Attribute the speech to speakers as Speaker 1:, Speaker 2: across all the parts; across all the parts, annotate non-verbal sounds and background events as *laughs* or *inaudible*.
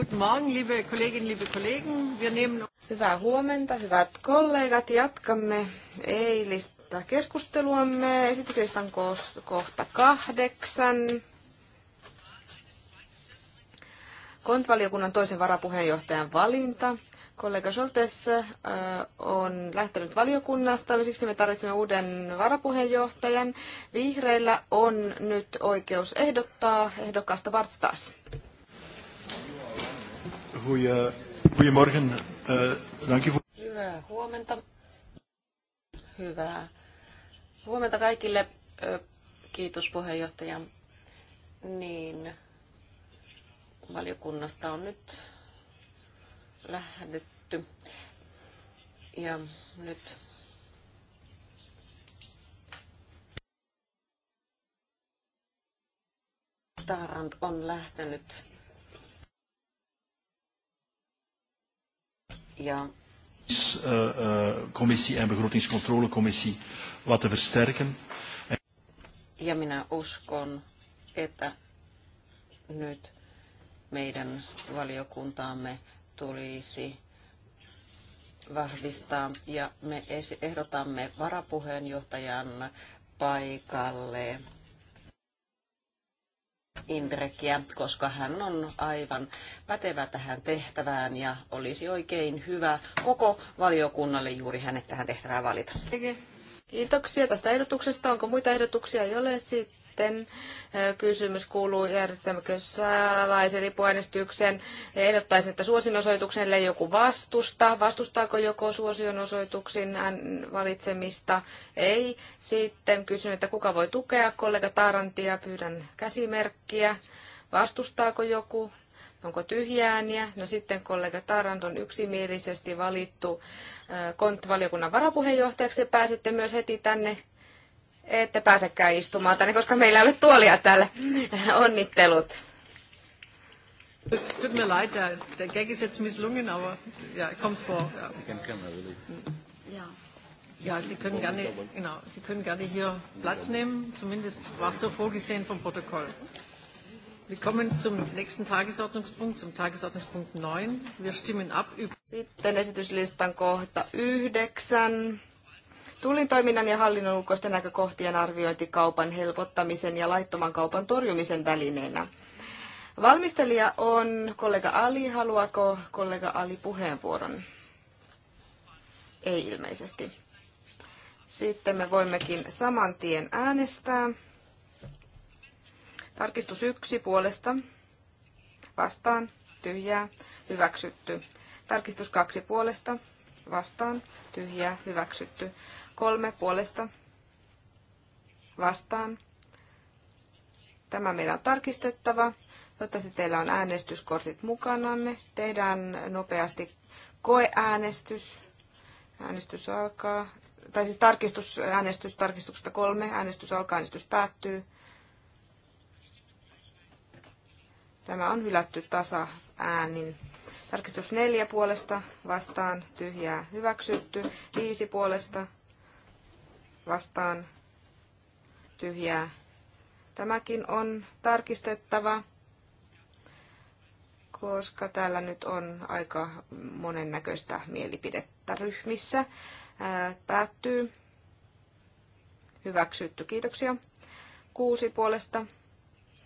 Speaker 1: Guten Morgen, liebe Kolleginnen, liebe Kollegen. Wir nehmen...
Speaker 2: Hyvää huomenta, hyvät kollegat. Jatkamme eilistä keskusteluamme. Esityslistan kohta kahdeksan. Kontvaliokunnan toisen varapuheenjohtajan valinta. Kollega Soltes äh, on lähtenyt valiokunnasta, siksi me tarvitsemme uuden varapuheenjohtajan. Vihreillä on nyt oikeus ehdottaa ehdokasta Bartstas.
Speaker 3: Goedemorgen. Eh,
Speaker 1: Hyvää huomenta. Hyvää huomenta kaikille. Eh, kiitos puheenjohtaja. Niin, valiokunnasta on nyt lähdetty. Ja nyt Tarant on lähtenyt ja.
Speaker 3: Eh, eh, commissie en begrotingscontrolecommissie wat te versterken.
Speaker 1: Ja minä uskon, että nyt meidän valiokuntaamme tulisi vahvistaa ja me ehdotamme varapuheenjohtajan paikalle Indrekiä, koska hän on aivan pätevä tähän tehtävään ja olisi oikein hyvä koko valiokunnalle juuri hänet tähän tehtävään valita.
Speaker 2: Kiitoksia tästä ehdotuksesta. Onko muita ehdotuksia? Ei ole. Sitten sitten kysymys kuuluu, järjestämmekö salaiselipuäänestyksen. Ehdottaisin, että suosionosoitukselle ei joku vastusta. Vastustaako joko suosionosoituksen valitsemista? Ei. Sitten kysyn, että kuka voi tukea kollega Tarantia. Pyydän käsimerkkiä. Vastustaako joku? Onko tyhjääniä? No sitten kollega Tarant on yksimielisesti valittu kontvaliokunnan varapuheenjohtajaksi. Pääsitte myös heti tänne ette pääsekään istumaan tänne, koska meillä ei ole tuolia täällä.
Speaker 1: Onnittelut. Tut mir leid, der, der Gag ist jetzt misslungen, aber
Speaker 3: ja, kommt vor. Ja.
Speaker 1: ja, Sie können gerne, genau, Sie können gerne hier Platz nehmen, zumindest war es so vorgesehen vom Protokoll. Wir kommen zum nächsten Tagesordnungspunkt, zum Tagesordnungspunkt 9. Wir stimmen ab über...
Speaker 2: Sitten esityslistan kohta 9. Tullin toiminnan ja hallinnon ulkoisten näkökohtien arviointi kaupan helpottamisen ja laittoman kaupan torjumisen välineenä. Valmistelija on kollega Ali. Haluaako kollega Ali puheenvuoron? Ei ilmeisesti. Sitten me voimmekin saman tien äänestää. Tarkistus yksi puolesta. Vastaan. Tyhjää. Hyväksytty. Tarkistus kaksi puolesta. Vastaan. Tyhjää. Hyväksytty. Kolme puolesta vastaan. Tämä meidän on tarkistettava. Toivottavasti teillä on äänestyskortit mukananne. Tehdään nopeasti koeäänestys. Äänestys alkaa. Tai siis tarkistus, äänestys, tarkistuksesta kolme. Äänestys alkaa, äänestys päättyy. Tämä on hylätty tasa äänin. Tarkistus neljä puolesta vastaan tyhjää hyväksytty. Viisi puolesta vastaan tyhjää. Tämäkin on tarkistettava, koska täällä nyt on aika monennäköistä mielipidettä ryhmissä. Ää, päättyy. Hyväksytty. Kiitoksia. Kuusi puolesta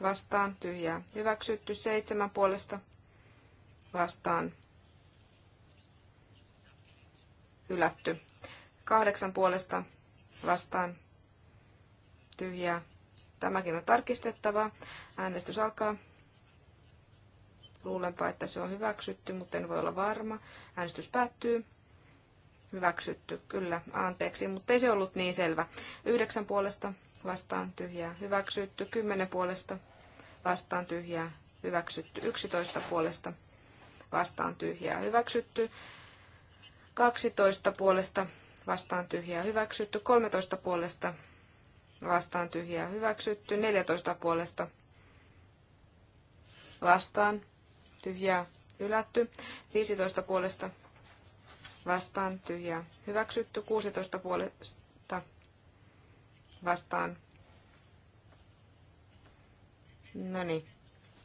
Speaker 2: vastaan tyhjää. Hyväksytty. Seitsemän puolesta vastaan hylätty. Kahdeksan puolesta vastaan tyhjää. Tämäkin on tarkistettava. Äänestys alkaa. Luulenpa, että se on hyväksytty, mutta en voi olla varma. Äänestys päättyy. Hyväksytty, kyllä, anteeksi, mutta ei se ollut niin selvä. Yhdeksän puolesta vastaan tyhjää, hyväksytty. Kymmenen puolesta vastaan tyhjää, hyväksytty. Yksitoista puolesta vastaan tyhjää, hyväksytty. Kaksitoista puolesta vastaan tyhjää hyväksytty, 13 puolesta vastaan tyhjää hyväksytty, 14 puolesta vastaan tyhjää hylätty, 15 puolesta vastaan tyhjää hyväksytty, 16 puolesta vastaan. No niin.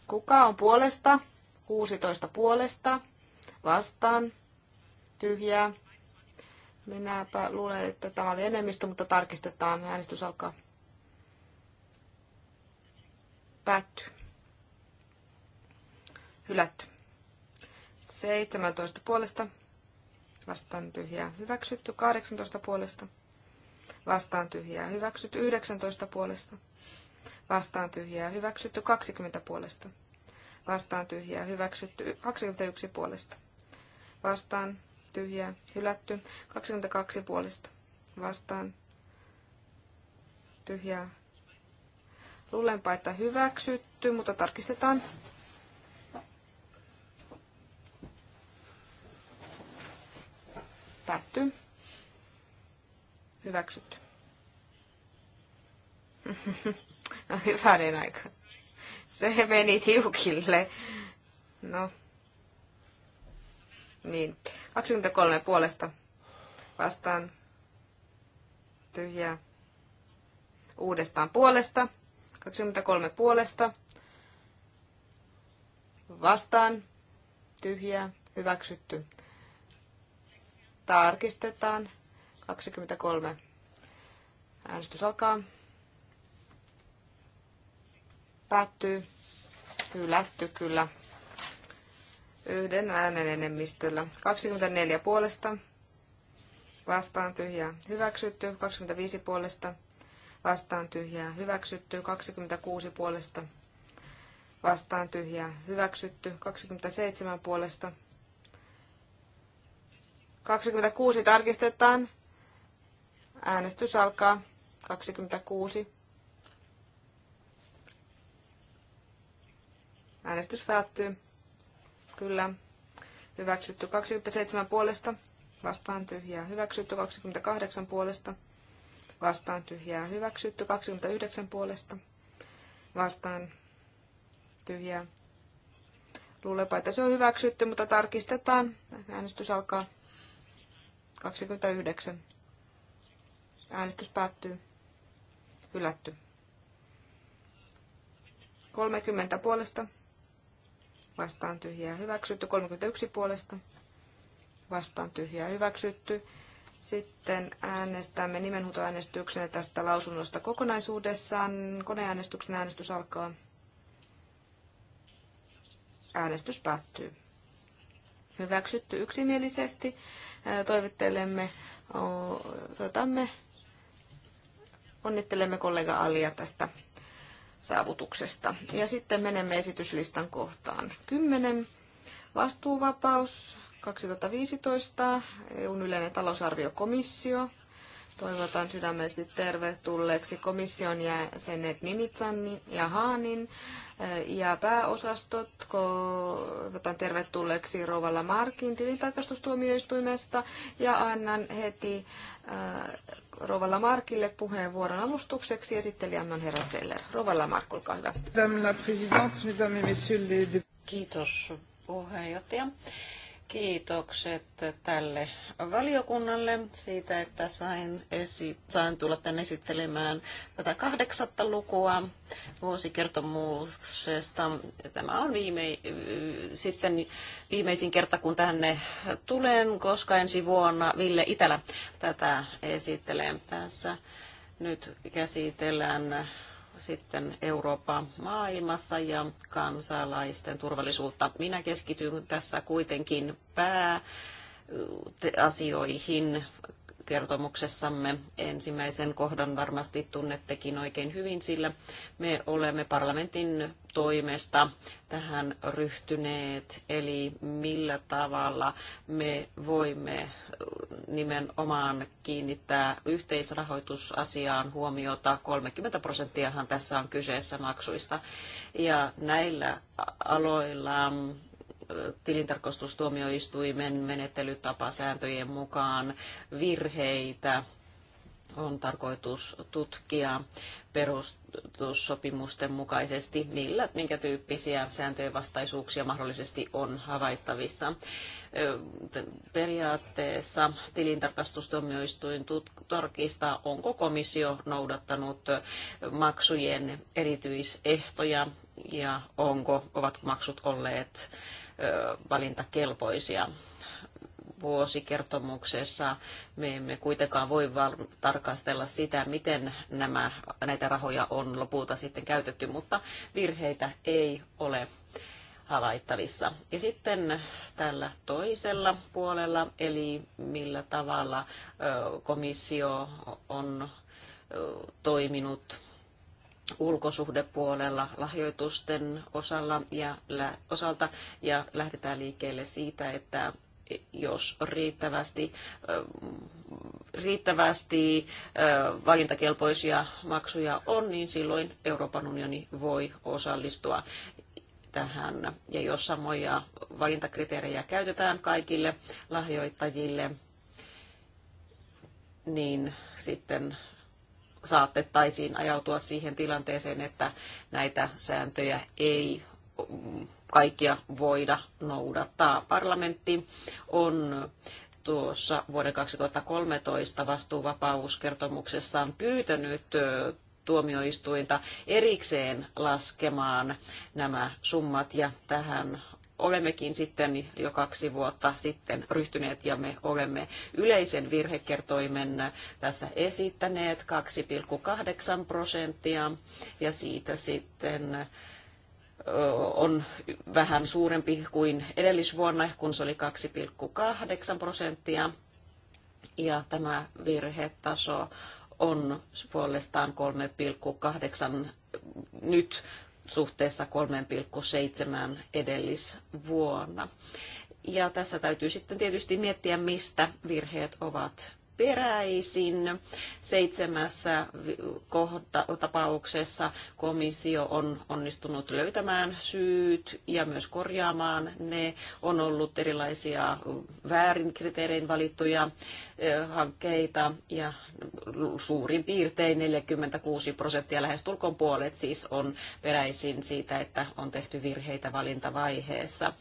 Speaker 2: Kuka on puolesta? 16 puolesta vastaan tyhjää Minäpä luulen, että tämä oli enemmistö, mutta tarkistetaan. Äänestys alkaa. Päättyy. Hylätty. 17 puolesta. Vastaan tyhjää. Hyväksytty. 18 puolesta. Vastaan tyhjää. Hyväksytty. 19 puolesta. Vastaan tyhjää. Hyväksytty. 20 puolesta. Vastaan tyhjää. Hyväksytty. 21 puolesta. Vastaan tyhjää, hylätty. 22 puolesta vastaan, tyhjää. Luulenpa, että hyväksytty, mutta tarkistetaan. Päättyy. Hyväksytty. *laughs* no hyvänen aika. Se meni tiukille. No, niin, 23 puolesta vastaan tyhjää. Uudestaan puolesta. 23 puolesta. Vastaan tyhjää. Hyväksytty. Tarkistetaan. 23. Äänestys alkaa. Päättyy. Hylätty kyllä yhden äänen enemmistöllä. 24 puolesta vastaan tyhjää hyväksytty, 25 puolesta vastaan tyhjää hyväksytty, 26 puolesta vastaan tyhjää hyväksytty, 27 puolesta 26 tarkistetaan. Äänestys alkaa 26. Äänestys päättyy kyllä. Hyväksytty 27 puolesta, vastaan tyhjää. Hyväksytty 28 puolesta, vastaan tyhjää. Hyväksytty 29 puolesta, vastaan tyhjää. Luulepa, että se on hyväksytty, mutta tarkistetaan. Äänestys alkaa 29. Äänestys päättyy. Hylätty. 30 puolesta vastaan tyhjää hyväksytty. 31 puolesta vastaan tyhjää hyväksytty. Sitten äänestämme nimenhuutoäänestyksenä tästä lausunnosta kokonaisuudessaan. Koneäänestyksen äänestys alkaa. Äänestys päättyy. Hyväksytty yksimielisesti. Toivottelemme, toivotamme, onnittelemme kollega Alia tästä saavutuksesta. Ja sitten menemme esityslistan kohtaan 10. Vastuuvapaus 2015, EUn yleinen talousarviokomissio. Toivotan sydämellisesti tervetulleeksi komission jäsenet Mimitsan ja Haanin ja pääosastot. Toivotan tervetulleeksi Rovalla Markin tilintarkastustuomioistuimesta ja annan heti Äh, Rova Lamarkille puheenvuoron alustukseksi. Esittelijämme on herra Zeller. Rova Lamark, olkaa hyvä.
Speaker 1: Kiitos puheenjohtaja. Kiitokset tälle valiokunnalle siitä, että sain, esi- sain tulla tänne esittelemään tätä kahdeksatta lukua vuosikertomuksesta. Tämä on viime, sitten viimeisin kerta, kun tänne tulen, koska ensi vuonna Ville Itälä tätä esittelee. Tässä nyt käsitellään sitten Euroopan maailmassa ja kansalaisten turvallisuutta. Minä keskityn tässä kuitenkin pääasioihin kertomuksessamme. Ensimmäisen kohdan varmasti tunnettekin oikein hyvin, sillä me olemme parlamentin toimesta tähän ryhtyneet, eli millä tavalla me voimme nimenomaan kiinnittää yhteisrahoitusasiaan huomiota. 30 prosenttiahan tässä on kyseessä maksuista. Ja näillä aloilla tilintarkastustuomioistuimen menettelytapasääntöjen mukaan virheitä on tarkoitus tutkia perustussopimusten mukaisesti, millä, minkä tyyppisiä sääntöjen vastaisuuksia mahdollisesti on havaittavissa. Periaatteessa tilintarkastustuomioistuin tarkistaa, onko komissio noudattanut maksujen erityisehtoja ja onko, ovatko maksut olleet valintakelpoisia vuosikertomuksessa me emme kuitenkaan voi tarkastella sitä, miten nämä, näitä rahoja on lopulta sitten käytetty, mutta virheitä ei ole havaittavissa. Ja sitten tällä toisella puolella, eli millä tavalla komissio on toiminut ulkosuhdepuolella lahjoitusten osalla ja osalta ja lähdetään liikkeelle siitä, että jos riittävästi, riittävästi valintakelpoisia maksuja on, niin silloin Euroopan unioni voi osallistua tähän. Ja jos samoja valintakriteerejä käytetään kaikille lahjoittajille, niin sitten saatettaisiin ajautua siihen tilanteeseen, että näitä sääntöjä ei kaikkia voida noudattaa. Parlamentti on tuossa vuoden 2013 vastuuvapauskertomuksessaan pyytänyt tuomioistuinta erikseen laskemaan nämä summat ja tähän olemmekin sitten jo kaksi vuotta sitten ryhtyneet ja me olemme yleisen virhekertoimen tässä esittäneet 2,8 prosenttia ja siitä sitten on vähän suurempi kuin edellisvuonna, kun se oli 2,8 prosenttia. Ja tämä virhetaso on puolestaan 3,8 nyt suhteessa 3,7 edellisvuonna. Ja tässä täytyy sitten tietysti miettiä, mistä virheet ovat peräisin. Seitsemässä kohta, tapauksessa komissio on onnistunut löytämään syyt ja myös korjaamaan ne. On ollut erilaisia väärin kriteerein valittuja eh, hankkeita ja suurin piirtein 46 prosenttia lähes tulkon puolet siis on peräisin siitä, että on tehty virheitä valintavaiheessa.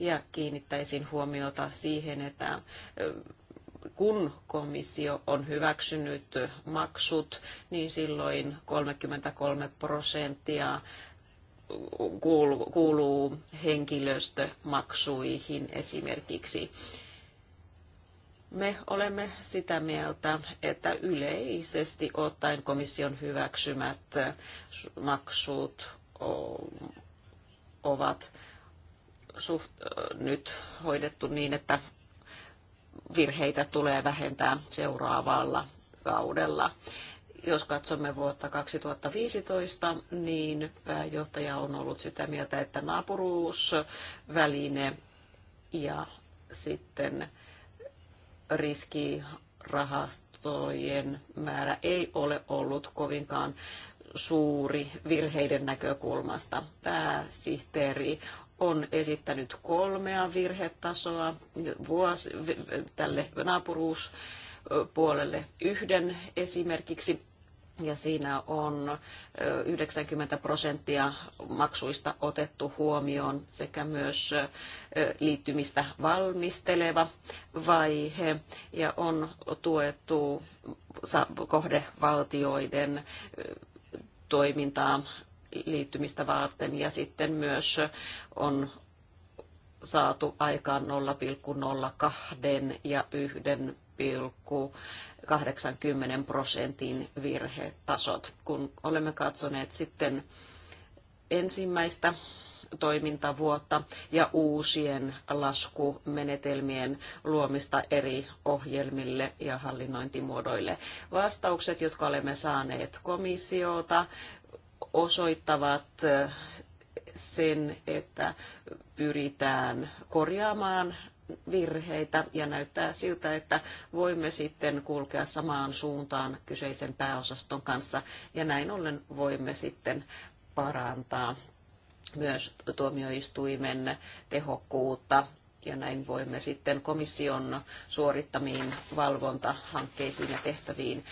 Speaker 1: Ja kiinnittäisin huomiota siihen, että eh, kun komissio on hyväksynyt maksut, niin silloin 33 prosenttia kuuluu henkilöstömaksuihin esimerkiksi. Me olemme sitä mieltä, että yleisesti ottaen komission hyväksymät maksut ovat suht, nyt hoidettu niin, että virheitä tulee vähentää seuraavalla kaudella. Jos katsomme vuotta 2015, niin pääjohtaja on ollut sitä mieltä, että naapuruusväline ja sitten riskirahastojen määrä ei ole ollut kovinkaan suuri virheiden näkökulmasta. Pääsihteeri on esittänyt kolmea virhetasoa vuosi, tälle naapuruuspuolelle yhden esimerkiksi ja siinä on 90 prosenttia maksuista otettu huomioon sekä myös liittymistä valmisteleva vaihe ja on tuettu kohdevaltioiden toimintaa liittymistä varten ja sitten myös on saatu aikaan 0,02 ja 1,80 prosentin virhetasot. Kun olemme katsoneet sitten ensimmäistä toimintavuotta ja uusien laskumenetelmien luomista eri ohjelmille ja hallinnointimuodoille. Vastaukset, jotka olemme saaneet komissiota, osoittavat eh, sen, että pyritään korjaamaan virheitä ja näyttää siltä, että voimme sitten kulkea samaan suuntaan kyseisen pääosaston kanssa ja näin ollen voimme sitten parantaa myös tuomioistuimen tehokkuutta ja näin voimme sitten komission suorittamiin valvontahankkeisiin ja tehtäviin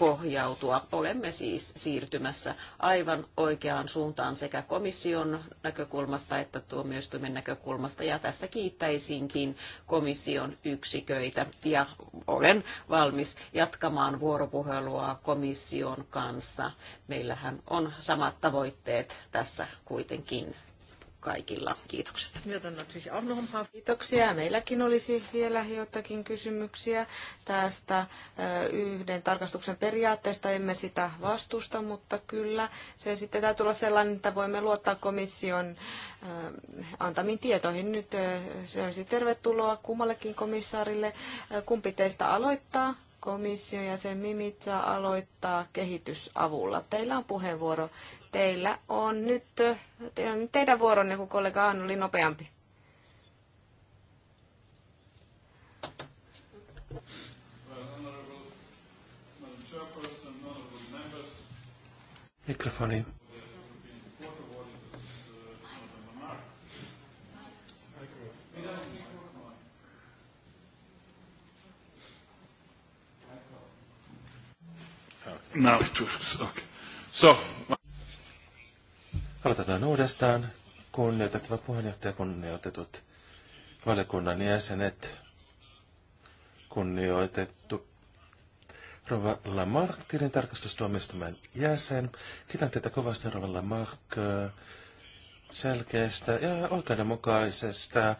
Speaker 1: pohjautua. Olemme siis siirtymässä aivan oikeaan suuntaan sekä komission näkökulmasta että tuomioistuimen näkökulmasta. Ja tässä kiittäisinkin komission yksiköitä ja olen valmis jatkamaan vuoropuhelua komission kanssa. Meillähän on samat tavoitteet tässä kuitenkin kaikilla. Kiitokset.
Speaker 2: Kiitoksia. Meilläkin olisi vielä jotakin kysymyksiä tästä yhden tarkastuksen periaatteesta. Emme sitä vastusta, mutta kyllä se sitten täytyy olla sellainen, että voimme luottaa komission antamiin tietoihin. Nyt se olisi tervetuloa kummallekin komissaarille. Kumpi teistä aloittaa? komission jäsen Mimitsa aloittaa kehitysavulla. Teillä on puheenvuoro Teillä on nyt teillä on teidän vuoronne, kun kollega Aan oli nopeampi.
Speaker 3: Mikrofoni. Now it works. Okay. So. Aloitetaan uudestaan. Kunnioitettava puheenjohtaja, kunnioitetut valiokunnan jäsenet, kunnioitettu Rova Lamarck, tilintarkastustuomioistuimen jäsen. Kiitän teitä kovasti, Rova Lamarck, selkeästä ja oikeudenmukaisesta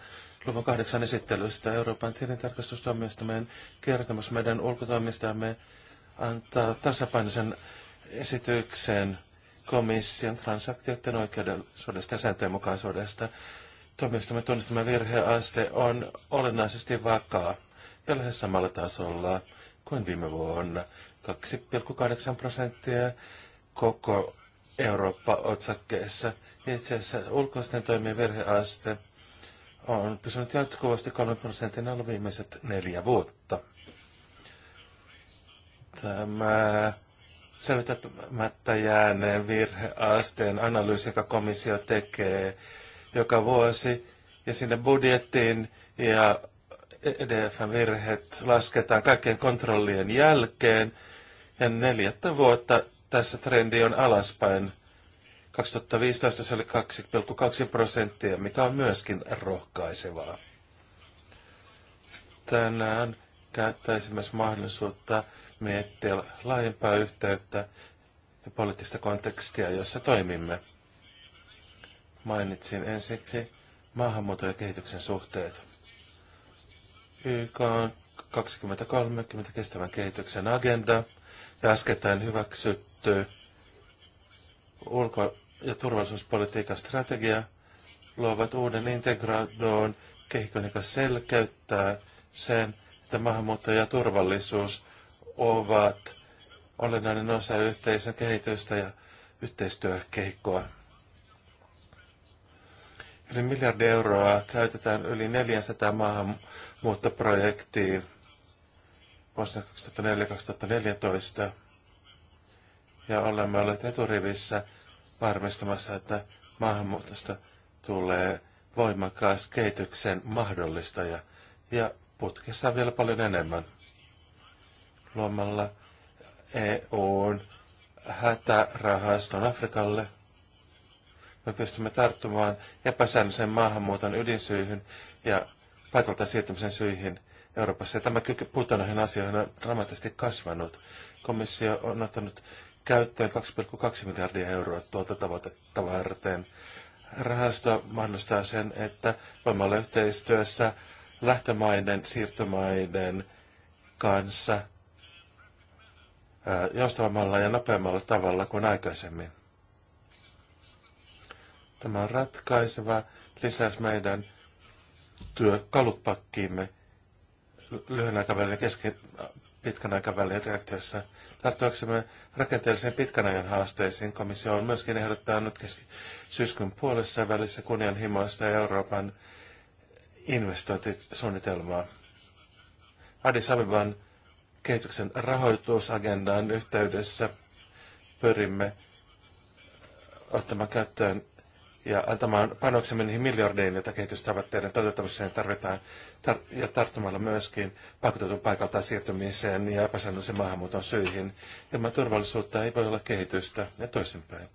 Speaker 3: luvun kahdeksan esittelystä Euroopan tilintarkastustuomioistuimen kertomus meidän ulkotoimistamme antaa tasapainoisen esityksen komission transaktioiden oikeudellisuudesta ja sääntöjenmukaisuudesta. Tuomioistuimen tunnistama virheaste on olennaisesti vakaa ja lähes samalla tasolla kuin viime vuonna. 2,8 prosenttia koko Eurooppa-otsakkeessa. Itse asiassa ulkoisten toimien virheaste on pysynyt jatkuvasti 3 prosentin alla viimeiset neljä vuotta. Tämä selvittämättä jääneen virheasteen analyysi, joka komissio tekee joka vuosi, ja sinne budjettiin ja EDFn virheet lasketaan kaikkien kontrollien jälkeen, ja neljättä vuotta tässä trendi on alaspäin. 2015 se oli 2,2 prosenttia, mikä on myöskin rohkaisevaa. Tänään käyttäisimme mahdollisuutta miettiä laajempaa yhteyttä ja poliittista kontekstia, jossa toimimme. Mainitsin ensiksi maahanmuuton ja kehityksen suhteet. YK on 2030 kestävän kehityksen agenda ja äskettäin hyväksytty ulko- ja turvallisuuspolitiikan strategia luovat uuden integraation kehikon, joka selkeyttää sen, että maahanmuutto ja turvallisuus ovat olennainen osa yhteisön kehitystä ja yhteistyökehikkoa. Yli miljardi euroa käytetään yli 400 maahanmuuttoprojektiin vuosina 2004-2014. Ja olemme olleet eturivissä varmistamassa, että maahanmuutosta tulee voimakas kehityksen mahdollistaja. Ja putkessa on vielä paljon enemmän luomalla EUn hätärahaston Afrikalle. Me pystymme tarttumaan epäsäännöisen maahanmuuton ydinsyihin ja paikalta siirtymisen syihin Euroopassa. Ja tämä kyky puuttua näihin asioihin on dramaattisesti kasvanut. Komissio on ottanut käyttöön 2,2 miljardia euroa tuolta tavoitetta varten. Rahasto mahdollistaa sen, että voimme olla yhteistyössä lähtömaiden, siirtomaiden kanssa joustavammalla ja nopeammalla tavalla kuin aikaisemmin. Tämä on ratkaiseva lisäys meidän työkalupakkiimme lyhyen aikavälin ja kesken, pitkän aikavälin reaktiossa. Tarttuaksemme rakenteellisiin pitkän ajan haasteisiin komissio on myöskin ehdottanut keski- syyskuun puolessa välissä kunnianhimoista Euroopan investointisuunnitelmaa. Addis Abeban kehityksen rahoitusagendan yhteydessä pyrimme ottamaan käyttöön ja antamaan panoksemme niihin miljardeihin, joita kehitystavoitteiden toteuttamiseen tarvitaan, tar- ja tarttumalla myöskin pakotetun paikalta siirtymiseen ja epäsäännöllisen maahanmuuton syihin. Ilman turvallisuutta ei voi olla kehitystä, ja toisinpäin.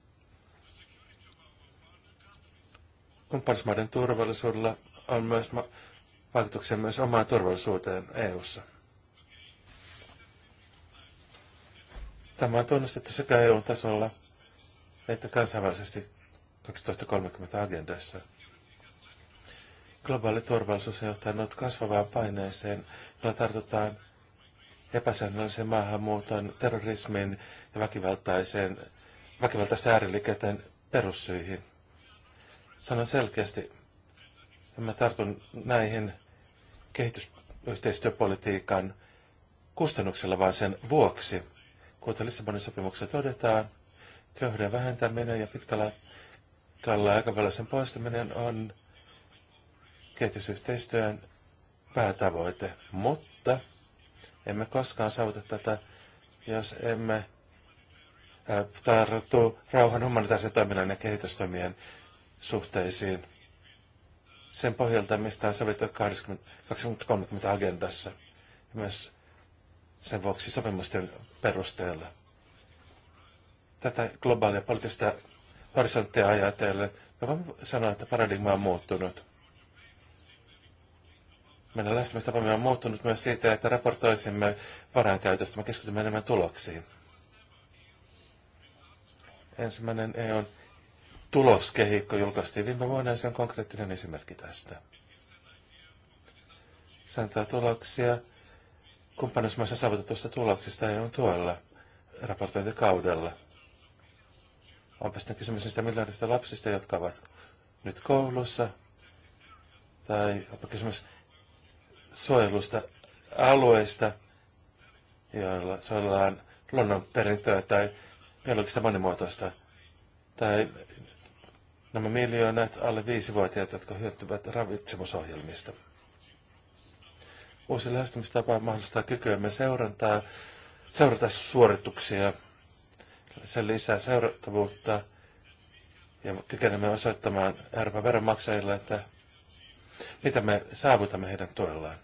Speaker 3: Kumppanismaiden turvallisuudella on myös ma- vaikutuksia myös omaan turvallisuuteen EU:ssa. ssa Tämä on tunnustettu sekä EU-tasolla että kansainvälisesti 2030-agendassa. Globaali turvallisuus on johtanut kasvavaan paineeseen, jolla tartutaan epäsäännöllisen maahanmuuton, terrorismin ja väkivaltaisen, väkivaltaisten ääriliikkeiden perussyihin. Sanon selkeästi, että mä tartun näihin kehitysyhteistyöpolitiikan kustannuksella, vaan sen vuoksi – Kuten Lissabonin sopimuksessa todetaan, köyhyyden vähentäminen ja pitkällä tällä aikavälillä sen poistaminen on kehitysyhteistyön päätavoite, mutta emme koskaan saavuta tätä, jos emme tartu rauhan humanitaarisen toiminnan ja kehitystoimien suhteisiin sen pohjalta, mistä on sovittu 2030 agendassa. myös sen vuoksi sopimusten perusteella. Tätä globaalia poliittista horisonttia ajatellen me voimme sanoa, että paradigma on muuttunut. Meidän lähestymistapamme on muuttunut myös siitä, että raportoisimme varainkäytöstä. Me keskitymme enemmän tuloksiin. Ensimmäinen EUn tuloskehikko julkaistiin viime vuonna ja se on konkreettinen esimerkki tästä. Se antaa tuloksia kumppanismaissa saavutetusta tuloksista EUn tuella raportointikaudella. Onpa sitten kysymys niistä miljardista lapsista, jotka ovat nyt koulussa, tai onpa kysymys suojelusta alueista, joilla suojellaan luonnonperintöä tai biologista monimuotoista, tai nämä miljoonat alle viisivuotiaat, jotka hyötyvät ravitsemusohjelmista. Uusi lähestymistapa mahdollistaa kykyämme seurantaa, seurata suorituksia. Se lisää seurattavuutta ja kykenemme osoittamaan Euroopan veronmaksajille, että mitä me saavutamme heidän tuellaan.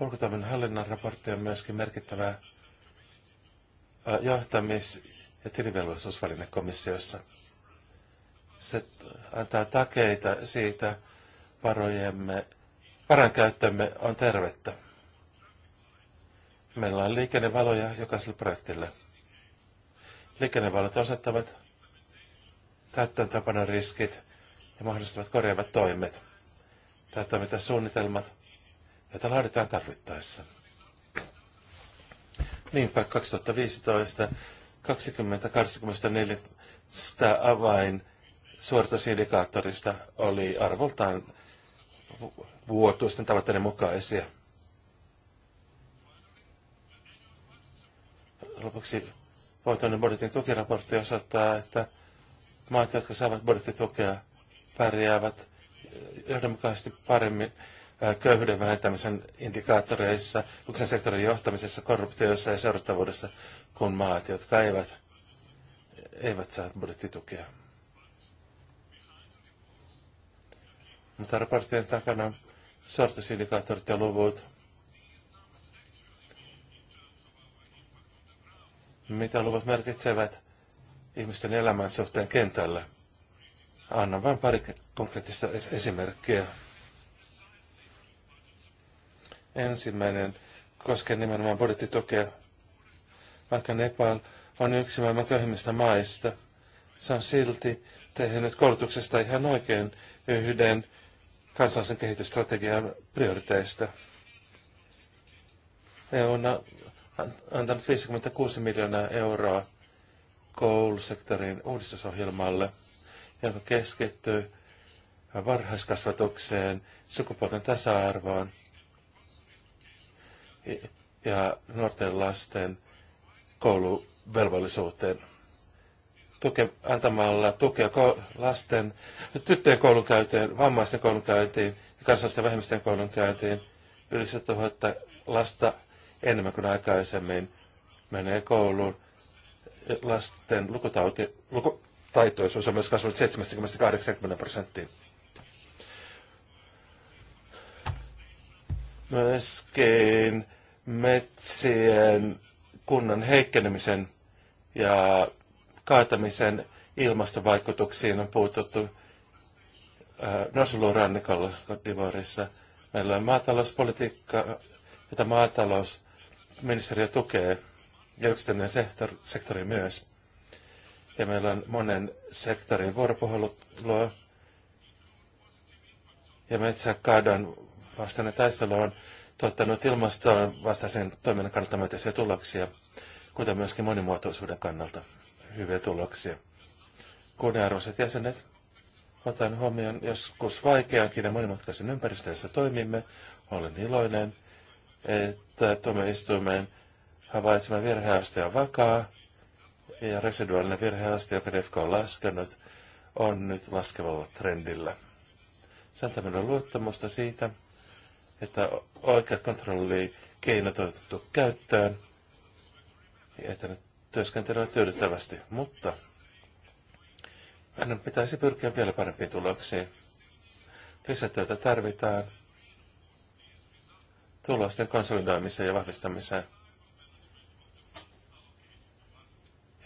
Speaker 3: Ulkotoimen hallinnan raportti on myöskin merkittävä johtamis- ja tilivelvollisuusväline komissiossa. Se antaa takeita siitä, varojemme, varankäyttömme on tervettä. Meillä on liikennevaloja jokaiselle projektille. Liikennevalot osattavat täyttäen tapana riskit ja mahdollistavat korjaavat toimet. mitä suunnitelmat, joita laaditaan tarvittaessa. Niinpä 2015 20 avain suoritusindikaattorista oli arvoltaan vuotuisten tavoitteiden mukaisia. Lopuksi voitoinen budjetin tukiraportti osoittaa, että maat, jotka saavat budjettitukea, pärjäävät johdonmukaisesti paremmin köyhyyden vähentämisen indikaattoreissa, julkisen sektorin johtamisessa, korruptioissa ja seurattavuudessa kuin maat, jotka eivät, eivät saa budjettitukea. Mutta raporttien takana sortusindikaattorit ja luvut. Mitä luvut merkitsevät ihmisten elämän suhteen kentällä? Annan vain pari konkreettista esimerkkiä. Ensimmäinen koskee nimenomaan budjettitukea. Vaikka Nepal on yksi maailman köyhimmistä maista, se on silti tehnyt koulutuksesta ihan oikein yhden kansallisen kehitysstrategian prioriteista. EU on antanut 56 miljoonaa euroa koulusektorin uudistusohjelmalle, joka keskittyy varhaiskasvatukseen, sukupuolten tasa-arvoon ja nuorten lasten kouluvelvollisuuteen tuke, antamalla tukea lasten, tyttöjen koulunkäyntiin, vammaisten koulunkäyntiin ja kansallisten vähemmistöjen koulunkäyntiin. Yli 100 lasta enemmän kuin aikaisemmin menee kouluun. Lasten lukutauti, lukutaitoisuus on myös kasvanut 70-80 prosenttiin. Myöskin metsien kunnan heikkenemisen ja kaatamisen ilmastovaikutuksiin on puututtu rannikolla Divorissa. Meillä on maatalouspolitiikka, jota maatalousministeriö tukee ja yksityinen sektor, sektori myös. Ja meillä on monen sektorin vuoropuhelua ja metsäkaadon vastainen taistelu on tuottanut ilmastoon vastaisen toiminnan kannalta myönteisiä tuloksia, kuten myöskin monimuotoisuuden kannalta hyviä tuloksia. Kunnianarvoiset jäsenet, otan huomioon joskus vaikeankin ja monimutkaisen ympäristön, jossa toimimme. Olen iloinen, että tuomioistuimen havaitsema virheaste on vakaa ja residuaalinen virheaste, joka DEFCO on laskenut, on nyt laskevalla trendillä. Se antaa minulle luottamusta siitä, että oikeat kontrollikeinot on otettu käyttöön, että nyt työskentelevät tyydyttävästi, mutta meidän pitäisi pyrkiä vielä parempiin tuloksiin. Lisätyötä tarvitaan tulosten konsolidoimiseen ja vahvistamiseen.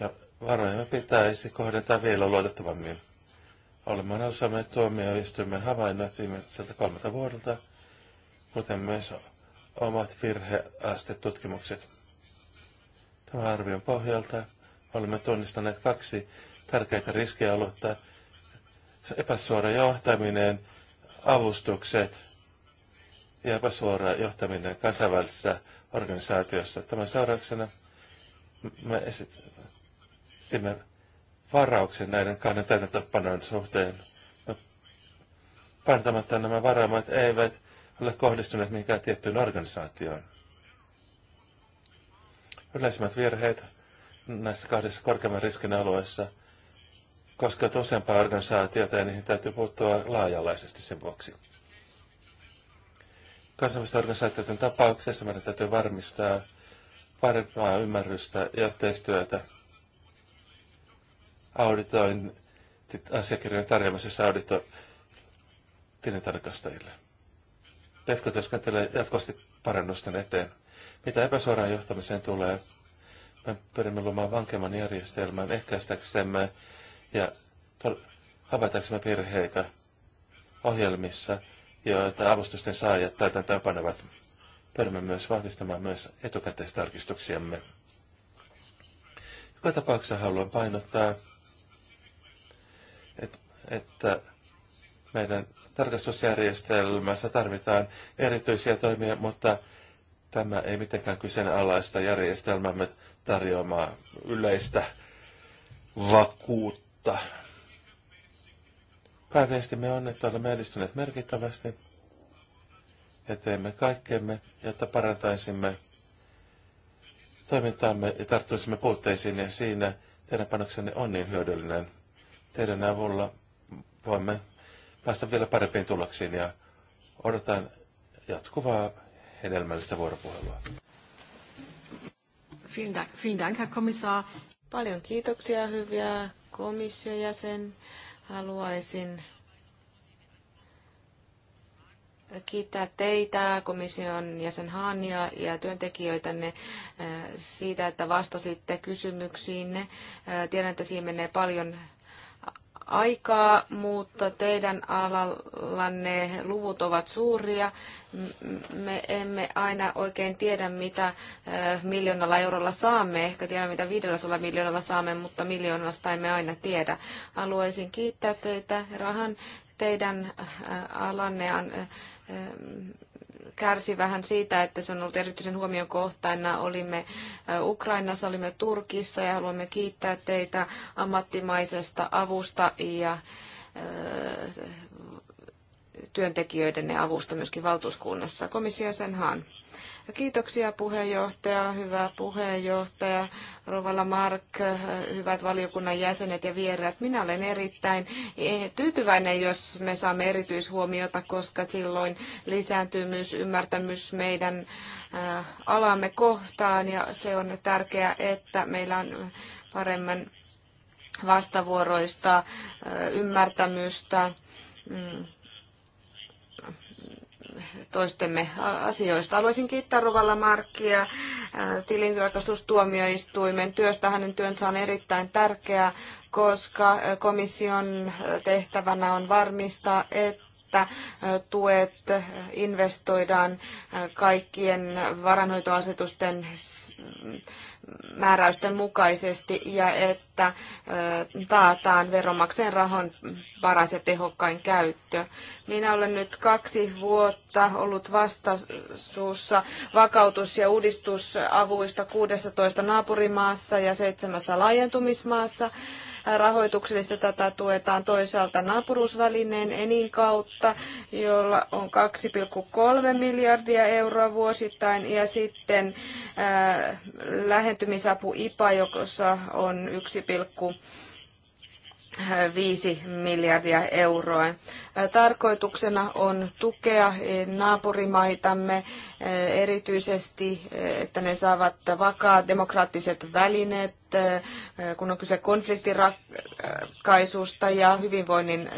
Speaker 3: Ja varoja pitäisi kohdentaa vielä luotettavammin. Olemme analysoineet tuomioistuimen havainnot viimeiseltä kolmelta vuodelta, kuten myös omat virheastetutkimukset. Tämän arvion pohjalta olemme tunnistaneet kaksi tärkeitä riskialuetta. Epäsuora johtaminen, avustukset ja epäsuora johtaminen kansainvälisessä organisaatiossa. Tämän seurauksena me esitimme varauksen näiden kahden täytäntöpanon suhteen. Me painotamatta nämä varaamat eivät ole kohdistuneet mihinkään tiettyyn organisaatioon. Yleisimmät virheet näissä kahdessa korkeamman riskin alueessa koska useampaa organisaatiota ja niihin täytyy puuttua laajalaisesti sen vuoksi. Kansainvälisten organisaatioiden tapauksessa meidän täytyy varmistaa parempaa ymmärrystä ja yhteistyötä auditoin asiakirjojen tarjoamisessa audito tilintarkastajille. Defco työskentelee jatkuvasti parannusten eteen. Mitä epäsuoraan johtamiseen tulee, me pyrimme luomaan vankemman järjestelmän ehkäistäksemme ja havaitaksemme virheitä ohjelmissa, joita avustusten saajat täytäntöön panevat. Pyrimme myös vahvistamaan myös etukäteistarkistuksiamme. Joka tapauksessa haluan painottaa, että, että meidän tarkastusjärjestelmässä tarvitaan erityisiä toimia, mutta Tämä ei mitenkään kyseenalaista järjestelmämme tarjoamaa yleistä vakuutta. Päiväistimme on, että olemme edistyneet merkittävästi ja teemme kaikkemme, jotta parantaisimme toimintaamme ja tarttuisimme puutteisiin ja siinä teidän panoksenne on niin hyödyllinen. Teidän avulla voimme päästä vielä parempiin tuloksiin ja odotan jatkuvaa hedelmällistä vuoropuhelua.
Speaker 2: Vielen Dank, Herr Kommissar. Paljon kiitoksia, hyviä komission jäsen. Haluaisin kiittää teitä, komission jäsen Haania ja työntekijöitänne äh, siitä, että vastasitte kysymyksiinne. Äh, tiedän, että siihen menee paljon aikaa, mutta teidän alallanne luvut ovat suuria. Me emme aina oikein tiedä, mitä miljoonalla eurolla saamme. Ehkä tiedä mitä 500 miljoonalla saamme, mutta miljoonasta emme aina tiedä. Haluaisin kiittää teitä rahan teidän alanne kärsi vähän siitä, että se on ollut erityisen huomion kohtaina. Olimme Ukrainassa, olimme Turkissa ja haluamme kiittää teitä ammattimaisesta avusta ja työntekijöidenne avusta myöskin valtuuskunnassa. Komissio Senhaan. Kiitoksia puheenjohtaja, hyvä puheenjohtaja, Rovalla Mark, hyvät valiokunnan jäsenet ja vieraat. Minä olen erittäin eh, tyytyväinen, jos me saamme erityishuomiota, koska silloin lisääntyy myös ymmärtämys meidän eh, alamme kohtaan ja se on tärkeää, että meillä on paremman vastavuoroista eh, ymmärtämystä mm, toistemme asioista. Haluaisin kiittää Rovalla Markkia tilintarkastustuomioistuimen työstä. Hänen työnsä on erittäin tärkeää, koska komission tehtävänä on varmistaa, että että tuet investoidaan kaikkien varanhoitoasetusten määräysten mukaisesti ja että taataan veronmaksajan rahon paras ja tehokkain käyttö. Minä olen nyt kaksi vuotta ollut vastaisuussa vakautus- ja uudistusavuista 16 naapurimaassa ja seitsemässä laajentumismaassa rahoituksellisesti tätä tuetaan toisaalta naapuruusvälineen enin kautta, jolla on 2,3 miljardia euroa vuosittain ja sitten äh, lähentymisapu IPA, jossa on 1, 5 miljardia euroa. Tarkoituksena on tukea naapurimaitamme erityisesti, että ne saavat vakaat demokraattiset välineet, kun on kyse konfliktiratkaisusta ja hyvinvoinnin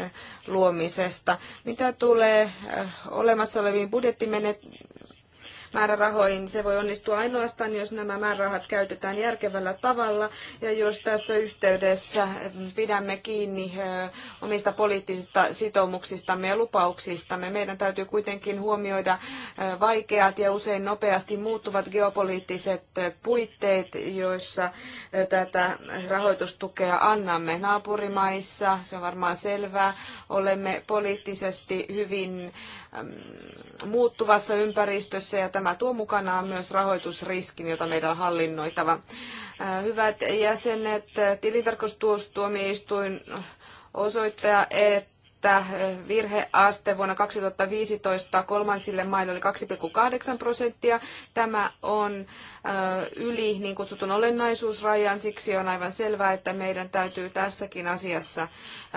Speaker 2: luomisesta. Mitä tulee olemassa oleviin budjettimenettelyyn, määrärahoihin. Se voi onnistua ainoastaan, jos nämä määrärahat käytetään järkevällä tavalla ja jos tässä yhteydessä pidämme kiinni omista poliittisista sitoumuksistamme ja lupauksistamme. Meidän täytyy kuitenkin huomioida vaikeat ja usein nopeasti muuttuvat geopoliittiset puitteet, joissa tätä rahoitustukea annamme naapurimaissa. Se on varmaan selvää. Olemme poliittisesti hyvin muuttuvassa ympäristössä ja tämä tuo mukanaan myös rahoitusriskin, jota meidän on hallinnoitava. Hyvät jäsenet, tilintarkastustuomioistuin osoittaa, että että eh, virheaste vuonna 2015 kolmansille maille oli 2,8 prosenttia. Tämä on eh, yli niin kutsutun olennaisuusrajan, siksi on aivan selvää, että meidän täytyy tässäkin asiassa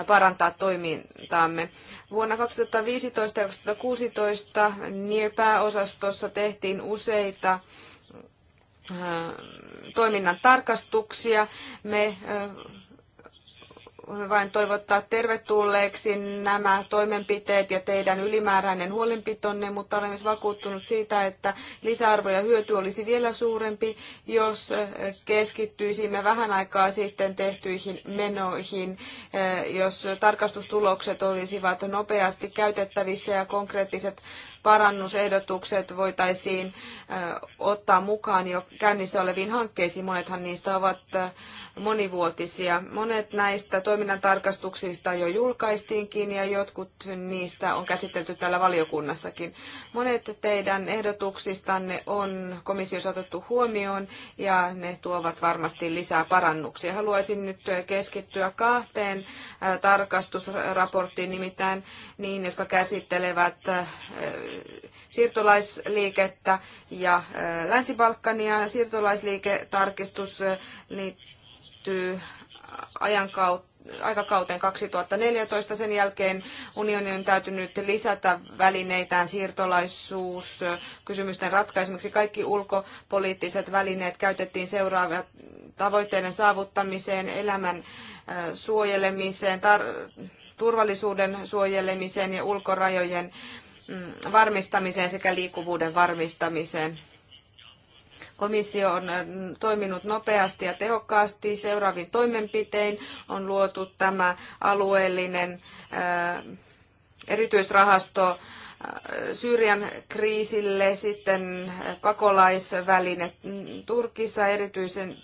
Speaker 2: parantaa toimintaamme. Vuonna 2015 ja 2016 NIR-pääosastossa tehtiin useita eh, toiminnan tarkastuksia. Me vain toivottaa tervetulleeksi nämä toimenpiteet ja teidän ylimääräinen huolenpitonne, mutta olen myös vakuuttunut siitä, että lisäarvo ja hyöty olisi vielä suurempi, jos keskittyisimme vähän aikaa sitten tehtyihin menoihin, jos tarkastustulokset olisivat nopeasti käytettävissä ja konkreettiset parannusehdotukset voitaisiin ottaa mukaan jo käynnissä oleviin hankkeisiin. Monethan niistä ovat monivuotisia. Monet näistä toiminnan tarkastuksista jo julkaistiinkin ja jotkut niistä on käsitelty täällä valiokunnassakin. Monet teidän ehdotuksistanne on komissiossa otettu huomioon ja ne tuovat varmasti lisää parannuksia. Haluaisin nyt keskittyä kahteen tarkastusraporttiin nimittäin niin, jotka käsittelevät siirtolaisliikettä ja Länsi-Balkania. Siirtolaisliiketarkistus liittyy päättyy ajankautta aikakauteen 2014. Sen jälkeen unionin on täytynyt lisätä välineitään siirtolaisuus kysymysten ratkaisemiseksi. Kaikki ulkopoliittiset välineet käytettiin seuraavia tavoitteiden saavuttamiseen, elämän suojelemiseen, turvallisuuden suojelemiseen ja ulkorajojen mm, varmistamiseen sekä liikkuvuuden varmistamiseen. Komissio on äh, toiminut nopeasti ja tehokkaasti. Seuraaviin toimenpitein on luotu tämä alueellinen äh, erityisrahasto äh, Syyrian kriisille, sitten pakolaisväline Turkissa erityisen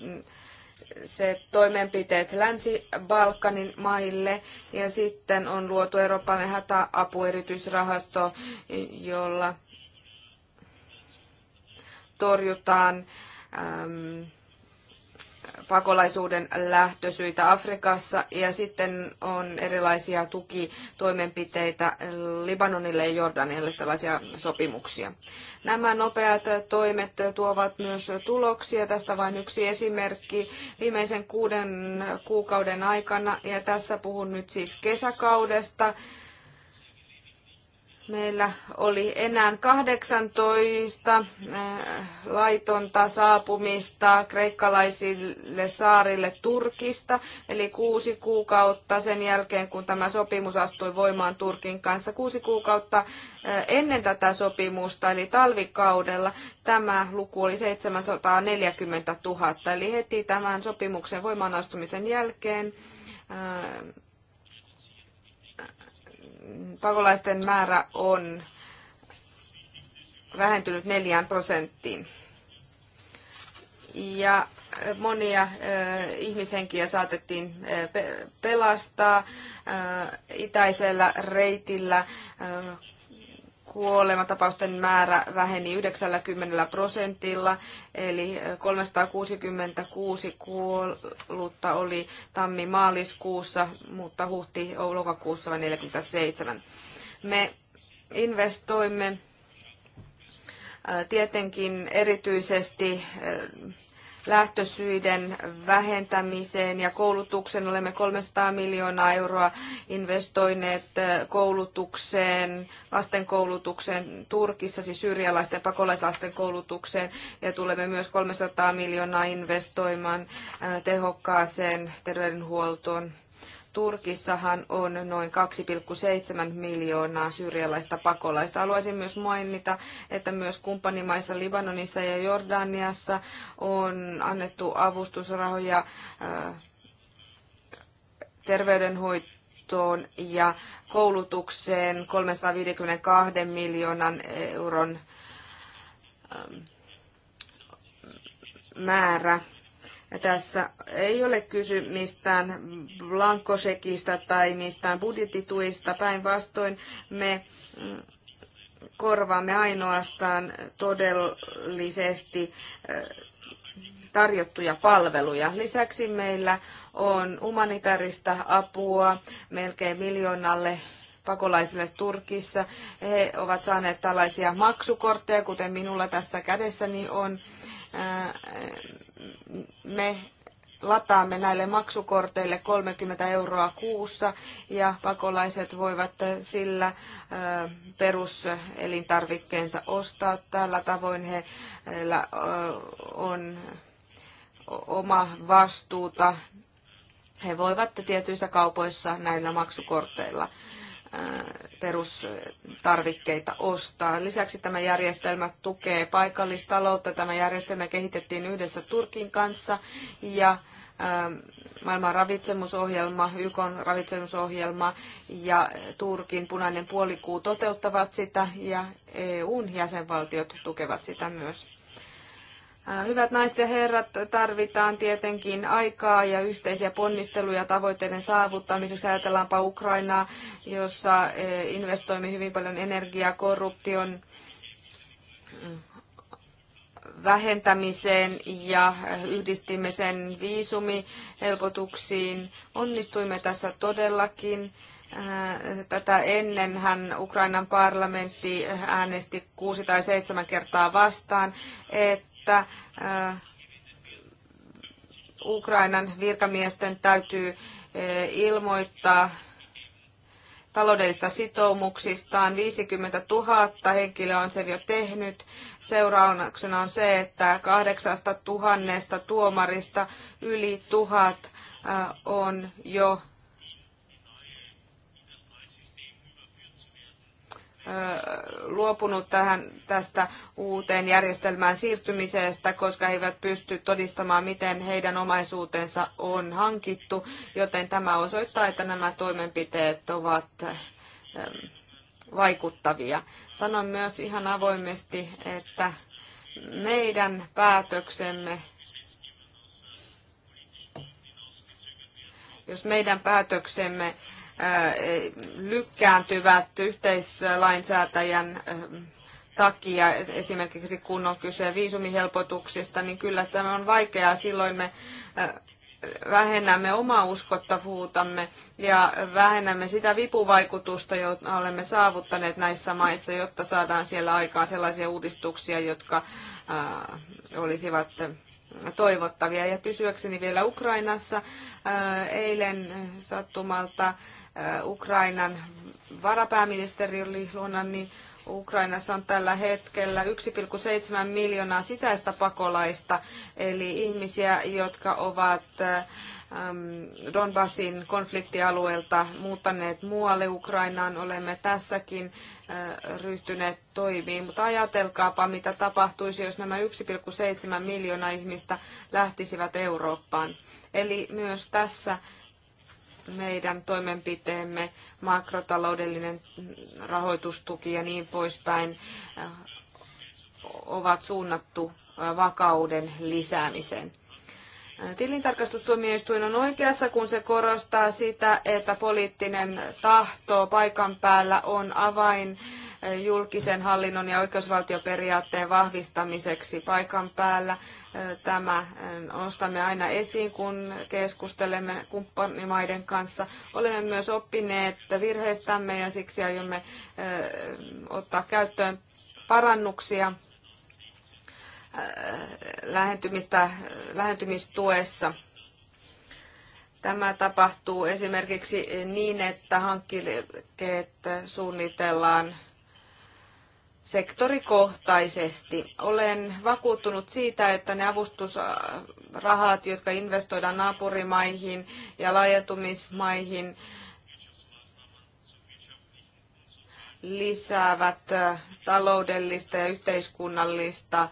Speaker 2: se toimenpiteet Länsi-Balkanin maille ja sitten on luotu Euroopan hätäapuerityisrahasto, erityisrahasto, jolla torjutaan ähm, pakolaisuuden lähtösyitä Afrikassa ja sitten on erilaisia tukitoimenpiteitä Libanonille ja Jordanille tällaisia sopimuksia. Nämä nopeat toimet tuovat myös tuloksia. Tästä vain yksi esimerkki viimeisen kuuden kuukauden aikana ja tässä puhun nyt siis kesäkaudesta meillä oli enää 18 äh, laitonta saapumista kreikkalaisille saarille Turkista, eli kuusi kuukautta sen jälkeen, kun tämä sopimus astui voimaan Turkin kanssa. Kuusi kuukautta äh, ennen tätä sopimusta, eli talvikaudella, tämä luku oli 740 000, eli heti tämän sopimuksen astumisen jälkeen äh, pakolaisten määrä on vähentynyt neljään prosenttiin. Ja monia ihmishenkiä saatettiin pelastaa itäisellä reitillä kuolematapausten määrä väheni 90 prosentilla, eli 366 kuollutta oli tammi-maaliskuussa, mutta huhti-lokakuussa vain 47. Me investoimme tietenkin erityisesti lähtösyiden vähentämiseen ja koulutuksen. Olemme 300 miljoonaa euroa investoineet koulutukseen, lasten koulutukseen Turkissa, siis syyrialaisten pakolaislasten koulutukseen. Ja tulemme myös 300 miljoonaa investoimaan tehokkaaseen terveydenhuoltoon Turkissahan on noin 2,7 miljoonaa syyrialaista pakolaista. Haluaisin myös mainita, että myös kumppanimaissa Libanonissa ja Jordaniassa on annettu avustusrahoja äh, terveydenhoitoon ja koulutukseen 352 miljoonan euron ähm, määrä tässä ei ole kyse mistään blankosekistä tai mistään budjettituista. Päinvastoin me mm, korvaamme ainoastaan todellisesti eh, tarjottuja palveluja. Lisäksi meillä on humanitaarista apua melkein miljoonalle pakolaisille Turkissa. He ovat saaneet tällaisia maksukortteja, kuten minulla tässä kädessäni on me lataamme näille maksukorteille 30 euroa kuussa ja pakolaiset voivat sillä peruselintarvikkeensa ostaa. Tällä tavoin heillä on oma vastuuta. He voivat tietyissä kaupoissa näillä maksukorteilla perustarvikkeita ostaa. Lisäksi tämä järjestelmä tukee paikallistaloutta. Tämä järjestelmä kehitettiin yhdessä Turkin kanssa ja ähm, maailman ravitsemusohjelma, YK ravitsemusohjelma ja Turkin punainen puolikuu toteuttavat sitä ja EUn jäsenvaltiot tukevat sitä myös. Hyvät naiset ja herrat, tarvitaan tietenkin aikaa ja yhteisiä ponnisteluja tavoitteiden saavuttamiseksi. Ajatellaanpa Ukrainaa, jossa investoimme hyvin paljon energiaa korruption mm, vähentämiseen ja yhdistimme sen viisumihelpotuksiin. Onnistuimme tässä todellakin. Tätä ennen hän Ukrainan parlamentti äänesti kuusi tai seitsemän kertaa vastaan, että että äh, Ukrainan virkamiesten täytyy äh, ilmoittaa taloudellista sitoumuksistaan. 50 000 henkilöä on sen jo tehnyt. Seurauksena on se, että 8 000 tuomarista yli tuhat äh, on jo luopunut tähän, tästä uuteen järjestelmään siirtymisestä, koska he eivät pysty todistamaan, miten heidän omaisuutensa on hankittu, joten tämä osoittaa, että nämä toimenpiteet ovat vaikuttavia. Sanon myös ihan avoimesti, että meidän päätöksemme, jos meidän päätöksemme lykkääntyvät yhteislainsäätäjän takia, esimerkiksi kun on kyse viisumihelpotuksista, niin kyllä tämä on vaikeaa. Silloin me vähennämme omaa uskottavuutamme ja vähennämme sitä vipuvaikutusta, jota olemme saavuttaneet näissä maissa, jotta saadaan siellä aikaan sellaisia uudistuksia, jotka olisivat toivottavia. Ja pysyäkseni vielä Ukrainassa eilen sattumalta Ukrainan varapääministeri oli luona, niin Ukrainassa on tällä hetkellä 1,7 miljoonaa sisäistä pakolaista, eli ihmisiä, jotka ovat Donbassin konfliktialueelta muuttaneet muualle Ukrainaan. Olemme tässäkin ryhtyneet toimiin, mutta ajatelkaapa, mitä tapahtuisi, jos nämä 1,7 miljoonaa ihmistä lähtisivät Eurooppaan. Eli myös tässä meidän toimenpiteemme, makrotaloudellinen rahoitustuki ja niin poispäin eh, ovat suunnattu eh, vakauden lisäämiseen. Eh, tilintarkastustuomioistuin on oikeassa, kun se korostaa sitä, että poliittinen tahto paikan päällä on avain julkisen hallinnon ja oikeusvaltioperiaatteen vahvistamiseksi paikan päällä. Tämä nostamme aina esiin, kun keskustelemme kumppanimaiden kanssa. Olemme myös oppineet virheistämme ja siksi aiomme ottaa käyttöön parannuksia lähentymistä, lähentymistuessa. Tämä tapahtuu esimerkiksi niin, että hankkeet suunnitellaan sektorikohtaisesti. Olen vakuuttunut siitä, että ne avustusrahat, jotka investoidaan naapurimaihin ja laajentumismaihin, lisäävät äh, taloudellista ja yhteiskunnallista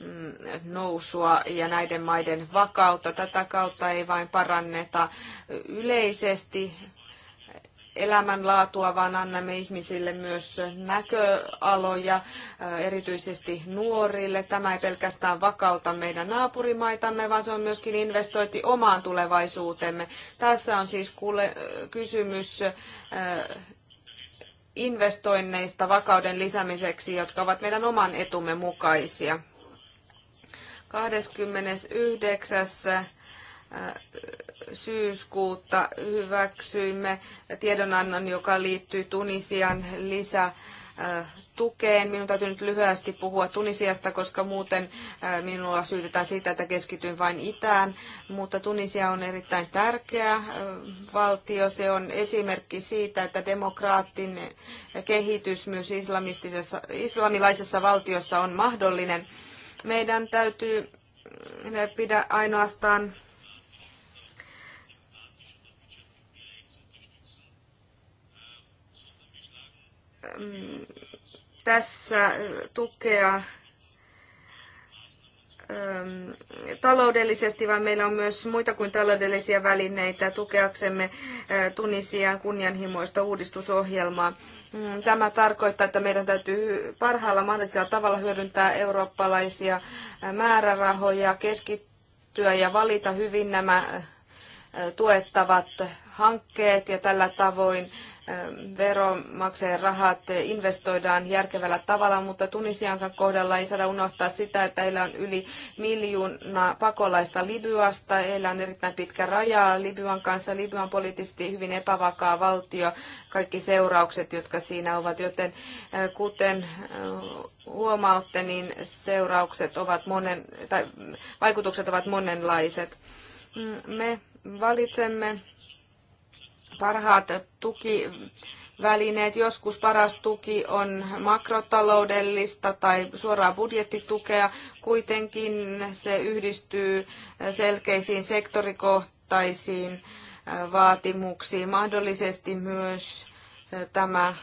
Speaker 2: mm, nousua ja näiden maiden vakautta. Tätä kautta ei vain paranneta yleisesti elämänlaatua, vaan annamme ihmisille myös näköaloja, äh, erityisesti nuorille. Tämä ei pelkästään vakauta meidän naapurimaitamme, vaan se on myöskin investointi omaan tulevaisuutemme. Tässä on siis äh, kysymys äh, investoinneista vakauden lisäämiseksi, jotka ovat meidän oman etumme mukaisia. 29 syyskuuta hyväksyimme tiedonannon, joka liittyy Tunisian lisä tukeen. Minun täytyy nyt lyhyesti puhua Tunisiasta, koska muuten minulla syytetään siitä, että keskityn vain itään. Mutta Tunisia on erittäin tärkeä valtio. Se on esimerkki siitä, että demokraattinen kehitys myös islamistisessa, islamilaisessa valtiossa on mahdollinen. Meidän täytyy pidä ainoastaan Mm, tässä äh, tukea ähm, taloudellisesti, vaan meillä on myös muita kuin taloudellisia välineitä tukeaksemme äh, Tunisian kunnianhimoista uudistusohjelmaa. Mm, tämä tarkoittaa, että meidän täytyy parhaalla mahdollisella tavalla hyödyntää eurooppalaisia äh, määrärahoja, keskittyä ja valita hyvin nämä tuettavat hankkeet ja tällä tavoin Ähm, veronmaksajien rahat investoidaan järkevällä tavalla, mutta Tunisian kohdalla ei saada unohtaa sitä, että heillä on yli miljoona pakolaista Libyasta. Heillä on erittäin pitkä raja Libyan kanssa. Libya on poliittisesti hyvin epävakaa valtio, kaikki seuraukset, jotka siinä ovat, joten äh, kuten äh, huomaatte, niin seuraukset ovat monen, tai vaikutukset ovat monenlaiset. Mm, me valitsemme parhaat tukivälineet. Joskus paras tuki on makrotaloudellista tai suoraa budjettitukea. Kuitenkin se yhdistyy selkeisiin sektorikohtaisiin vaatimuksiin. Mahdollisesti myös tämä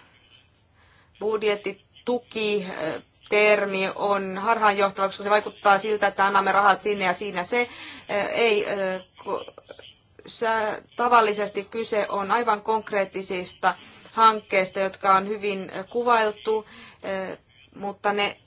Speaker 2: budjettituki termi on harhaanjohtava, koska se vaikuttaa siltä, että annamme rahat sinne ja siinä se ei tavallisesti kyse on aivan konkreettisista hankkeista, jotka on hyvin kuvailtu, eh, mutta ne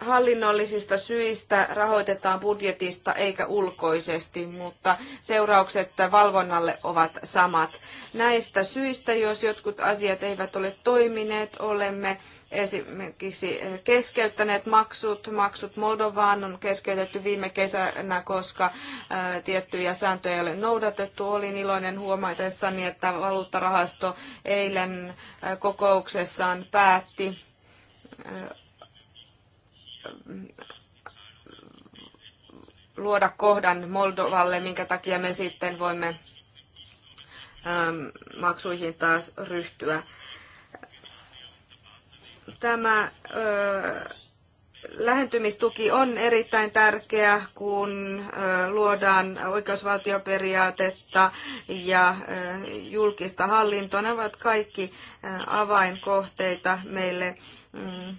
Speaker 2: hallinnollisista syistä rahoitetaan budjetista eikä ulkoisesti, mutta seuraukset valvonnalle ovat samat. Näistä syistä, jos jotkut asiat eivät ole toimineet, olemme esimerkiksi keskeyttäneet maksut. Maksut Moldovaan on keskeytetty viime kesänä, koska tiettyjä sääntöjä ei ole noudatettu. Olin iloinen huomaitessani, että valuuttarahasto eilen kokouksessaan päätti luoda kohdan Moldovalle, minkä takia me sitten voimme ähm, maksuihin taas ryhtyä. Tämä ö, äh, lähentymistuki on erittäin tärkeä, kun äh, luodaan oikeusvaltioperiaatetta ja äh, julkista hallintoa. Nämä ovat kaikki avainkohteita meille. Mm,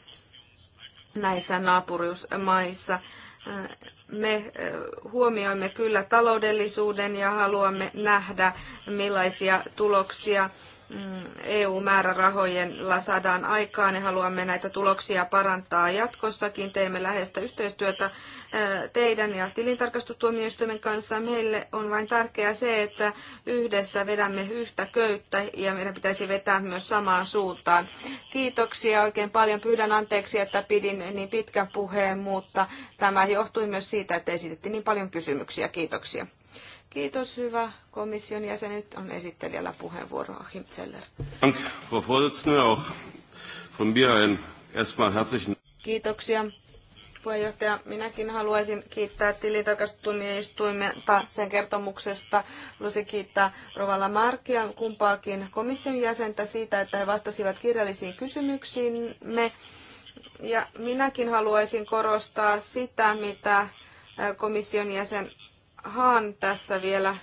Speaker 2: näissä naapurusmaissa. Me eh, huomioimme kyllä taloudellisuuden ja haluamme nähdä, millaisia tuloksia Mm, EU-määrärahojen saadaan aikaan ja haluamme näitä tuloksia parantaa jatkossakin. Teemme läheistä yhteistyötä äh, teidän ja tilintarkastustuomioistuimen kanssa. Meille on vain tärkeää se, että yhdessä vedämme yhtä köyttä ja meidän pitäisi vetää myös samaan suuntaan. Kiitoksia oikein paljon. Pyydän anteeksi, että pidin niin pitkän puheen, mutta tämä johtui myös siitä, että esitettiin niin paljon kysymyksiä. Kiitoksia. Kiitos hyvä komission jäsen. Nyt on esittelijällä puheenvuoro Himtseller. Kiitoksia puheenjohtaja. Minäkin haluaisin kiittää tilintarkastustuomioistuimenta sen kertomuksesta. Haluaisin kiittää Rovalla Markia kumpaakin komission jäsentä siitä, että he vastasivat kirjallisiin kysymyksiimme. Ja minäkin haluaisin korostaa sitä, mitä komission jäsen Haan tässä vielä,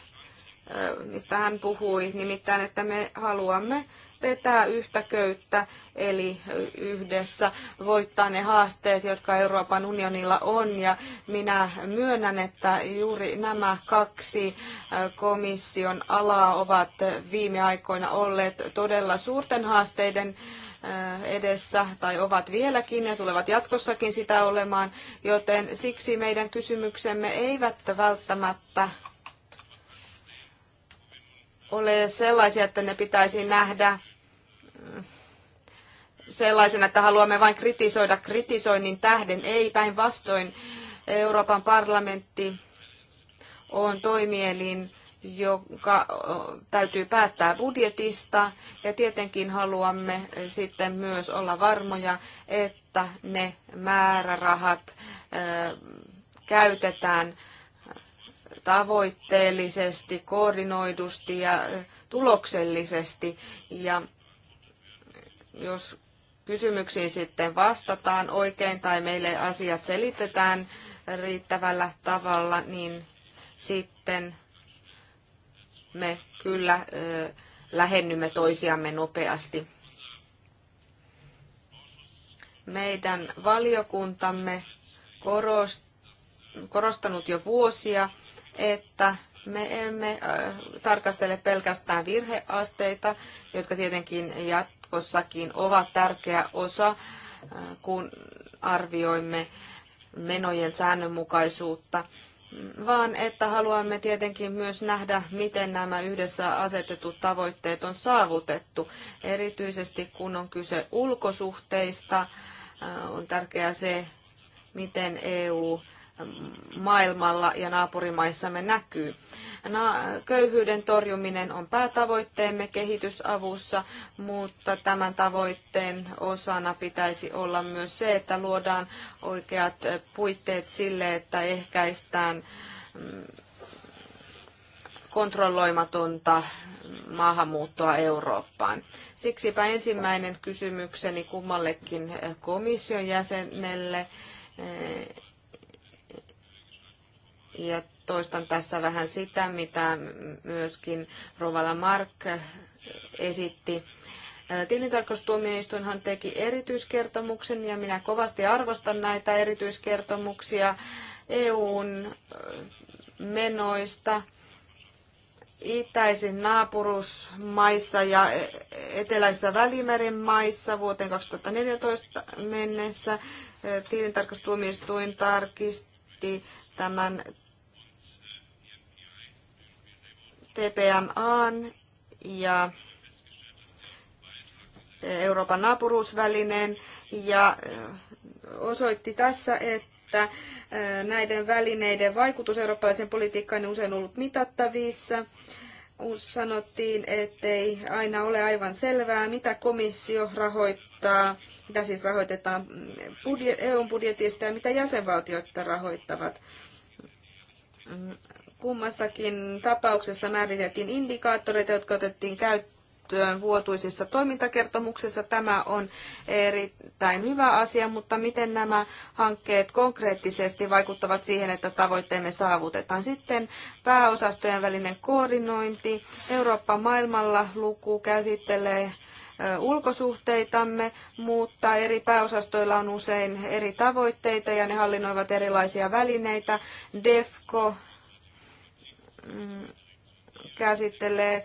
Speaker 2: mistä hän puhui, nimittäin, että me haluamme vetää yhtä köyttä, eli yhdessä voittaa ne haasteet, jotka Euroopan unionilla on. Ja minä myönnän, että juuri nämä kaksi komission alaa ovat viime aikoina olleet todella suurten haasteiden Äh, edessä tai ovat vieläkin ja tulevat jatkossakin sitä olemaan, joten siksi meidän kysymyksemme eivät välttämättä ole sellaisia, että ne pitäisi nähdä mm, sellaisena, että haluamme vain kritisoida kritisoinnin tähden. Ei päinvastoin Euroopan parlamentti on toimielin, joka täytyy päättää budjetista ja tietenkin haluamme sitten myös olla varmoja, että ne määrärahat käytetään tavoitteellisesti, koordinoidusti ja tuloksellisesti. Ja jos kysymyksiin sitten vastataan oikein tai meille asiat selitetään riittävällä tavalla, niin sitten me kyllä lähennymme toisiamme nopeasti. Meidän valiokuntamme korostanut jo vuosia, että me emme tarkastele pelkästään virheasteita, jotka tietenkin jatkossakin ovat tärkeä osa, kun arvioimme menojen säännönmukaisuutta vaan että haluamme tietenkin myös nähdä, miten nämä yhdessä asetetut tavoitteet on saavutettu, erityisesti kun on kyse ulkosuhteista. Äh, on tärkeää se, miten EU äh, maailmalla ja naapurimaissamme näkyy köyhyyden torjuminen on päätavoitteemme kehitysavussa, mutta tämän tavoitteen osana pitäisi olla myös se, että luodaan oikeat puitteet sille, että ehkäistään mm, kontrolloimatonta maahanmuuttoa Eurooppaan. Siksipä ensimmäinen kysymykseni kummallekin komission jäsenelle eh, ja toistan tässä vähän sitä, mitä myöskin Rovala Mark esitti. Tilintarkastustuomioistuinhan teki erityiskertomuksen ja minä kovasti arvostan näitä erityiskertomuksia EUn menoista itäisin naapurusmaissa ja e-, eteläisissä välimeren maissa vuoteen 2014 mennessä. Tilintarkastustuomioistuin tarkisti tämän TPMAn ja Euroopan naapuruusvälineen ja osoitti tässä, että näiden välineiden vaikutus eurooppalaisen politiikkaan on usein ollut mitattavissa. Sanottiin, ettei aina ole aivan selvää, mitä komissio rahoittaa, mitä siis rahoitetaan EUn e budjetista ja mitä jäsenvaltiot rahoittavat Kummassakin tapauksessa määriteltiin indikaattoreita, jotka otettiin käyttöön vuotuisissa toimintakertomuksissa. Tämä on erittäin hyvä asia, mutta miten nämä hankkeet konkreettisesti vaikuttavat siihen, että tavoitteemme saavutetaan? Sitten pääosastojen välinen koordinointi. Eurooppa maailmalla luku käsittelee ulkosuhteitamme, mutta eri pääosastoilla on usein eri tavoitteita ja ne hallinnoivat erilaisia välineitä. DEFCO Mm, käsittelee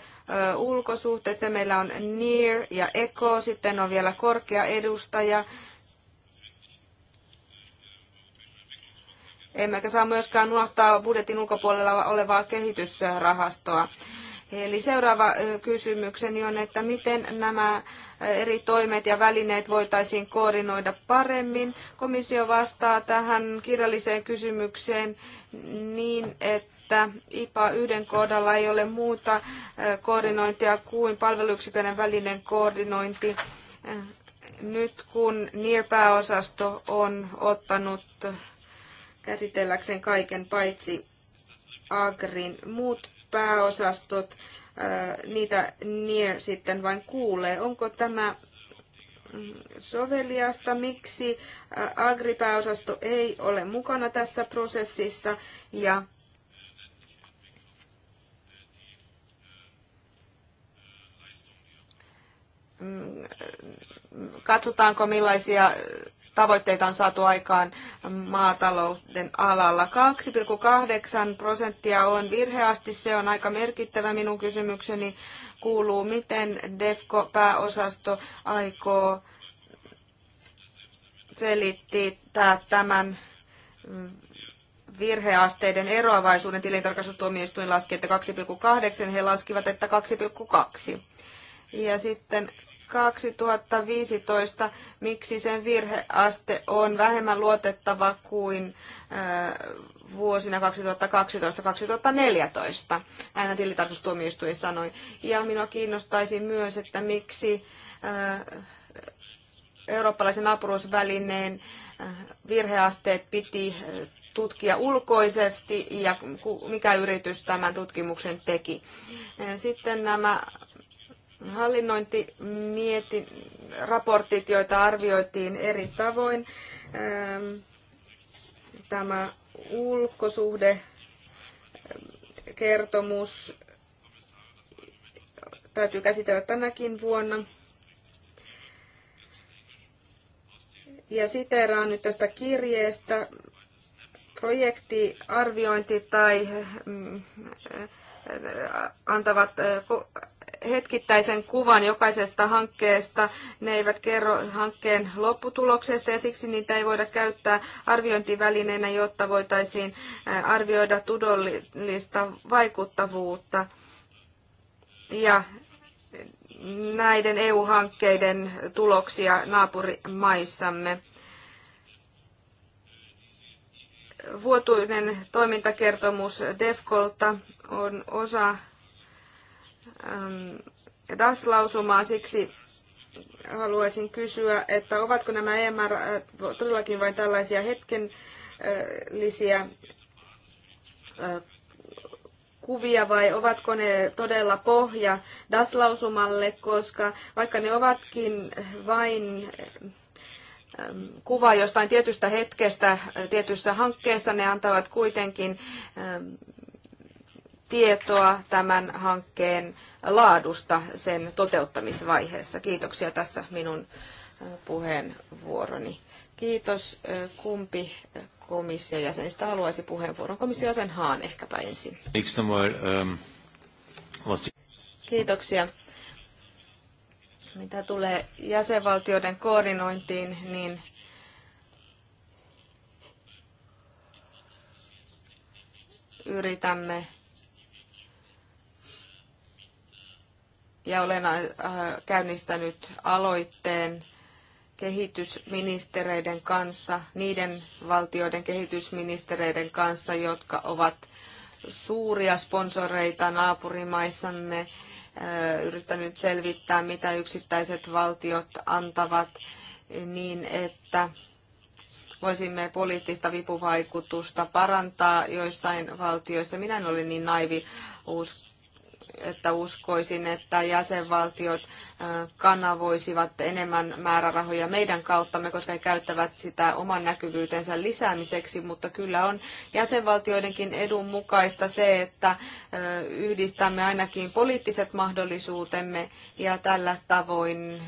Speaker 2: ulkosuhteet. Sitten meillä on NEAR ja ECO, sitten on vielä korkea edustaja. Emmekä saa myöskään unohtaa budjetin ulkopuolella olevaa kehitysrahastoa. Eli seuraava kysymykseni on, että miten nämä eri toimet ja välineet voitaisiin koordinoida paremmin. Komissio vastaa tähän kirjalliseen kysymykseen niin, että että IPA yhden kohdalla ei ole muuta koordinointia kuin palveluyksiköiden välinen koordinointi. Nyt kun NIR-pääosasto on ottanut käsitelläkseen kaiken paitsi Agrin muut pääosastot, niitä NIR sitten vain kuulee. Onko tämä mm, soveliasta, miksi agripääosasto ei ole mukana tässä prosessissa ja Mm, katsotaanko millaisia tavoitteita on saatu aikaan maatalouden alalla. 2,8 prosenttia on virheasti, se on aika merkittävä minun kysymykseni kuuluu, miten DEFCO-pääosasto aikoo selittää tämän virheasteiden eroavaisuuden tilintarkastustuomioistuin laski, että 2,8, he laskivat, että 2,2. Ja sitten 2015, miksi sen virheaste on vähemmän luotettava kuin vuosina 2012-2014, näinhän tilitarkastustuomioistuin sanoi. Ja minua kiinnostaisi myös, että miksi eurooppalaisen apuruusvälineen virheasteet piti tutkia ulkoisesti ja mikä yritys tämän tutkimuksen teki. Sitten nämä hallinnointi mieti raportit, joita arvioitiin eri tavoin. Ähm, tämä ulkosuhde ähm, kertomus täytyy käsitellä tänäkin vuonna. Ja siteeraan nyt tästä kirjeestä projektiarviointi tai mm, äh, antavat äh, hetkittäisen kuvan jokaisesta hankkeesta. Ne eivät kerro hankkeen lopputuloksesta ja siksi niitä ei voida käyttää arviointivälineenä, jotta voitaisiin arvioida tudollista vaikuttavuutta. Ja näiden EU-hankkeiden tuloksia naapurimaissamme. Vuotuinen toimintakertomus DEFCOLta on osa Ähm, DAS-lausumaa, siksi haluaisin kysyä, että ovatko nämä EMR äh, todellakin vain tällaisia hetkenlisiä äh, kuvia vai ovatko ne todella pohja DAS-lausumalle, koska vaikka ne ovatkin vain ähm, kuva jostain tietystä hetkestä äh, tietyssä hankkeessa, ne antavat kuitenkin ähm, tietoa tämän hankkeen laadusta sen toteuttamisvaiheessa. Kiitoksia tässä minun puheenvuoroni. Kiitos. Kumpi komission jäsenistä haluaisi puheenvuoron? Komission jäsen Haan ehkäpä ensin. Kiitoksia. Mitä tulee jäsenvaltioiden koordinointiin, niin yritämme ja olen äh, käynnistänyt aloitteen kehitysministereiden kanssa, niiden valtioiden kehitysministereiden kanssa, jotka ovat suuria sponsoreita naapurimaissamme, äh, yrittänyt selvittää, mitä yksittäiset valtiot antavat niin, että voisimme poliittista vipuvaikutusta parantaa joissain valtioissa. Minä en ole niin naivi uskoa että uskoisin, että jäsenvaltiot kanavoisivat enemmän määrärahoja meidän kauttamme, koska he käyttävät sitä oman näkyvyytensä lisäämiseksi, mutta kyllä on jäsenvaltioidenkin edun mukaista se, että yhdistämme ainakin poliittiset mahdollisuutemme ja tällä tavoin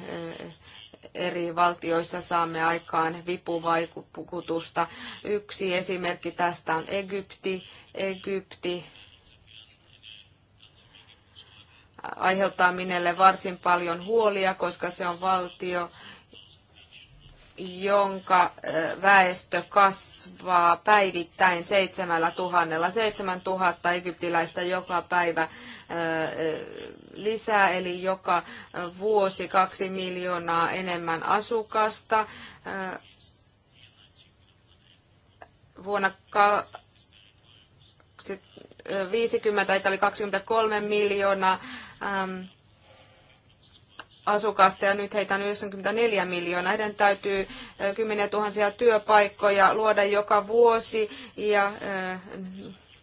Speaker 2: eri valtioissa saamme aikaan vipuvaikutusta. Yksi esimerkki tästä on Egypti. Egypti aiheuttaa minelle varsin paljon huolia, koska se on valtio, jonka väestö kasvaa päivittäin seitsemällä tuhannella. Seitsemän tuhatta egyptiläistä joka päivä lisää, eli joka vuosi kaksi miljoonaa enemmän asukasta. Vuonna 50, tai oli 23 miljoonaa äm, asukasta ja nyt heitä on 94 miljoonaa. Heidän täytyy kymmeniä tuhansia työpaikkoja luoda joka vuosi ja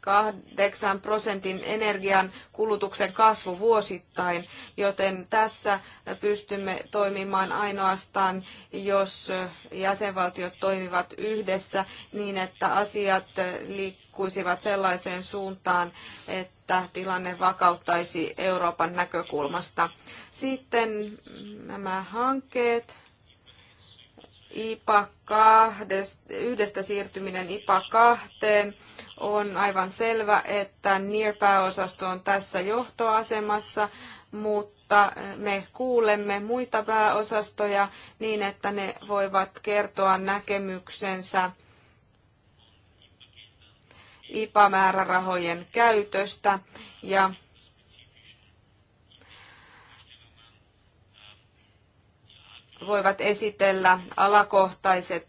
Speaker 2: kahdeksan prosentin energian kulutuksen kasvu vuosittain, joten tässä pystymme toimimaan ainoastaan, jos jäsenvaltiot toimivat yhdessä niin, että asiat liikkuvat liikkuisivat sellaiseen suuntaan, että tilanne vakauttaisi Euroopan näkökulmasta. Sitten nämä hankkeet, IPA 2, yhdestä siirtyminen IPA 2, on aivan selvä, että NIR-pääosasto on tässä johtoasemassa, mutta me kuulemme muita pääosastoja niin, että ne voivat kertoa näkemyksensä IPA-määrärahojen käytöstä ja voivat esitellä alakohtaiset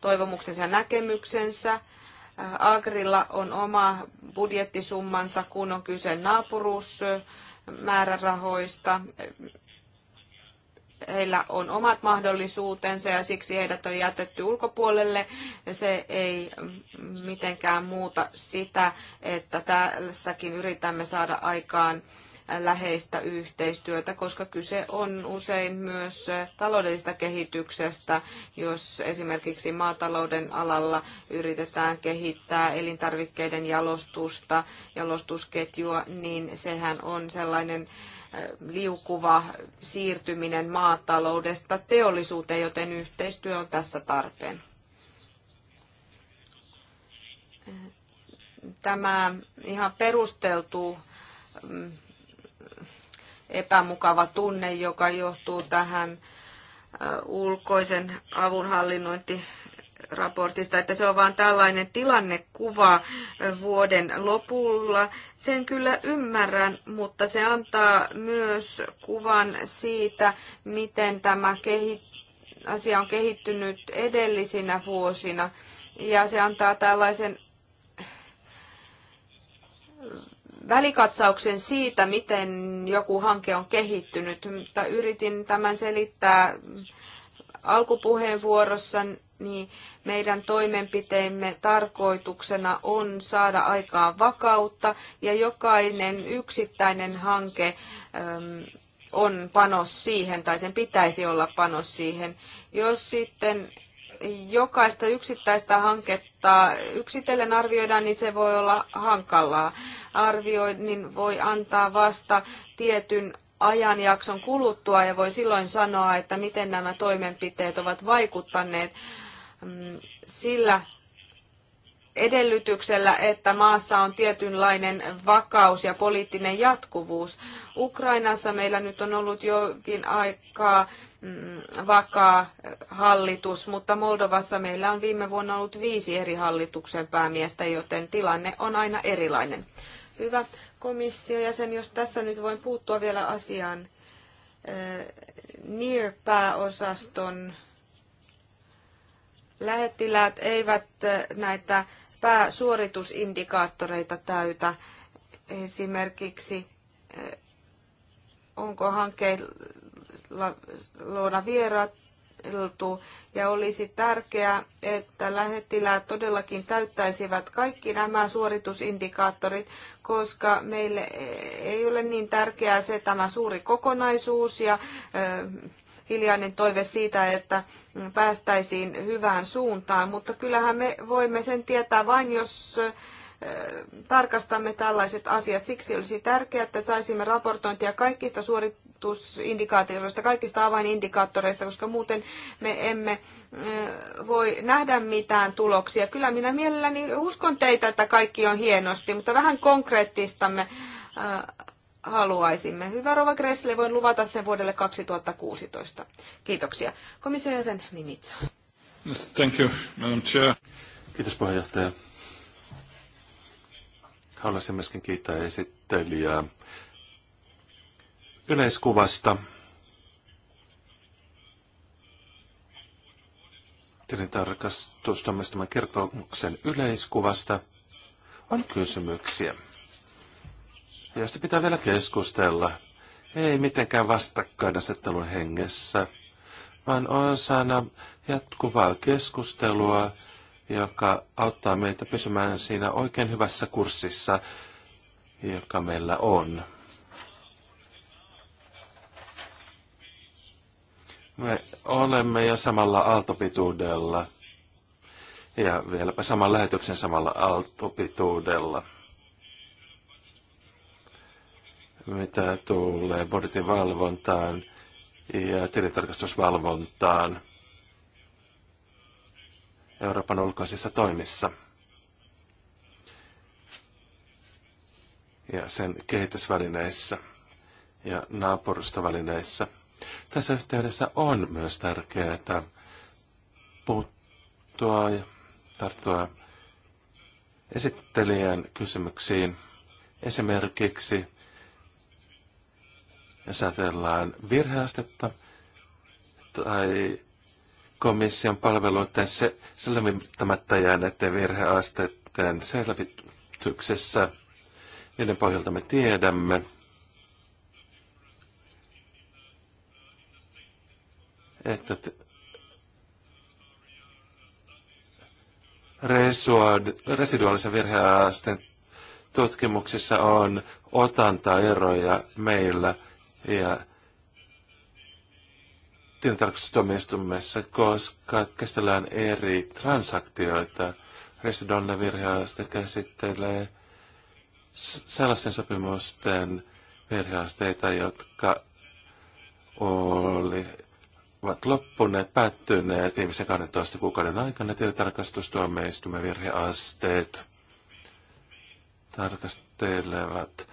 Speaker 2: toivomuksensa ja näkemyksensä. Agrilla on oma budjettisummansa, kun on kyse naapuruusmäärärahoista, heillä on omat mahdollisuutensa ja siksi heidät on jätetty ulkopuolelle. Se ei mitenkään muuta sitä, että tässäkin yritämme saada aikaan läheistä yhteistyötä, koska kyse on usein myös taloudellisesta kehityksestä, jos esimerkiksi maatalouden alalla yritetään kehittää elintarvikkeiden jalostusta, jalostusketjua, niin sehän on sellainen liukuva siirtyminen maataloudesta teollisuuteen, joten yhteistyö on tässä tarpeen. Tämä ihan perusteltu mm, epämukava tunne, joka johtuu tähän ulkoisen avunhallinnointi raportista, että se on vain tällainen tilannekuva vuoden lopulla. Sen kyllä ymmärrän, mutta se antaa myös kuvan siitä, miten tämä asia on kehittynyt edellisinä vuosina. Ja se antaa tällaisen välikatsauksen siitä, miten joku hanke on kehittynyt, mutta yritin tämän selittää alkupuheenvuorossa niin meidän toimenpiteemme tarkoituksena on saada aikaa vakautta ja jokainen yksittäinen hanke ähm, on panos siihen tai sen pitäisi olla panos siihen. Jos sitten jokaista yksittäistä hanketta yksitellen arvioidaan, niin se voi olla hankalaa. Arvioinnin voi antaa vasta tietyn ajanjakson kuluttua ja voi silloin sanoa, että miten nämä toimenpiteet ovat vaikuttaneet Mm, sillä edellytyksellä, että maassa on tietynlainen vakaus ja poliittinen jatkuvuus. Ukrainassa meillä nyt on ollut jokin aikaa mm, vakaa hallitus, mutta Moldovassa meillä on viime vuonna ollut viisi eri hallituksen päämiestä, joten tilanne on aina erilainen. Hyvä komissio ja sen, jos tässä nyt voin puuttua vielä asiaan. Eh, near pääosaston Lähettiläät eivät eh, näitä pääsuoritusindikaattoreita täytä. Esimerkiksi eh, onko hankkeilla luona vierailtu ja olisi tärkeää, että lähettiläät todellakin täyttäisivät kaikki nämä suoritusindikaattorit, koska meille ei ole niin tärkeää se tämä suuri kokonaisuus ja eh, hiljainen toive siitä, että päästäisiin hyvään suuntaan, mutta kyllähän me voimme sen tietää vain, jos tarkastamme tällaiset asiat. Siksi olisi tärkeää, että saisimme raportointia kaikista suoritusindikaatioista, kaikista avainindikaattoreista, koska muuten me emme voi nähdä mitään tuloksia. Kyllä minä mielelläni uskon teitä, että kaikki on hienosti, mutta vähän konkreettistamme haluaisimme. Hyvä Rova Gressle, voin luvata sen vuodelle 2016. Kiitoksia. Komission jäsen Mimitsa.
Speaker 3: Thank you, Madam Chair. Kiitos puheenjohtaja. Haluaisin myöskin kiittää esittelijää yleiskuvasta. Tilintarkastustoimistaman kertomuksen yleiskuvasta on kysymyksiä josta pitää vielä keskustella. Ei mitenkään vastakkainasettelun hengessä, vaan osana jatkuvaa keskustelua, joka auttaa meitä pysymään siinä oikein hyvässä kurssissa, joka meillä on. Me olemme jo samalla aaltopituudella. Ja vieläpä saman lähetyksen samalla aaltopituudella mitä tulee budjetin valvontaan ja tilintarkastusvalvontaan Euroopan ulkoisissa toimissa. ja sen kehitysvälineissä ja naapurustovälineissä. Tässä yhteydessä on myös tärkeää puuttua ja tarttua esittelijän kysymyksiin. Esimerkiksi jos ajatellaan virheastetta tai komission palveluiden se, selvittämättä jääneiden virheasteiden selvityksessä, niiden pohjalta me tiedämme, että residuaalisen virheasteen tutkimuksissa on otantaeroja meillä – ja tilintarkastustuomioistuimessa, koska käsitellään eri transaktioita. Residonna virheaste käsittelee sellaisten sopimusten virheasteita, jotka olivat loppuneet, päättyneet viimeisen 12 kuukauden aikana tilintarkastustuomioistuimen virheasteet tarkastelevat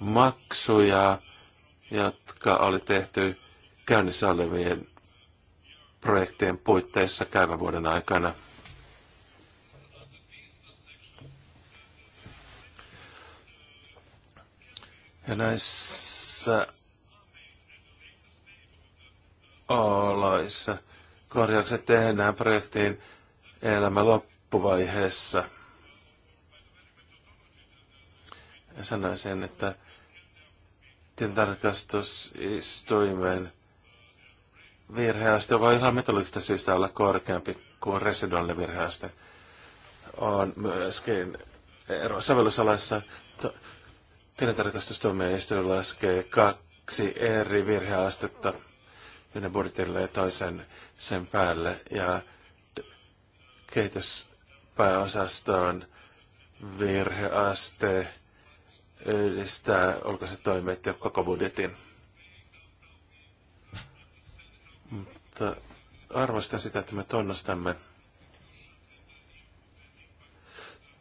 Speaker 3: maksuja, jotka oli tehty käynnissä olevien projektien puitteissa käyvän vuoden aikana. Ja näissä oloissa korjaukset tehdään projektiin elämän loppuvaiheessa. Ja sanoisin, että tarkastusistuimen virheaste voi ihan metallista syistä olla korkeampi kuin residuaalinen virheaste. On myöskin ero sävellysalassa tilintarkastustuomioistuin laskee kaksi eri virheastetta yhden budjetille ja toisen sen päälle. Ja kehityspääosastoon virheaste yhdistää ulkoiset toimet ja koko budjetin. Mutta arvostan sitä, että me tunnustamme,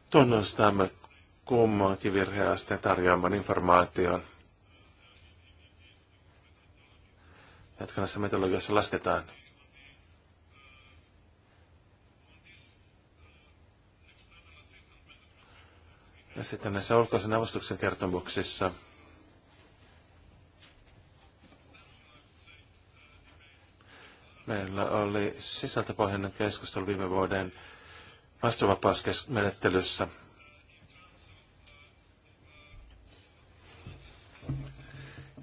Speaker 3: tunnustamme kummankin virheasteen tarjoaman informaation, Jatkanassa metodologiassa lasketaan. Ja sitten näissä ulkoisen avustuksen kertomuksissa meillä oli sisältöpohjainen keskustelu viime vuoden vastuuvapausmenettelyssä.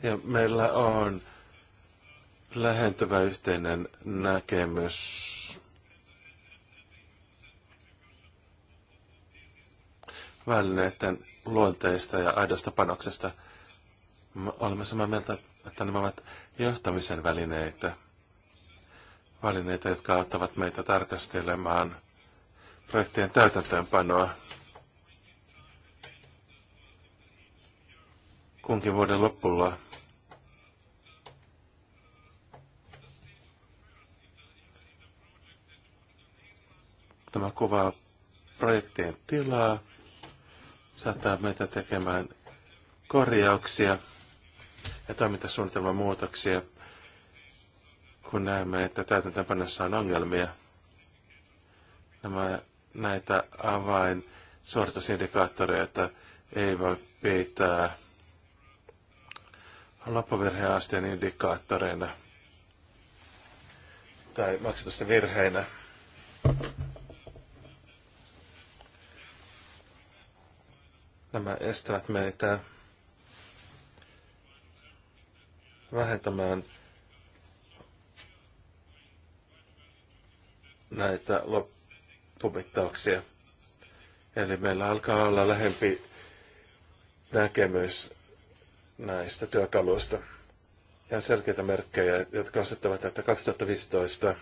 Speaker 3: Ja meillä on lähentyvä yhteinen näkemys välineiden luonteista ja aidosta panoksesta. Me olemme samaa mieltä, että nämä ovat johtamisen välineitä. Välineitä, jotka auttavat meitä tarkastelemaan projektien täytäntöönpanoa. Kunkin vuoden lopulla tämä kuvaa projektien tilaa, saattaa meitä tekemään korjauksia ja toimintasuunnitelman muutoksia, kun näemme, että täytäntöönpanossa on ongelmia. Nämä, näitä avain suoritusindikaattoreita ei voi pitää loppuvirheasteen indikaattoreina tai maksatusten virheinä. Nämä estävät meitä vähentämään näitä loppumittauksia. Eli meillä alkaa olla lähempi näkemys näistä työkaluista. Ja selkeitä merkkejä, jotka osoittavat, että 2015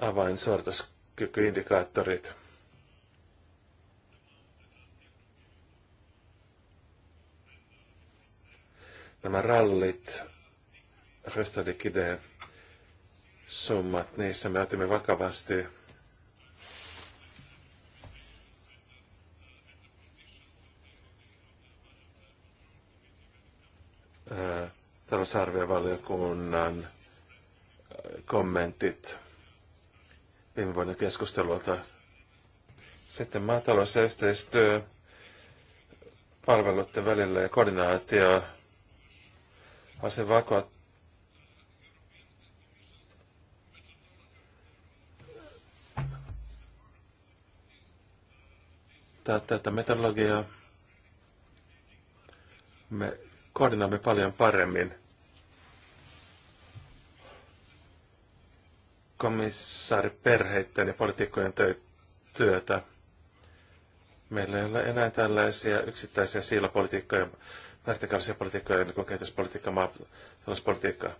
Speaker 3: avainsuorituskykyindikaattorit – nämä rallit, Restadikide summat, niissä me otimme vakavasti äh, talousarviovaliokunnan äh, kommentit viime vuoden keskustelulta. Sitten maatalous ja yhteistyö palveluiden välillä ja koordinaatio Haluaisin vakoa tätä metodologiaa. Me koordinoimme paljon paremmin. komissaari perheiden ja poliitikkojen työtä. Meillä ei ole enää tällaisia yksittäisiä siilapolitiikkoja vertikaalisia politiikkoja ennen kuin politiikkaa, maatalouspolitiikkaa.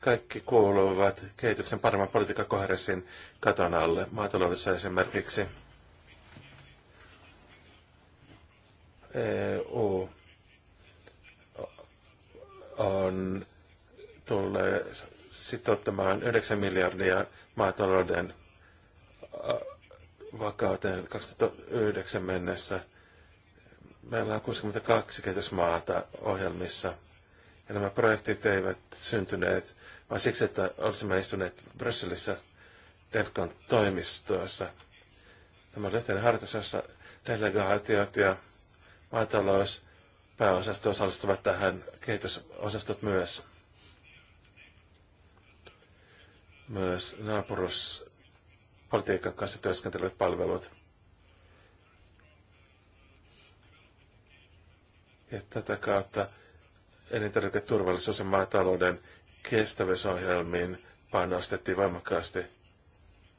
Speaker 3: Kaikki kuuluvat kehityksen paremman politiikan kohdessin katon alle. Maataloudessa esimerkiksi EU on tulee sitouttamaan 9 miljardia maatalouden vakauteen 2009 mennessä – meillä on 62 kehitysmaata ohjelmissa. Ja nämä projektit eivät syntyneet vaan siksi, että olisimme istuneet Brysselissä DEFCON toimistoissa. Tämä oli yhteinen harjoitus, jossa delegaatiot ja maatalouspääosasto osallistuvat tähän kehitysosastot myös. Myös naapuruspolitiikan kanssa työskentelevät palvelut Ja tätä kautta elintarviketurvallisuus ja maatalouden kestävyysohjelmiin panostettiin voimakkaasti.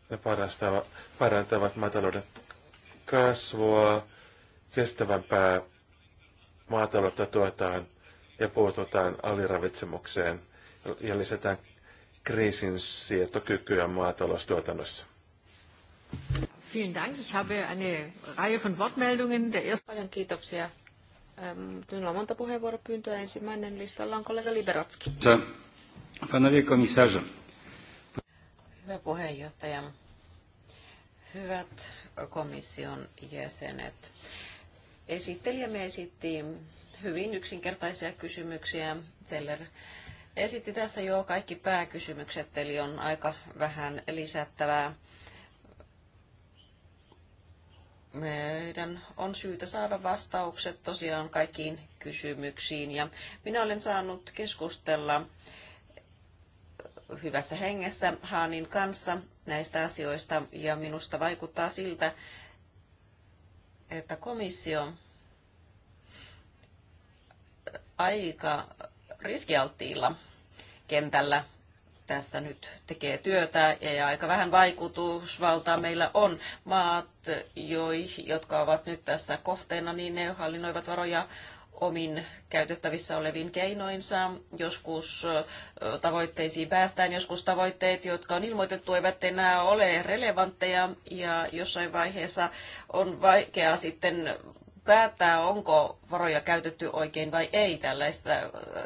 Speaker 3: Ne parantavat maatalouden kasvua, kestävämpää maataloutta tuetaan ja puututaan aliravitsemukseen ja lisätään kriisin sietokykyä maataloustuotannossa.
Speaker 2: Vielen Dank. Ich habe eine Reihe von Wortmeldungen. Der erste... Paljon kiitoksia. Minulla on monta puheenvuoropyyntöä. Ensimmäinen listalla on kollega Liberatski.
Speaker 3: Panowie komisarze.
Speaker 1: Hyvä puheenjohtaja. Hyvät komission jäsenet. Esittelijämme esitti hyvin yksinkertaisia kysymyksiä. Zeller esitti tässä jo kaikki pääkysymykset, eli on aika vähän lisättävää meidän on syytä saada vastaukset tosiaan kaikkiin kysymyksiin. Ja minä olen saanut keskustella hyvässä hengessä Haanin kanssa näistä asioista ja minusta vaikuttaa siltä, että komissio aika riskialttiilla kentällä tässä nyt tekee työtä ja aika vähän vaikutusvaltaa meillä on. Maat, jotka ovat nyt tässä kohteena, niin ne hallinnoivat varoja omin käytettävissä olevin keinoinsa. Joskus tavoitteisiin päästään, joskus tavoitteet, jotka on ilmoitettu, eivät enää ole relevantteja ja jossain vaiheessa on vaikea sitten päättää, onko varoja käytetty oikein vai ei. Tällaista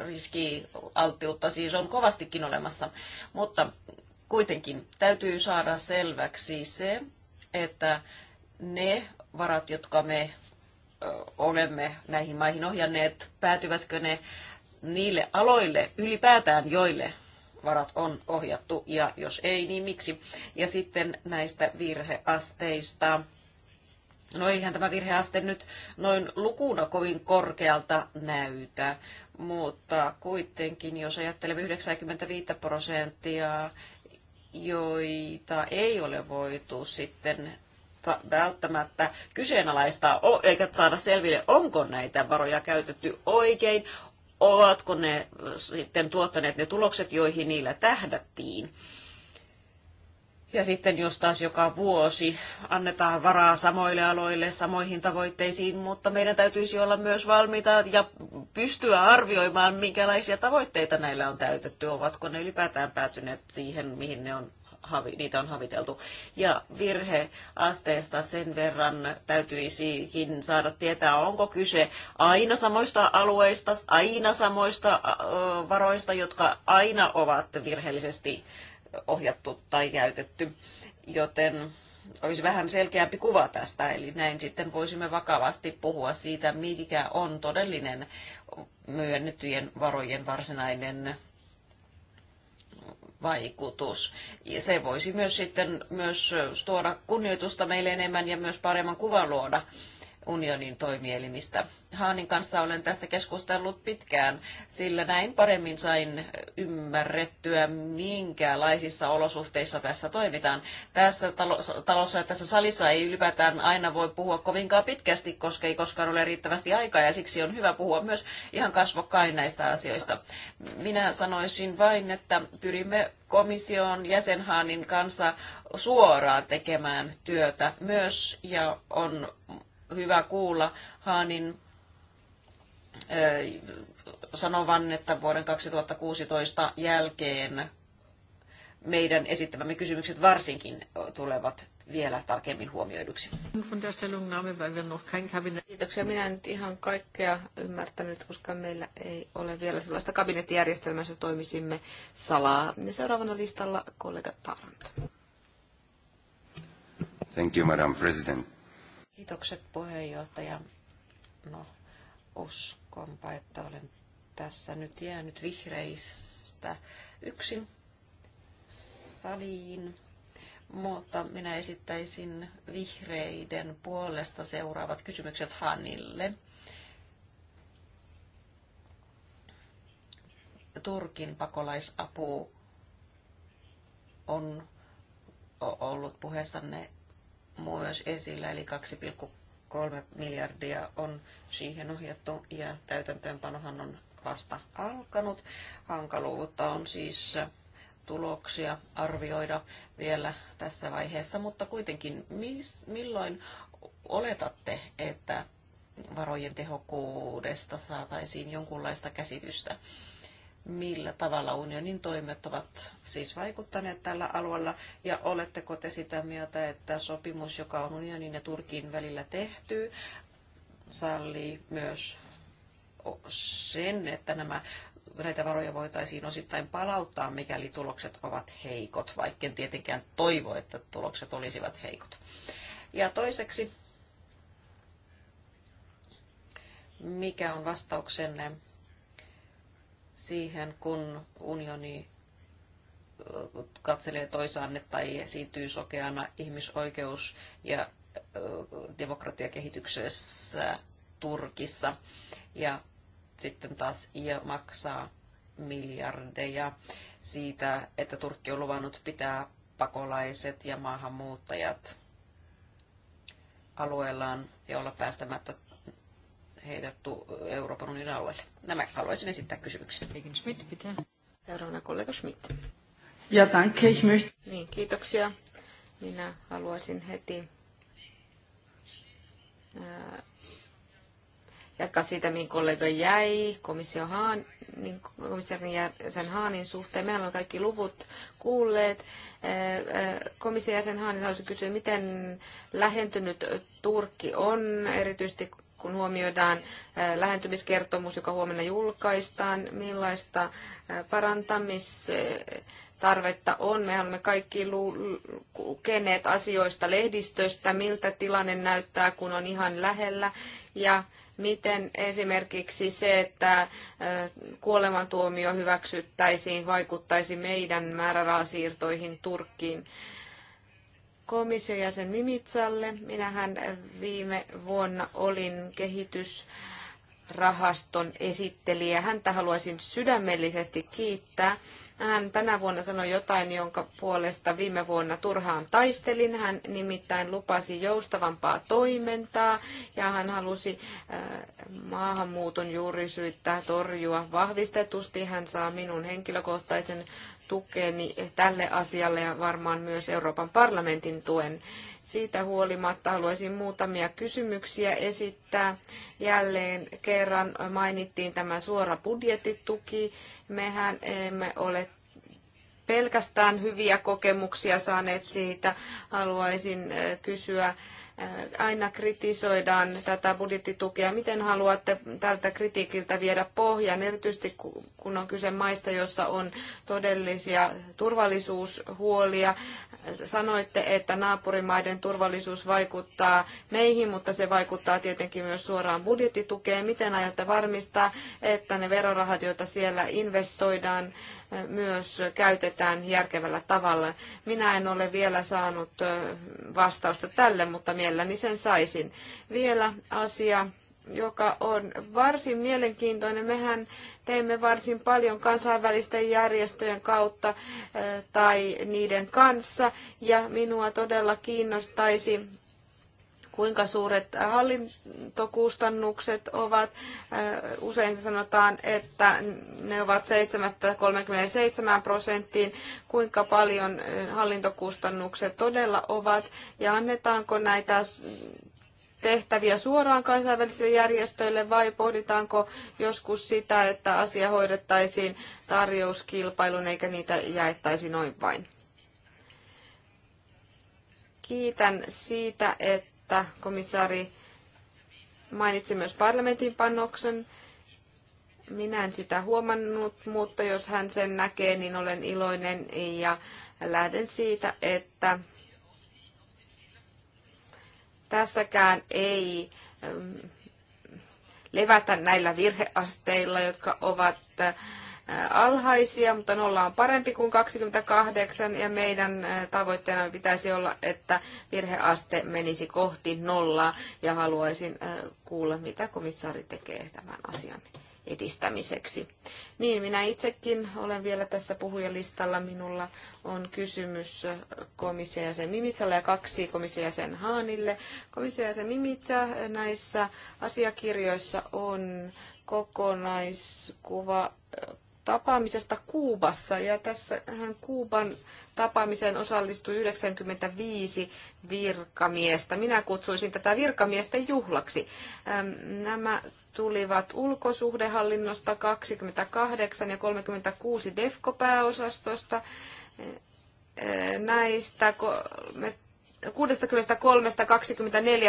Speaker 1: riskialttiutta siis on kovastikin olemassa. Mutta kuitenkin täytyy saada selväksi se, että ne varat, jotka me olemme näihin maihin ohjanneet, päätyvätkö ne niille aloille ylipäätään, joille varat on ohjattu, ja jos ei, niin miksi. Ja sitten näistä virheasteista No eihän tämä virheaste nyt noin lukuna kovin korkealta näytä, mutta kuitenkin jos ajattelemme 95 prosenttia, joita ei ole voitu sitten välttämättä kyseenalaistaa, eikä saada selville, onko näitä varoja käytetty oikein, ovatko ne sitten tuottaneet ne tulokset, joihin niillä tähdättiin. Ja sitten jos taas joka vuosi annetaan varaa samoille aloille, samoihin tavoitteisiin, mutta meidän täytyisi olla myös valmiita ja pystyä arvioimaan, minkälaisia tavoitteita näillä on täytetty, ovatko ne ylipäätään päätyneet siihen, mihin ne on niitä on haviteltu. Ja virheasteesta sen verran täytyisikin saada tietää, onko kyse aina samoista alueista, aina samoista varoista, jotka aina ovat virheellisesti ohjattu tai käytetty, joten olisi vähän selkeämpi kuva tästä, eli näin sitten voisimme vakavasti puhua siitä, mikä on todellinen myönnettyjen varojen varsinainen vaikutus. Ja se voisi myös sitten myös tuoda kunnioitusta meille enemmän ja myös paremman kuvan luoda unionin toimielimistä. Haanin kanssa olen tästä keskustellut pitkään, sillä näin paremmin sain ymmärrettyä, minkälaisissa olosuhteissa tässä toimitaan. Tässä talossa ja tässä salissa ei ylipäätään aina voi puhua kovinkaan pitkästi, koska ei koskaan ole riittävästi aikaa, ja siksi on hyvä puhua myös ihan kasvokkain näistä asioista. Minä sanoisin vain, että pyrimme komission jäsenhaanin kanssa suoraan tekemään työtä myös, ja on hyvä kuulla Haanin sanovan, että vuoden 2016 jälkeen meidän esittämämme kysymykset varsinkin tulevat vielä tarkemmin huomioiduksi.
Speaker 2: Kiitoksia. Minä en nyt ihan kaikkea ymmärtänyt, koska meillä ei ole vielä sellaista kabinettijärjestelmää, jossa toimisimme salaa. Ja seuraavana listalla kollega Tarant.
Speaker 3: Thank you, Madam President.
Speaker 1: Kiitokset puheenjohtaja. No, uskonpa, että olen tässä nyt jäänyt vihreistä yksin saliin, mutta minä esittäisin vihreiden puolesta seuraavat kysymykset Hanille. Turkin pakolaisapu on ollut puheessanne myös esillä, eli 2,3 miljardia on siihen ohjattu ja täytäntöönpanohan on vasta alkanut. Hankaluutta on siis tuloksia arvioida vielä tässä vaiheessa, mutta kuitenkin mis, milloin oletatte, että varojen tehokkuudesta saataisiin jonkunlaista käsitystä? millä tavalla unionin toimet ovat siis vaikuttaneet tällä alueella, ja oletteko te sitä mieltä, että sopimus, joka on unionin ja Turkin välillä tehty, sallii myös sen, että nämä näitä varoja voitaisiin osittain palauttaa, mikäli tulokset ovat heikot, vaikka en tietenkään toivo, että tulokset olisivat heikot. Ja toiseksi, mikä on vastauksenne siihen, kun unioni katselee toisaanne tai esiintyy sokeana ihmisoikeus- ja demokratiakehityksessä Turkissa. Ja sitten taas IA maksaa miljardeja siitä, että Turkki on luvannut pitää pakolaiset ja maahanmuuttajat alueellaan ja olla päästämättä heidät Euroopan unionin alueelle. Nämä haluaisin esittää kysymyksen. Schmidt, Seuraavana kollega Schmidt. Ja danke, ich möchte...
Speaker 2: Niin, kiitoksia. Minä haluaisin heti ää, äh, jatkaa siitä, mihin kollega jäi, komissio Haan, niin komissaari jäsen Haanin suhteen. Meillä on kaikki luvut kuulleet. Äh, äh, komission jäsen Haanin haluaisi kysyä, miten lähentynyt Turkki on, erityisesti kun huomioidaan lähentymiskertomus, joka huomenna julkaistaan, millaista parantamistarvetta on. Me olemme kaikki lukeneet asioista lehdistöstä, miltä tilanne näyttää, kun on ihan lähellä. Ja miten esimerkiksi se, että kuolemantuomio hyväksyttäisiin, vaikuttaisi meidän määrärahasiirtoihin Turkkiin komission jäsen Mimitsalle. Minähän viime vuonna olin kehitysrahaston esittelijä. Häntä haluaisin sydämellisesti kiittää. Hän tänä vuonna sanoi jotain, jonka puolesta viime vuonna turhaan taistelin. Hän nimittäin lupasi joustavampaa toimintaa ja hän halusi äh, maahanmuuton juurisyyttä torjua vahvistetusti. Hän saa minun henkilökohtaisen tukeni tälle asialle ja varmaan myös Euroopan parlamentin tuen. Siitä huolimatta haluaisin muutamia kysymyksiä esittää. Jälleen kerran mainittiin tämä suora budjettituki. Mehän emme ole pelkästään hyviä kokemuksia saaneet siitä. Haluaisin eh, kysyä, aina kritisoidaan tätä budjettitukea. Miten haluatte tältä kritiikiltä viedä pohjan, erityisesti kun on kyse maista, jossa on todellisia turvallisuushuolia? Sanoitte, että naapurimaiden turvallisuus vaikuttaa meihin, mutta se vaikuttaa tietenkin myös suoraan budjettitukeen. Miten aiotte varmistaa, että ne verorahat, joita siellä investoidaan, myös käytetään järkevällä tavalla. Minä en ole vielä saanut vastausta tälle, mutta mielelläni sen saisin. Vielä asia joka on varsin mielenkiintoinen. Mehän teemme varsin paljon kansainvälisten järjestöjen kautta tai niiden kanssa, ja minua todella kiinnostaisi kuinka suuret hallintokustannukset ovat. Usein sanotaan, että ne ovat 737 prosenttiin, kuinka paljon hallintokustannukset todella ovat ja annetaanko näitä tehtäviä suoraan kansainvälisille järjestöille vai pohditaanko joskus sitä, että asia hoidettaisiin tarjouskilpailun eikä niitä jaettaisi noin vain? Kiitän siitä, että että komissaari mainitsi myös parlamentin panoksen. Minä en sitä huomannut, mutta jos hän sen näkee, niin olen iloinen ja lähden siitä, että tässäkään ei ähm, levätä näillä virheasteilla, jotka ovat äh, alhaisia, mutta nolla on parempi kuin 28 ja meidän tavoitteena pitäisi olla, että virheaste menisi kohti nollaa ja haluaisin kuulla, mitä komissaari tekee tämän asian edistämiseksi. Niin, minä itsekin olen vielä tässä puhujalistalla. Minulla on kysymys komissiojäsen Mimitsälle ja kaksi komissiojäsen Haanille. Komissiojäsen Mimitsä näissä asiakirjoissa on kokonaiskuva tapaamisesta Kuubassa. Ja tässä hän Kuuban tapaamiseen osallistui 95 virkamiestä. Minä kutsuisin tätä virkamiesten juhlaksi. Nämä tulivat ulkosuhdehallinnosta 28 ja 36 DEFCO-pääosastosta. Näistä 23-24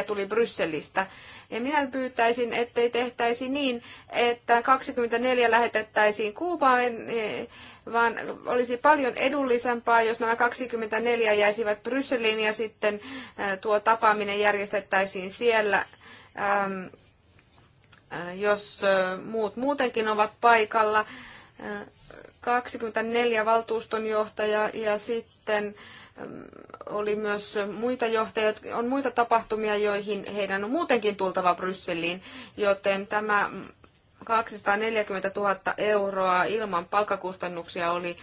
Speaker 2: tuli Brysselistä. Ja minä pyytäisin, ettei tehtäisi niin, että 24 lähetettäisiin Kuubaan, eh, vaan olisi paljon edullisempaa, jos nämä 24 jäisivät Brysseliin ja sitten eh, tuo tapaaminen järjestettäisiin siellä. Eh, jos muut muutenkin ovat paikalla, 24 valtuustonjohtaja ja sitten oli myös muita johtajia, on muita tapahtumia, joihin heidän on muutenkin tultava Brysseliin, joten tämä 240 000 euroa ilman palkkakustannuksia oli,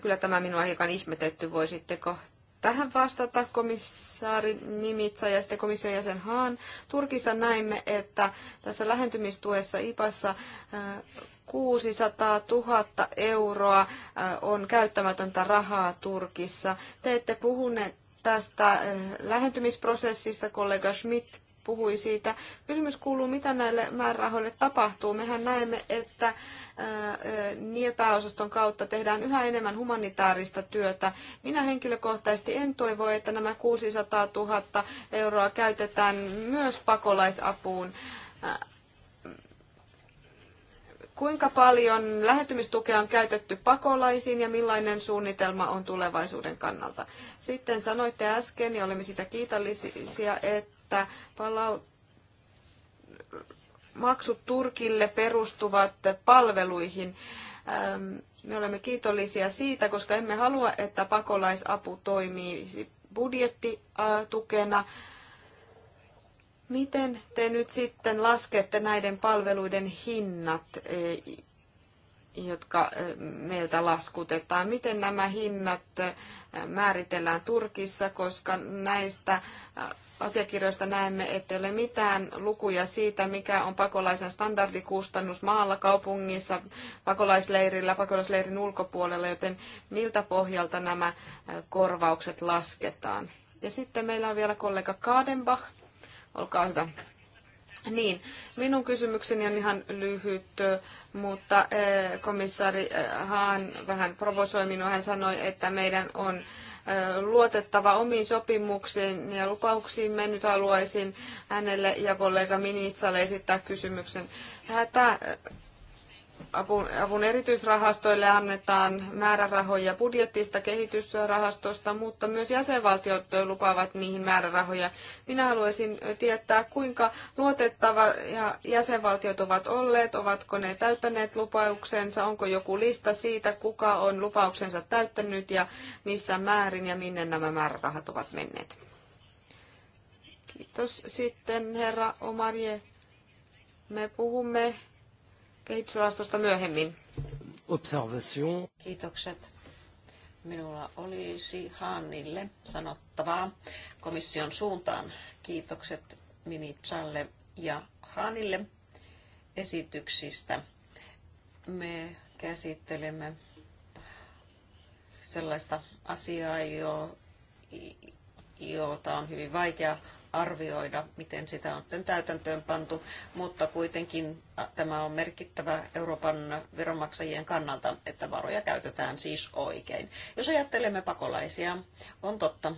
Speaker 2: kyllä tämä minua hiukan ihmetetty, voisitteko tähän vastata komissaari Nimitsa ja sitten komission jäsen Haan. Turkissa näimme, että tässä lähentymistuessa IPassa 600 000 euroa äh, on käyttämätöntä rahaa Turkissa. Te ette puhuneet tästä äh, lähentymisprosessista, kollega Schmidt puhui siitä. Kysymys kuuluu, mitä näille määrärahoille tapahtuu. Mehän näemme, että äh, niin pääosaston kautta tehdään yhä enemmän humanitaarista työtä. Minä henkilökohtaisesti en toivo, että nämä 600 000 euroa käytetään myös pakolaisapuun. Kuinka paljon lähentymistukea on käytetty pakolaisiin ja millainen suunnitelma on tulevaisuuden kannalta? Sitten sanoitte äsken, ja olemme sitä kiitollisia, että palaut maksut Turkille perustuvat palveluihin. Me olemme kiitollisia siitä, koska emme halua, että pakolaisapu toimii budjettitukena, Miten te nyt sitten laskette näiden palveluiden hinnat, e, jotka e, meiltä laskutetaan? Miten nämä hinnat e, määritellään Turkissa, koska näistä asiakirjoista näemme, ettei ole mitään lukuja siitä, mikä on pakolaisen standardikustannus maalla, kaupungissa, pakolaisleirillä, pakolaisleirin ulkopuolella, joten miltä pohjalta nämä korvaukset lasketaan? Ja sitten meillä on vielä kollega Kadenbach. Olkaa hyvä. Niin, minun kysymykseni on ihan lyhyt, mutta eh, komissaari eh, Haan vähän provosoi minua. Hän sanoi, että meidän on eh, luotettava omiin sopimuksiin ja lupauksiin. Me nyt haluaisin hänelle ja kollega Minitsalle esittää kysymyksen. Hätä Avun, avun erityisrahastoille annetaan määrärahoja budjettista, kehitysrahastosta, mutta myös jäsenvaltiot lupaavat niihin määrärahoja. Minä haluaisin tietää, kuinka luotettava ja jäsenvaltiot ovat olleet, ovatko ne täyttäneet lupauksensa, onko joku lista siitä, kuka on lupauksensa täyttänyt ja missä määrin ja minne nämä määrärahat ovat menneet. Kiitos. Sitten herra Omarje, me puhumme
Speaker 1: kehitysrahastosta myöhemmin. Observation. Kiitokset. Minulla olisi Haanille sanottavaa komission suuntaan. Kiitokset Mimitsalle ja Haanille esityksistä. Me käsittelemme sellaista asiaa, jo, jota on hyvin vaikea arvioida, miten sitä on sitten täytäntöön pantu, mutta kuitenkin äh, tämä on merkittävä Euroopan veronmaksajien kannalta, että varoja käytetään siis oikein. Jos ajattelemme pakolaisia, on totta,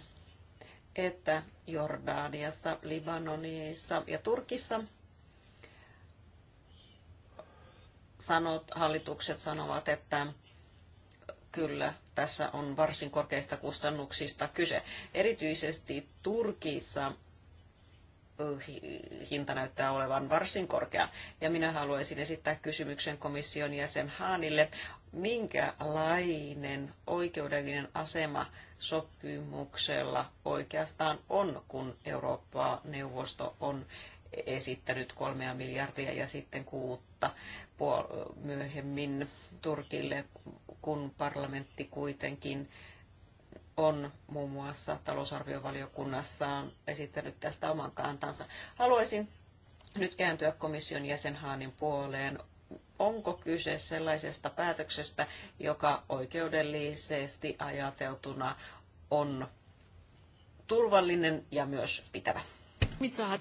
Speaker 1: että Jordaniassa, Libanonissa ja Turkissa sanot, hallitukset sanovat, että kyllä tässä on varsin korkeista kustannuksista kyse. Erityisesti Turkissa hinta näyttää olevan varsin korkea. Ja minä haluaisin esittää kysymyksen komission jäsen Haanille, minkälainen oikeudellinen asema sopimuksella oikeastaan on, kun Eurooppa-neuvosto on esittänyt kolmea miljardia ja sitten kuutta myöhemmin Turkille, kun parlamentti kuitenkin on muun muassa talousarviovaliokunnassaan esittänyt tästä oman kantansa. Haluaisin nyt kääntyä komission jäsenhaanin puoleen. Onko kyse sellaisesta päätöksestä, joka oikeudellisesti ajateltuna on turvallinen ja myös pitävä?
Speaker 2: Mitsa hat,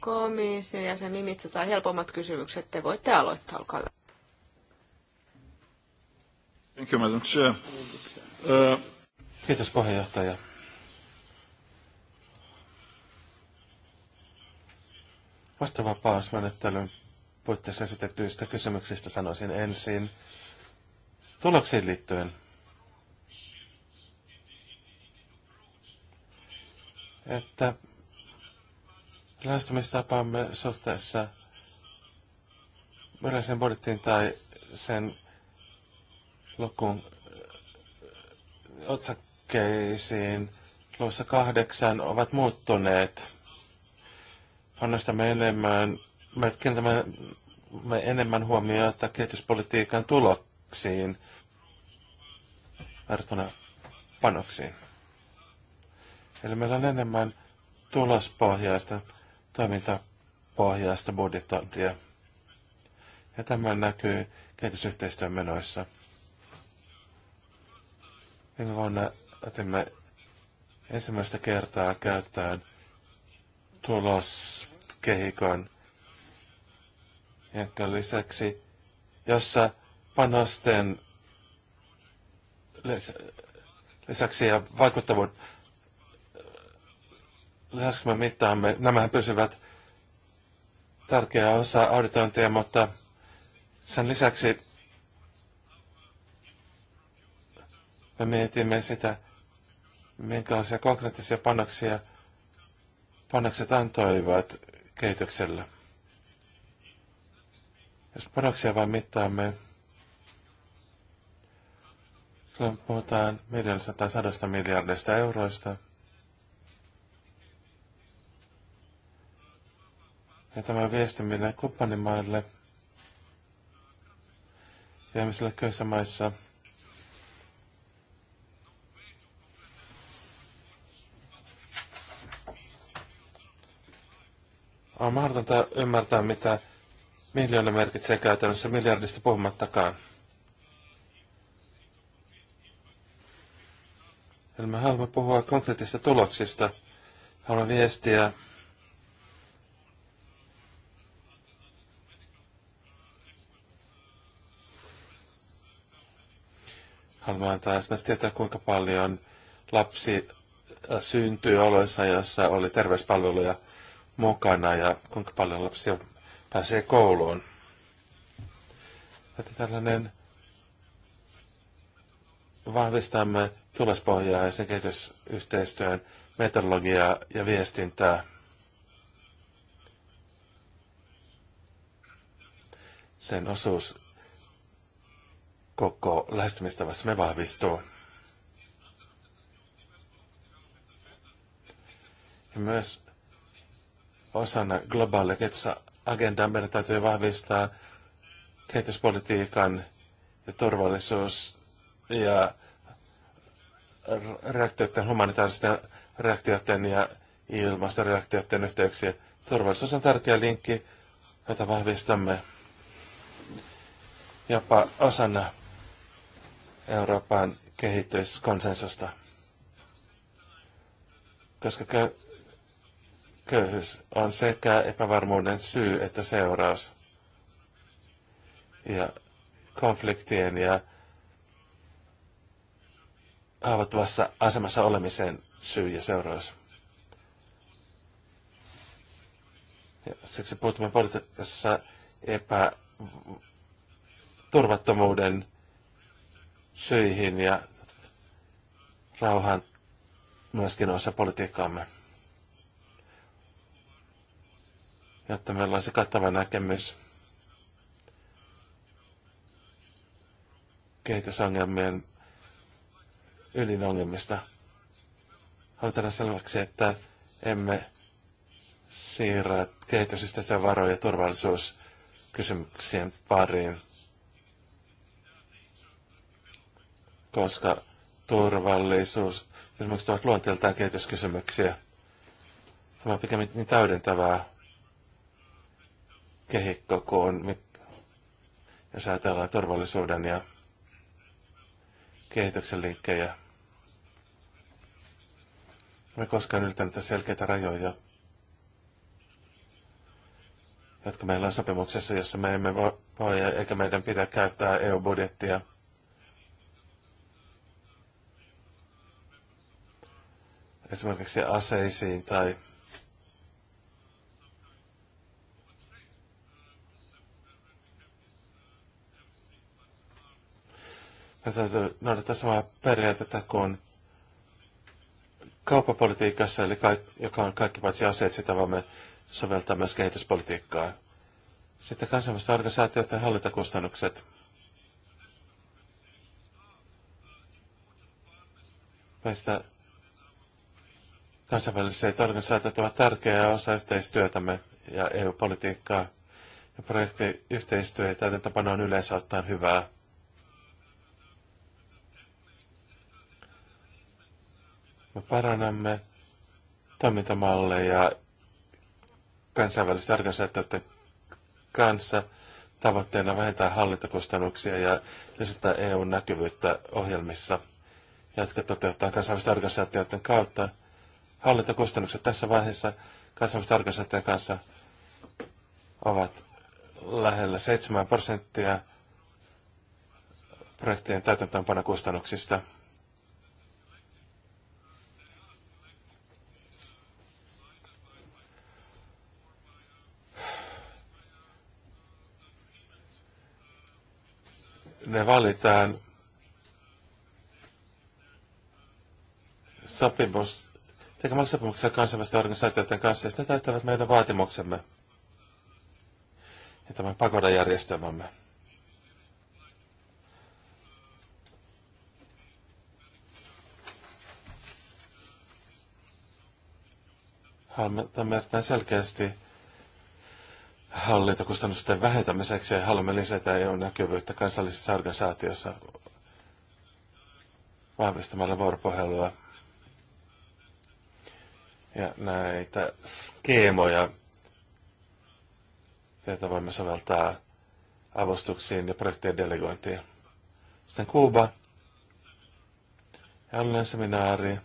Speaker 2: Komissio ja Mimitsa saa helpommat kysymykset. Te voitte aloittaa, olkaa hyvä.
Speaker 3: Thank you, Madam Chair. Kiitos puheenjohtaja. Vastavapausmenettelyn puitteissa esitettyistä kysymyksistä sanoisin ensin tuloksiin liittyen. Että lähestymistapaamme suhteessa yleiseen budjettiin tai sen lukuun otsakkeisiin luvussa kahdeksan ovat muuttuneet. Panostamme enemmän, me kiinnitämme enemmän huomiota kehityspolitiikan tuloksiin verrattuna panoksiin. Eli meillä on enemmän tulospohjaista, toimintapohjaista budjetointia. Ja tämä näkyy kehitysyhteistyön menoissa – Viime vuonna otimme ensimmäistä kertaa käyttöön tuloskehikon, jonka lisäksi, jossa panosten lisäksi ja vaikuttavuuden lisäksi me mittaamme, nämähän pysyvät tärkeä osa auditointia, mutta sen lisäksi Me mietimme sitä, minkälaisia konkreettisia panoksia panokset antoivat kehityksellä. Jos panoksia vain mittaamme, silloin puhutaan miljoonasta tai sadasta miljardista euroista. Ja tämä viestiminen kumppanimaille ja ihmisille köyhissä maissa – On mahdotonta ymmärtää, mitä miljoona merkitsee käytännössä miljardista puhumattakaan. Eli me haluamme puhua konkreettisista tuloksista. Haluamme viestiä Haluamme antaa esimerkiksi tietää, kuinka paljon lapsi syntyy oloissa, joissa oli terveyspalveluja – mukana ja kuinka paljon lapsia pääsee kouluun. Että tällainen vahvistamme tulospohjaisen kehitysyhteistyön metodologiaa ja viestintää. Sen osuus koko lähestymistavassa me vahvistuu. Ja myös osana globaalia kehitysagendaa meidän täytyy vahvistaa kehityspolitiikan ja turvallisuus ja reaktioiden, humanitaaristen reaktioiden ja ilmastoreaktioiden yhteyksiä. Turvallisuus on tärkeä linkki, jota vahvistamme jopa osana Euroopan kehityskonsensusta. Koska Köyhyys on sekä epävarmuuden syy että seuraus. Ja konfliktien ja haavoittuvassa asemassa olemisen syy ja seuraus. Ja siksi puhutamme politiikassa epäturvattomuuden syihin ja rauhan myöskin osa politiikkaamme. jotta meillä on kattava näkemys kehitysongelmien ydinongelmista. Haluan selväksi, että emme siirrä kehitysyhteistyön varoja turvallisuuskysymyksien pariin, koska turvallisuus kysymykset ovat luonteeltaan kehityskysymyksiä. Tämä on pikemminkin täydentävää kehikko, kun on, jos ajatellaan turvallisuuden ja kehityksen liikkejä. Me koskaan ylittänyt selkeitä rajoja, jotka meillä on sopimuksessa, jossa me emme voi eikä meidän pidä käyttää EU-budjettia esimerkiksi aseisiin tai Me täytyy noudattaa samaa periaatetta kuin kauppapolitiikassa, eli kaik, joka on kaikki paitsi aseet, sitä vaan me soveltaa myös kehityspolitiikkaa. Sitten kansainvälistä organisaatioita ja hallintakustannukset. Meistä kansainväliset organisaatiot ovat tärkeä osa yhteistyötämme ja EU-politiikkaa ja projektiyhteistyö ja täytäntöpano on yleensä ottaen hyvää. Me parannamme toimintamalleja kansainvälisten organisaatioiden kanssa tavoitteena vähentää hallintokustannuksia ja lisätä EUn näkyvyyttä ohjelmissa, jotka toteuttaa kansainvälisten organisaatioiden kautta. Hallintokustannukset tässä vaiheessa kansainvälisten organisaatioiden kanssa ovat lähellä 7 prosenttia projektien täytäntöönpanokustannuksista. kustannuksista. ne valitaan sopimus, tekemällä sopimuksia kansainvälisten organisaatioiden kanssa, ja ne täyttävät meidän vaatimuksemme ja tämän pakodajärjestelmämme. Haluamme tämän selkeästi hallintokustannusten vähentämiseksi ja haluamme lisätä EU-näkyvyyttä kansallisessa organisaatiossa vahvistamalla vuoropuhelua ja näitä skeemoja, joita voimme soveltaa avustuksiin ja projektien delegointiin. Sitten Kuuba. Jälleen seminaari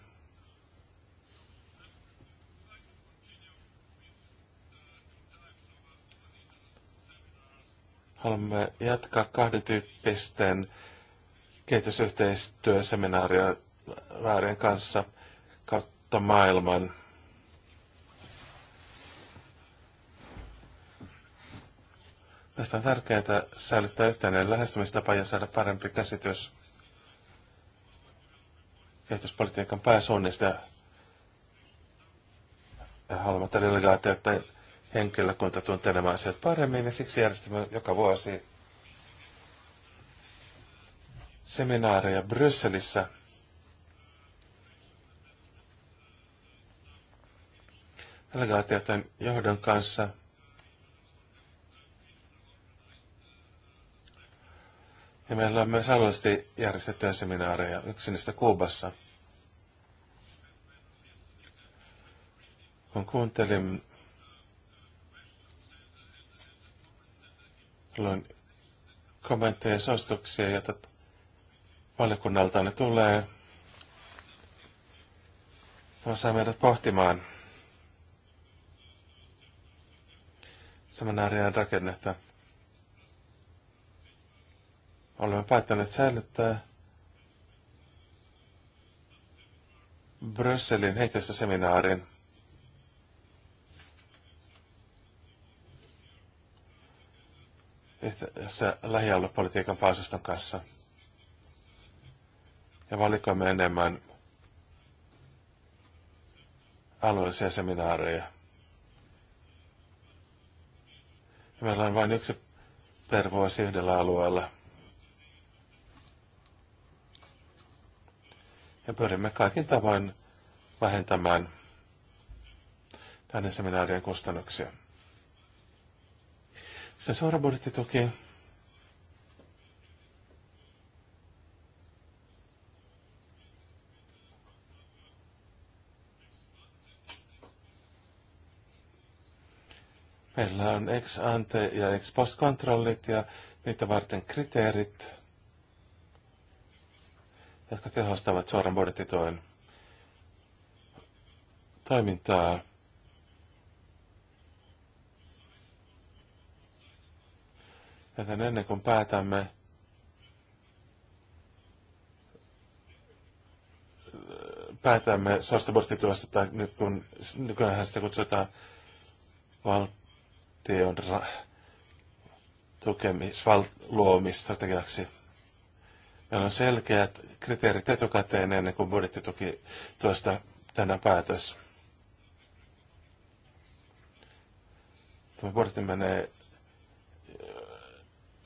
Speaker 3: Haluamme jatkaa kahden tyyppisten kehitysyhteistyöseminaarien kanssa kautta maailman. Tästä on tärkeää säilyttää yhteinen lähestymistapa ja saada parempi käsitys kehityspolitiikan pääsuunnista. Ja haluamme delegaatiot henkilökunta tuntee nämä asiat paremmin ja siksi järjestämme joka vuosi seminaareja Brysselissä. Delegaatioiden johdon kanssa Ja meillä on myös alueellisesti järjestettyjä seminaareja, yksi niistä Kuubassa. Kun kuuntelin jolloin kommentteja ja suosituksia, joita valiokunnalta ne tulee. Tämä saa meidät pohtimaan seminaarien rakennetta. Olemme päättäneet säilyttää Brysselin henkilöstöseminaarin yhdessä lähialuepolitiikan pääosaston kanssa. Ja valikoimme enemmän alueellisia seminaareja. Ja meillä on vain yksi per vuosi yhdellä alueella. Ja pyrimme kaikin tavoin vähentämään näiden seminaarien kustannuksia. Sitten suora budjettituki. Meillä on ex ante ja ex post kontrollit ja niitä varten kriteerit, jotka tehostavat suoran budjettituen toimintaa. Joten ennen kuin päätämme päätämme sastabortituosta, tai nyt kun nykyään sitä kutsutaan valtion ra- tukemis, val- luomistrategiaksi. Meillä on selkeät kriteerit etukäteen ennen kuin budjettituki tuosta tänä päätös. Tämä budjetti menee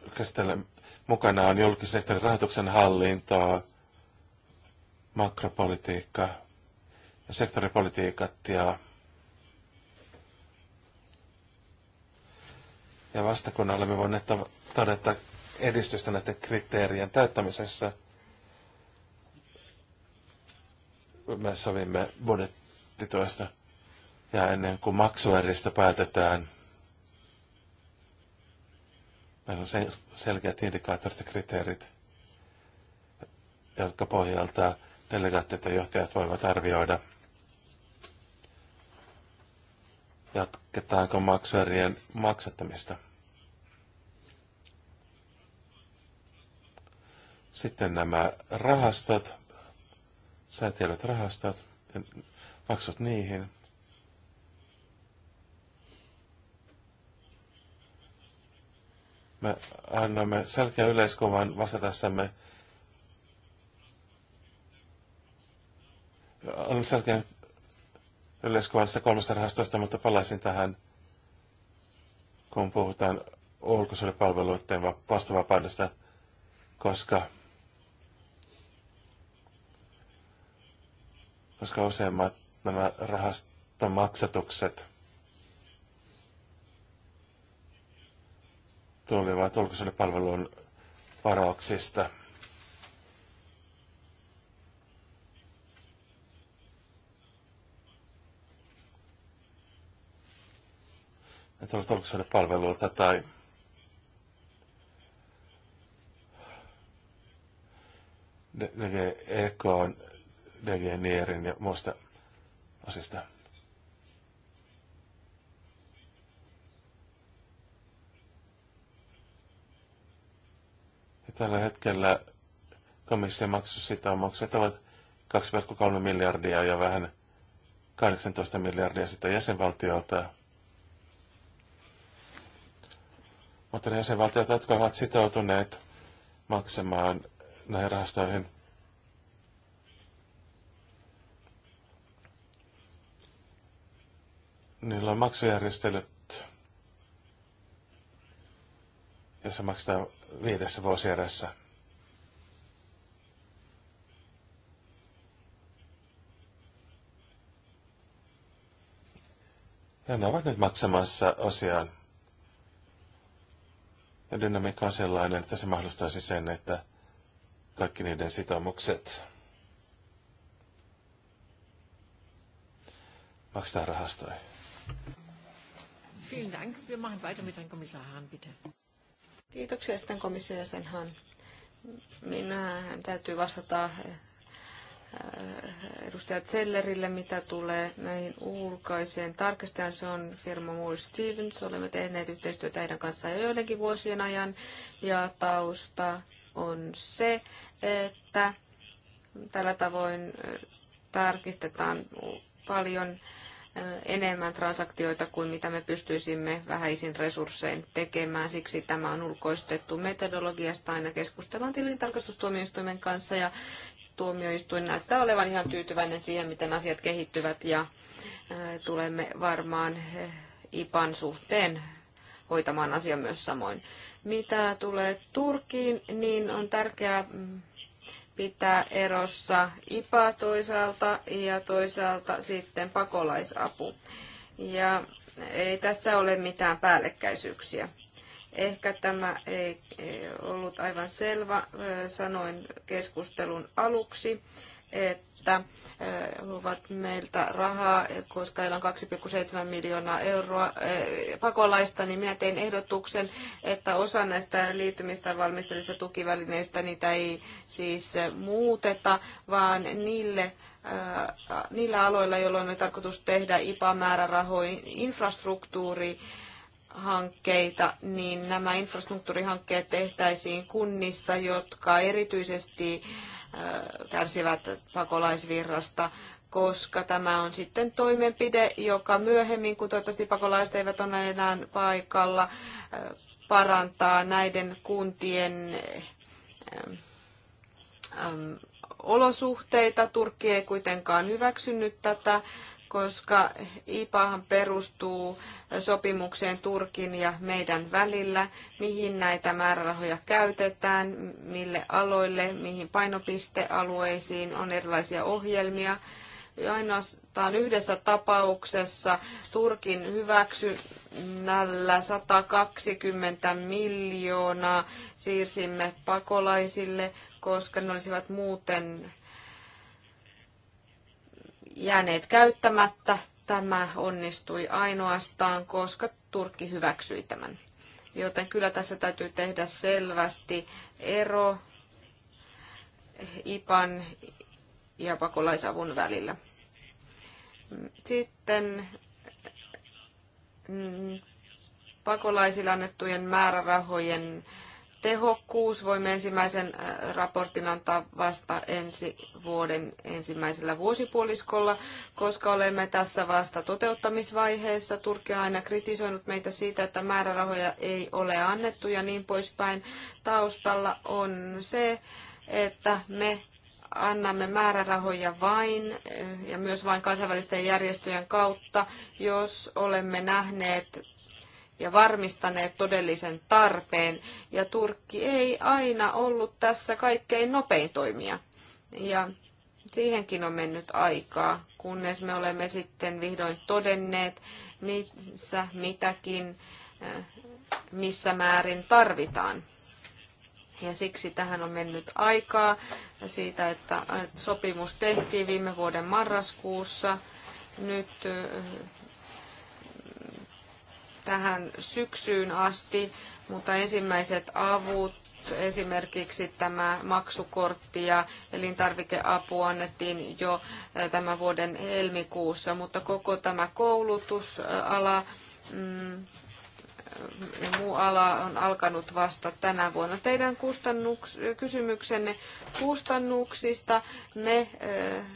Speaker 3: käsitellä mukanaan julkisen sektorin rahoituksen hallintaa, makropolitiikka ja sektoripolitiikat ja, ja vasta kun olemme voineet todeta edistystä näiden kriteerien täyttämisessä, me sovimme budjettituesta ja ennen kuin maksueristä päätetään – Meillä on selkeät indikaattorit ja kriteerit, jotka pohjalta delegaatteet ja johtajat voivat arvioida, jatketaanko maksuerien maksattamista. Sitten nämä rahastot, säätiedot rahastot, maksut niihin – Me annamme selkeä yleiskuvan vastatessamme. on selkeän yleiskuvan sitä kolmesta rahastosta, mutta palaisin tähän, kun puhutaan ulkosuudepalveluiden vastuvapaudesta, koska koska useimmat nämä rahastomaksatukset tulevat ulkoiselle palvelun varauksista. Ne tulevat ulkoiselle palvelulta tai DG Ekon, DG Nierin ja muista osista. Tällä hetkellä sitä maksusitoumukset ovat 2,3 miljardia ja vähän 18 miljardia sitä jäsenvaltiolta. Mutta ne jäsenvaltiot, jotka ovat sitoutuneet maksamaan näihin rahastoihin, niillä on maksujärjestelyt, jossa maksetaan viidessä vuosierässä. Ja ne ovat nyt maksamassa osiaan. Ja dynamiikka on sellainen, että se mahdollistaisi sen, että kaikki niiden sitoumukset maksetaan rahastoihin.
Speaker 1: Vielen Dank. Wir machen weiter mit Herrn Kommissar Hahn, bitte.
Speaker 2: Kiitoksia sitten komissio jäsenhan. Minä täytyy vastata äh, äh, edustaja Zellerille, mitä tulee näihin ulkoiseen tarkistajan. Se on firma Moore Stevens. Olemme tehneet yhteistyötä heidän kanssaan jo joidenkin vuosien ajan. Ja tausta on se, että tällä tavoin äh, tarkistetaan paljon enemmän transaktioita kuin mitä me pystyisimme vähäisin resurssein tekemään. Siksi tämä on ulkoistettu metodologiasta aina keskustellaan tilintarkastustuomioistuimen kanssa ja tuomioistuin näyttää olevan ihan tyytyväinen siihen, miten asiat kehittyvät ja tulemme varmaan IPAN suhteen hoitamaan asian myös samoin. Mitä tulee Turkiin, niin on tärkeää mm, pitää erossa IPA toisaalta ja toisaalta sitten pakolaisapu. Ja ei tässä ole mitään päällekkäisyyksiä. Ehkä tämä ei ollut aivan selvä. Sanoin keskustelun aluksi, että että luvat meiltä rahaa, koska heillä on 2,7 miljoonaa euroa pakolaista, niin minä tein ehdotuksen, että osa näistä liittymistä valmistelista tukivälineistä niitä ei siis muuteta, vaan niille niillä aloilla, jolloin on tarkoitus tehdä IPA-määrärahoin infrastruktuurihankkeita, niin nämä infrastruktuurihankkeet tehtäisiin kunnissa, jotka erityisesti äh, kärsivät pakolaisvirrasta, koska tämä on sitten toimenpide, joka myöhemmin, kun toivottavasti pakolaiset eivät ole enää paikalla, parantaa näiden kuntien olosuhteita. Turkki ei kuitenkaan hyväksynyt tätä koska IPAhan perustuu sopimukseen Turkin ja meidän välillä, mihin näitä määrärahoja käytetään, mille aloille, mihin painopistealueisiin on erilaisia ohjelmia. Ainoastaan yhdessä tapauksessa Turkin hyväksynnällä 120 miljoonaa siirsimme pakolaisille, koska ne olisivat muuten jääneet käyttämättä. Tämä onnistui ainoastaan, koska Turkki hyväksyi tämän. Joten kyllä tässä täytyy tehdä selvästi ero IPAN ja pakolaisavun välillä. Sitten mm, pakolaisille annettujen määrärahojen tehokkuus. Voimme ensimmäisen äh, raportin antaa vasta ensi vuoden ensimmäisellä vuosipuoliskolla, koska olemme tässä vasta toteuttamisvaiheessa. Turkki on aina kritisoinut meitä siitä, että määrärahoja ei ole annettu ja niin poispäin. Taustalla on se, että me annamme määrärahoja vain äh, ja myös vain kansainvälisten järjestöjen kautta, jos olemme nähneet ja varmistaneet todellisen tarpeen. Ja Turkki ei aina ollut tässä kaikkein nopein toimija. Ja siihenkin on mennyt aikaa, kunnes me olemme sitten vihdoin todenneet, missä mitäkin, eh, missä määrin tarvitaan. Ja siksi tähän on mennyt aikaa siitä, että eh, sopimus tehtiin viime vuoden marraskuussa. Nyt eh, tähän syksyyn asti, mutta ensimmäiset avut, esimerkiksi tämä maksukortti ja elintarvikeapu annettiin jo eh, tämän vuoden helmikuussa, mutta koko tämä koulutusala mm, eh, ja muu ala on alkanut vasta tänä vuonna. Teidän kustannuks- kysymyksenne kustannuksista me äh,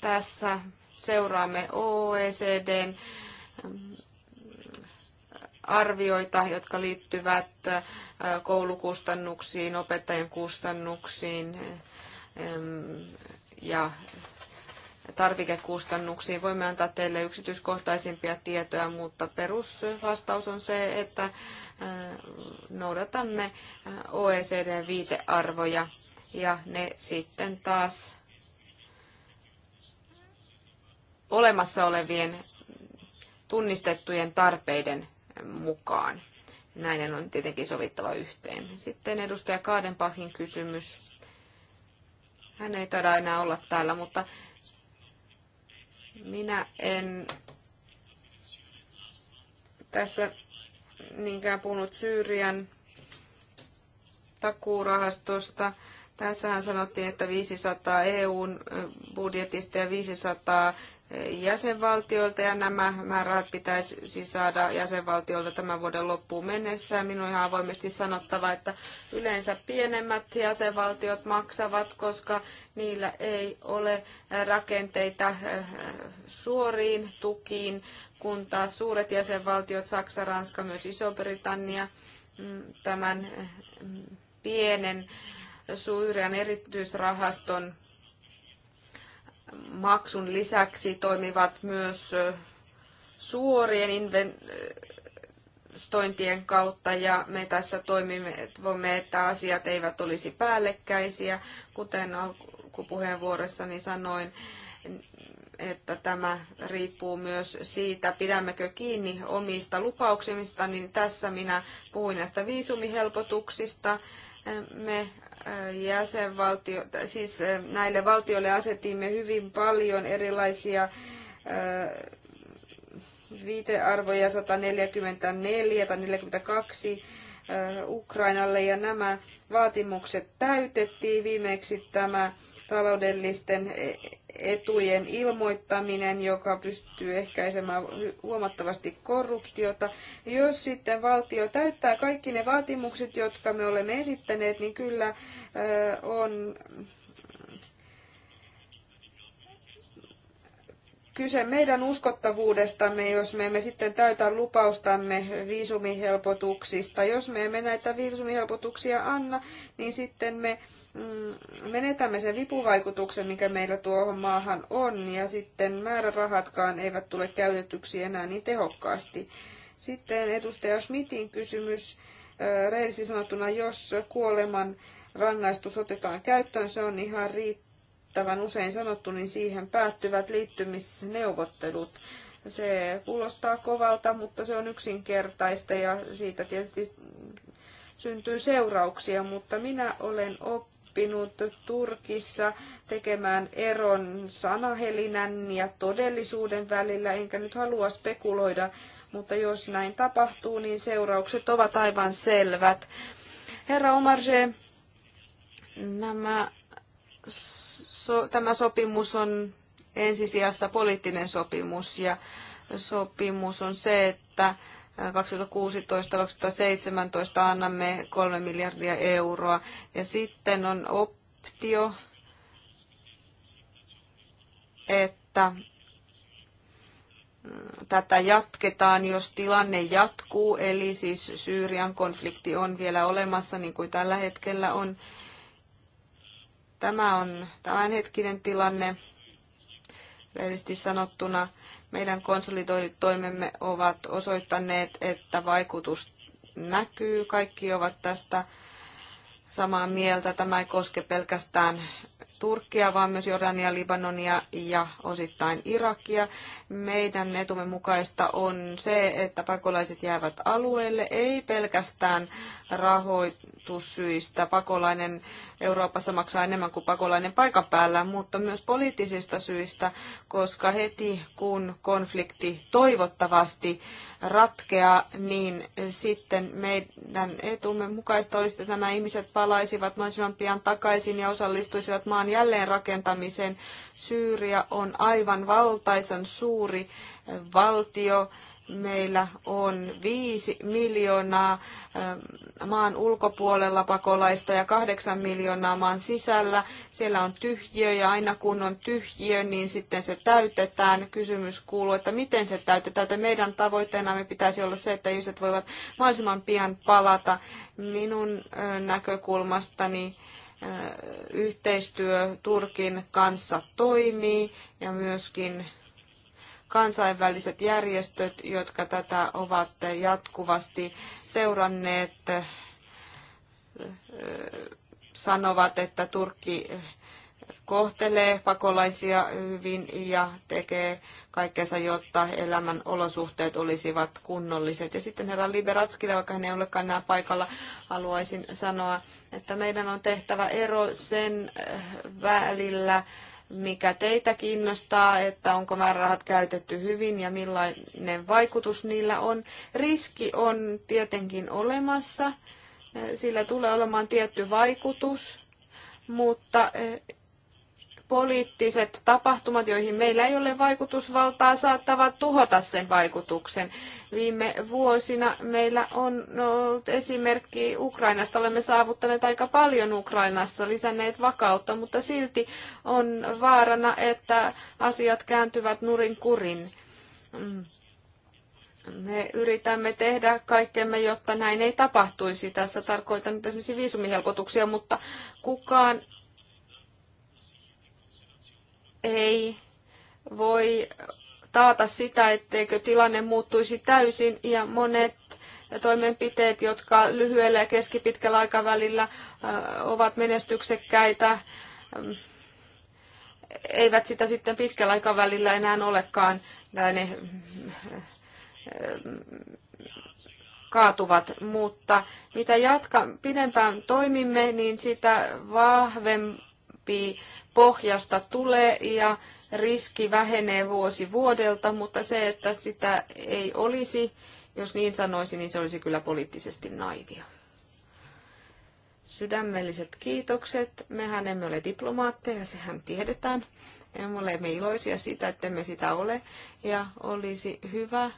Speaker 2: tässä seuraamme OECDn mm, arvioita, jotka liittyvät koulukustannuksiin, opettajien kustannuksiin ja tarvikekustannuksiin. Voimme antaa teille yksityiskohtaisimpia tietoja, mutta perusvastaus on se, että noudatamme OECD-viitearvoja ja ne sitten taas olemassa olevien tunnistettujen tarpeiden mukaan. Näiden on tietenkin sovittava yhteen. Sitten edustaja Kaadenpahin kysymys. Hän ei taida enää olla täällä, mutta minä en tässä niinkään puhunut Syyrian takuurahastosta. Tässähän sanottiin, että 500 EUn budjetista ja 500 jäsenvaltioilta ja nämä määrärahat pitäisi saada jäsenvaltioilta tämän vuoden loppuun mennessä. Minun on ihan avoimesti sanottava, että yleensä pienemmät jäsenvaltiot maksavat, koska niillä ei ole rakenteita eh, suoriin tukiin, kun taas suuret jäsenvaltiot, Saksa, Ranska, myös Iso-Britannia, mm, tämän eh, mm, pienen suuren erityisrahaston maksun lisäksi toimivat myös suorien investointien kautta ja me tässä toimimme, voimme, että asiat eivät olisi päällekkäisiä. Kuten alkupuheenvuorossani sanoin, että tämä riippuu myös siitä, pidämmekö kiinni omista lupauksista, niin tässä minä puhuin näistä viisumihelpotuksista. Me jäsenvaltio, siis eh, näille valtioille asetimme hyvin paljon erilaisia eh, viitearvoja 144 tai 42 eh, Ukrainalle ja nämä vaatimukset täytettiin. Viimeksi tämä taloudellisten etujen ilmoittaminen, joka pystyy ehkäisemään huomattavasti korruptiota. Jos sitten valtio täyttää kaikki ne vaatimukset, jotka me olemme esittäneet, niin kyllä on kyse meidän uskottavuudestamme, jos me emme sitten täytä lupaustamme viisumihelpotuksista. Jos me emme näitä viisumihelpotuksia anna, niin sitten me Mm, menetämme sen vipuvaikutuksen, mikä meillä tuohon maahan on, ja sitten määrärahatkaan eivät tule käytetyksi enää niin tehokkaasti. Sitten edustaja Schmidtin kysymys. Reilisesti sanottuna, jos kuoleman rangaistus otetaan käyttöön, se on ihan riittävän usein sanottu, niin siihen päättyvät liittymisneuvottelut. Se kuulostaa kovalta, mutta se on yksinkertaista ja siitä tietysti syntyy seurauksia, mutta minä olen oppinut oppinut Turkissa tekemään eron sanahelinän ja todellisuuden välillä, enkä nyt halua spekuloida, mutta jos näin tapahtuu, niin seuraukset ovat aivan selvät. Herra Omarje, nämä, so, tämä sopimus on ensisijassa poliittinen sopimus ja sopimus on se, että 2016-2017 annamme 3 miljardia euroa. Ja sitten on optio, että mm, tätä jatketaan, jos tilanne jatkuu, eli siis Syyrian konflikti on vielä olemassa niin kuin tällä hetkellä on. Tämä on tämänhetkinen tilanne, yleisesti sanottuna meidän konsolidoidut toimemme ovat osoittaneet, että vaikutus näkyy. Kaikki ovat tästä samaa mieltä. Tämä ei koske pelkästään Turkkia, vaan myös Jordania, Libanonia ja osittain Irakia. Meidän etumme mukaista on se, että pakolaiset jäävät alueelle, ei pelkästään rahoitussyistä. Pakolainen Euroopassa maksaa enemmän kuin pakolainen paikan päällä, mutta myös poliittisista syistä, koska heti kun konflikti toivottavasti ratkeaa, niin sitten meidän etumme mukaista olisi, että nämä ihmiset palaisivat mahdollisimman pian takaisin ja osallistuisivat maan jälleenrakentamiseen. Syyria on aivan valtaisen suuri suuri valtio. Meillä on viisi miljoonaa ähm, maan ulkopuolella pakolaista ja kahdeksan miljoonaa maan sisällä. Siellä on tyhjiö ja aina kun on tyhjiö, niin sitten se täytetään. Kysymys kuuluu, että miten se täytetään. Että meidän tavoitteenamme pitäisi olla se, että ihmiset voivat mahdollisimman pian palata. Minun näkökulmastani yhteistyö Turkin kanssa toimii ja myöskin kansainväliset järjestöt, jotka tätä ovat jatkuvasti seuranneet, sanovat, että Turkki kohtelee pakolaisia hyvin ja tekee kaikkensa, jotta elämän olosuhteet olisivat kunnolliset. Ja sitten herra Liberatskille, vaikka hän ei olekaan enää paikalla, haluaisin sanoa, että meidän on tehtävä ero sen välillä, mikä teitä kiinnostaa, että onko määrärahat käytetty hyvin ja millainen vaikutus niillä on. Riski on tietenkin olemassa, sillä tulee olemaan tietty vaikutus, mutta eh, poliittiset tapahtumat, joihin meillä ei ole vaikutusvaltaa, saattavat tuhota sen vaikutuksen. Viime vuosina meillä on ollut esimerkki Ukrainasta. Olemme saavuttaneet aika paljon Ukrainassa, lisänneet vakautta, mutta silti on vaarana, että asiat kääntyvät nurin kurin. Mm. Me yritämme tehdä kaikkemme, jotta näin ei tapahtuisi. Tässä tarkoitan esimerkiksi viisumihelpotuksia, mutta kukaan ei voi taata sitä, etteikö tilanne muuttuisi täysin ja monet toimenpiteet, jotka lyhyellä ja keskipitkällä aikavälillä äh, ovat menestyksekkäitä, ähm, eivät sitä sitten pitkällä aikavälillä enää olekaan, tai ne äh, äh, kaatuvat, mutta mitä jatka, pidempään toimimme, niin sitä vahvempi pohjasta tulee ja riski vähenee vuosi vuodelta, mutta se, että sitä ei olisi, jos niin sanoisi, niin se olisi kyllä poliittisesti naivia. Sydämelliset kiitokset. Mehän emme ole diplomaatteja, sehän tiedetään. Me olemme iloisia siitä, että me sitä ole. Ja olisi hyvä,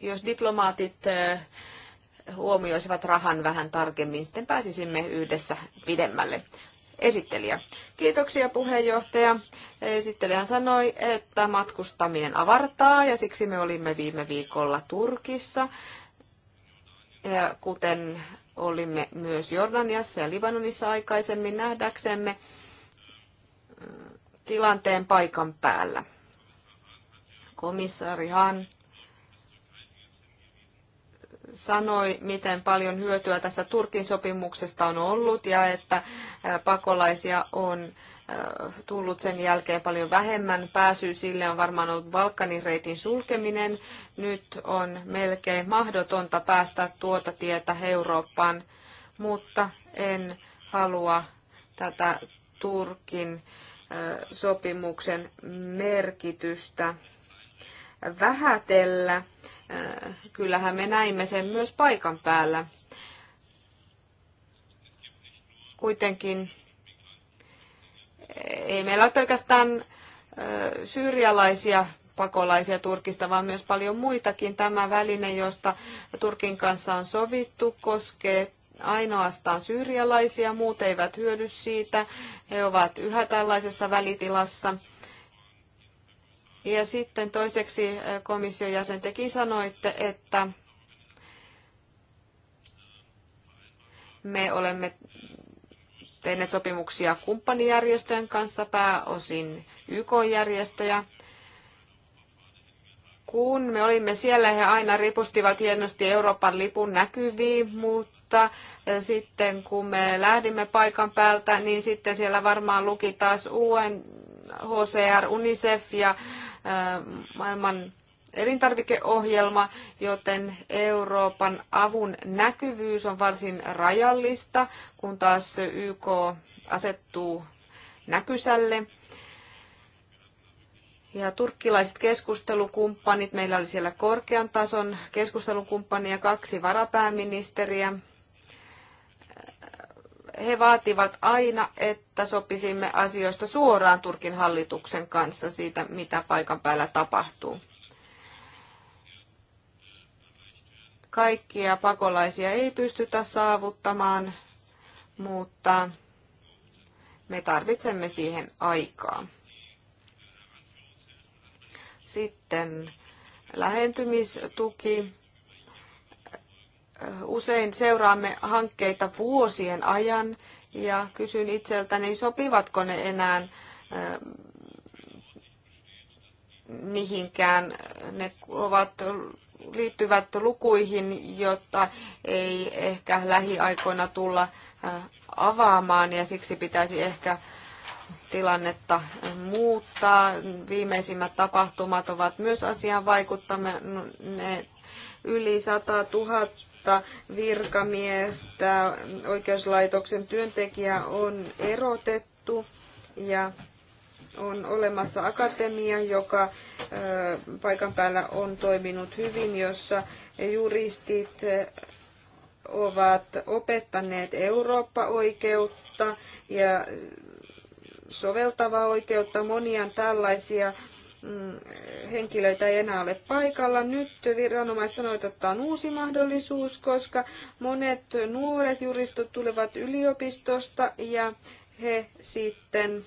Speaker 2: jos diplomaatit huomioisivat rahan vähän tarkemmin. Sitten pääsisimme yhdessä pidemmälle. Esittelijä. Kiitoksia puheenjohtaja. Esittelijä sanoi, että matkustaminen avartaa ja siksi me olimme viime viikolla Turkissa. Ja kuten olimme myös Jordaniassa ja Libanonissa aikaisemmin nähdäksemme tilanteen paikan päällä. Komissaari Han sanoi, miten paljon hyötyä tästä Turkin sopimuksesta on ollut ja että pakolaisia on tullut sen jälkeen paljon vähemmän. Pääsy sille on varmaan ollut Balkanin reitin sulkeminen. Nyt on melkein mahdotonta päästä tuota tietä Eurooppaan, mutta en halua tätä Turkin sopimuksen merkitystä vähätellä kyllähän me näimme sen myös paikan päällä. Kuitenkin ei meillä ole pelkästään syyrialaisia pakolaisia Turkista, vaan myös paljon muitakin. Tämä väline, josta Turkin kanssa on sovittu, koskee ainoastaan syyrialaisia, muut eivät hyödy siitä. He ovat yhä tällaisessa välitilassa. Ja sitten toiseksi eh, komission jäsen teki sanoitte, että me olemme tehneet sopimuksia kumppanijärjestöjen kanssa, pääosin YK-järjestöjä. Kun me olimme siellä, he aina ripustivat hienosti Euroopan lipun näkyviin, mutta eh, sitten kun me lähdimme paikan päältä, niin sitten siellä varmaan luki taas UNHCR, UNICEF ja maailman elintarvikeohjelma, joten Euroopan avun näkyvyys on varsin rajallista, kun taas YK asettuu näkysälle. Ja turkkilaiset keskustelukumppanit, meillä oli siellä korkean tason keskustelukumppania, kaksi varapääministeriä, he vaativat aina, että sopisimme asioista suoraan Turkin hallituksen kanssa siitä, mitä paikan päällä tapahtuu. Kaikkia pakolaisia ei pystytä saavuttamaan, mutta me tarvitsemme siihen aikaa. Sitten lähentymistuki usein seuraamme hankkeita vuosien ajan ja kysyn itseltäni, sopivatko ne enää eh, mihinkään. Ne ovat, liittyvät lukuihin, jotta ei ehkä lähiaikoina tulla eh, avaamaan ja siksi pitäisi ehkä tilannetta eh, muuttaa. Viimeisimmät tapahtumat ovat myös asiaan vaikuttaneet. Yli 100 000 kautta virkamiestä oikeuslaitoksen työntekijä on erotettu ja on olemassa akatemia, joka paikan päällä on toiminut hyvin, jossa juristit ovat opettaneet Eurooppa-oikeutta ja soveltavaa oikeutta, monia tällaisia Mm, henkilöitä ei enää ole paikalla. Nyt viranomaiset sanoivat, että on uusi mahdollisuus, koska monet nuoret juristot tulevat yliopistosta ja he sitten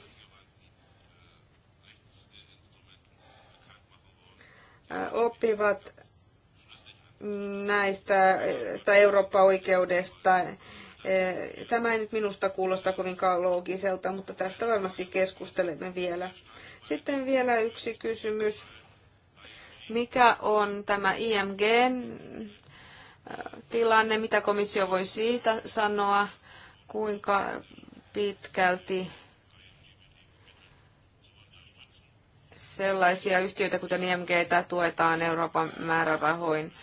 Speaker 2: oppivat näistä tai Eurooppa-oikeudesta. Tämä ei nyt minusta kuulosta kovinkaan loogiselta, mutta tästä varmasti keskustelemme vielä. Sitten vielä yksi kysymys. Mikä on tämä IMG-tilanne? Äh, Mitä komissio voi siitä sanoa? Kuinka pitkälti sellaisia yhtiöitä, kuten IMG, tuetaan Euroopan määrärahoin.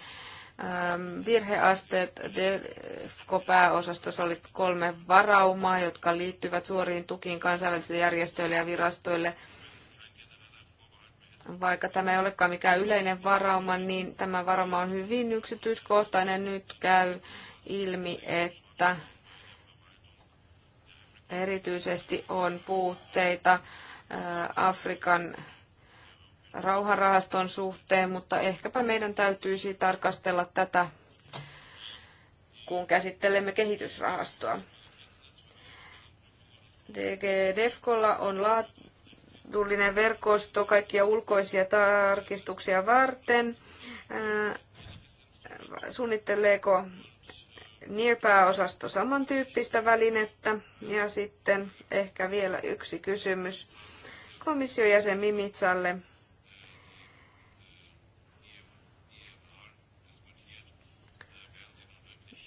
Speaker 2: Ähm, virheasteet DEFCO-pääosastossa oli kolme varaumaa, jotka liittyvät suoriin tukiin kansainvälisille järjestöille ja virastoille – vaikka tämä ei olekaan mikään yleinen varauma, niin tämä varauma on hyvin yksityiskohtainen. Nyt käy ilmi, että erityisesti on puutteita äh, Afrikan rauharahaston suhteen, mutta ehkäpä meidän täytyisi tarkastella tätä, kun käsittelemme kehitysrahastoa. DG Defcolla on laat, kohtuullinen verkosto kaikkia ulkoisia tarkistuksia varten. Äh, suunnitteleeko nir osasto samantyyppistä välinettä? Ja sitten ehkä vielä yksi kysymys komission jäsen Mimitsalle.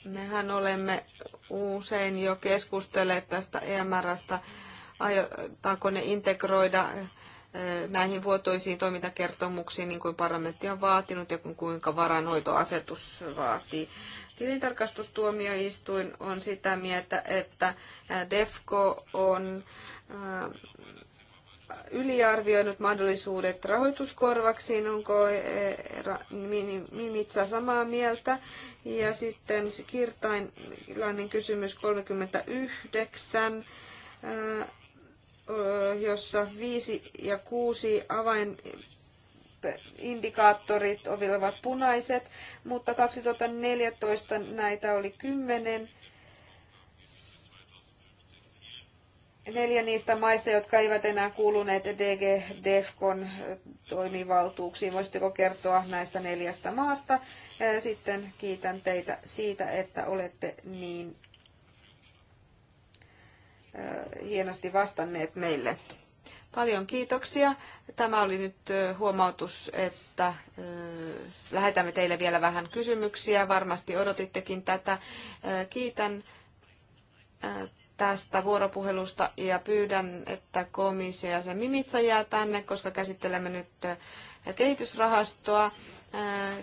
Speaker 2: Mehän olemme usein jo keskustelleet tästä EMRstä aiotaanko ne integroida eh, eh, näihin vuotoisiin toimintakertomuksiin, niin kuin parlamentti on vaatinut ja kuinka varainhoitoasetus vaatii. Tilintarkastustuomioistuin on sitä mieltä, että eh, DEFCO on yliarvioinut mahdollisuudet rahoituskorvaksiin, onko Mimitsa samaa mieltä. Ja sitten Kirtainlainen kysymys 39 jossa viisi ja kuusi avainindikaattorit olivat punaiset, mutta 2014 näitä oli kymmenen. neljä niistä maista, jotka eivät enää kuuluneet DG DEFCON toimivaltuuksiin. Voisitteko kertoa näistä neljästä maasta? Sitten kiitän teitä siitä, että olette niin hienosti vastanneet meille. Paljon kiitoksia. Tämä oli nyt huomautus, että lähetämme teille vielä vähän kysymyksiä. Varmasti odotittekin tätä. Kiitän tästä vuoropuhelusta ja pyydän, että komissio ja se Mimitsa jää tänne, koska käsittelemme nyt kehitysrahastoa.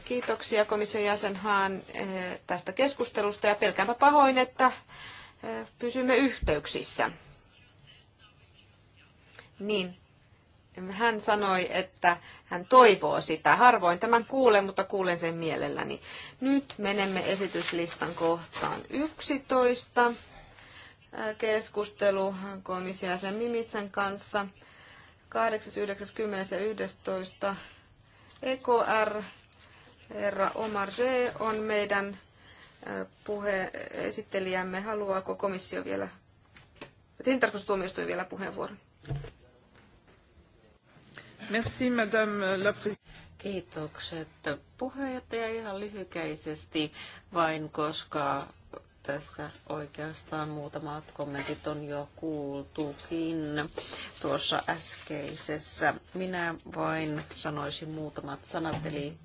Speaker 2: Kiitoksia komission jäsen Haan tästä keskustelusta ja pelkäänpä pahoin, että pysymme yhteyksissä. Niin, hän sanoi, että hän toivoo sitä. Harvoin tämän kuulen, mutta kuulen sen mielelläni. Nyt menemme esityslistan kohtaan 11. Keskustelu komissiasen Mimitsen kanssa 8, 9, 10 ja 11. EKR, herra Omar G. on meidän puhe esittelijämme. Haluaako komissio vielä, tilintarkastustuomioistuin vielä puheenvuoron?
Speaker 1: Merci, madame la Kiitokset puheenjohtaja ihan lyhykäisesti vain, koska tässä oikeastaan muutamat kommentit on jo kuultukin tuossa äskeisessä. Minä vain sanoisin muutamat sanat, eli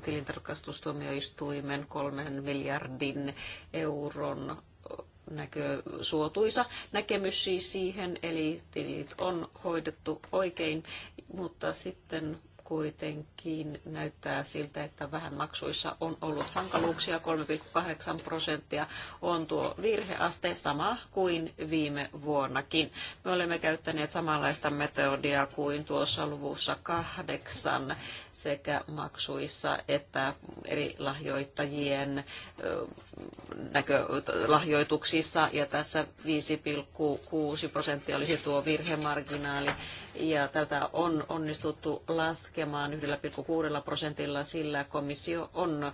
Speaker 1: tilintarkastustuomioistuimen kolmen miljardin euron näkö, suotuisa näkemys siis siihen, eli tilit on hoidettu oikein, mutta sitten kuitenkin näyttää siltä, että vähän maksuissa on ollut hankaluuksia. 3,8 prosenttia on tuo virheaste sama kuin viime vuonnakin. Me olemme käyttäneet samanlaista metodia kuin tuossa luvussa kahdeksan sekä maksuissa että eri lahjoittajien näkö, lahjoituksissa. Ja tässä 5,6 prosenttia olisi tuo virhemarginaali. Ja tätä on onnistuttu laskemaan 1,6 prosentilla, sillä komissio on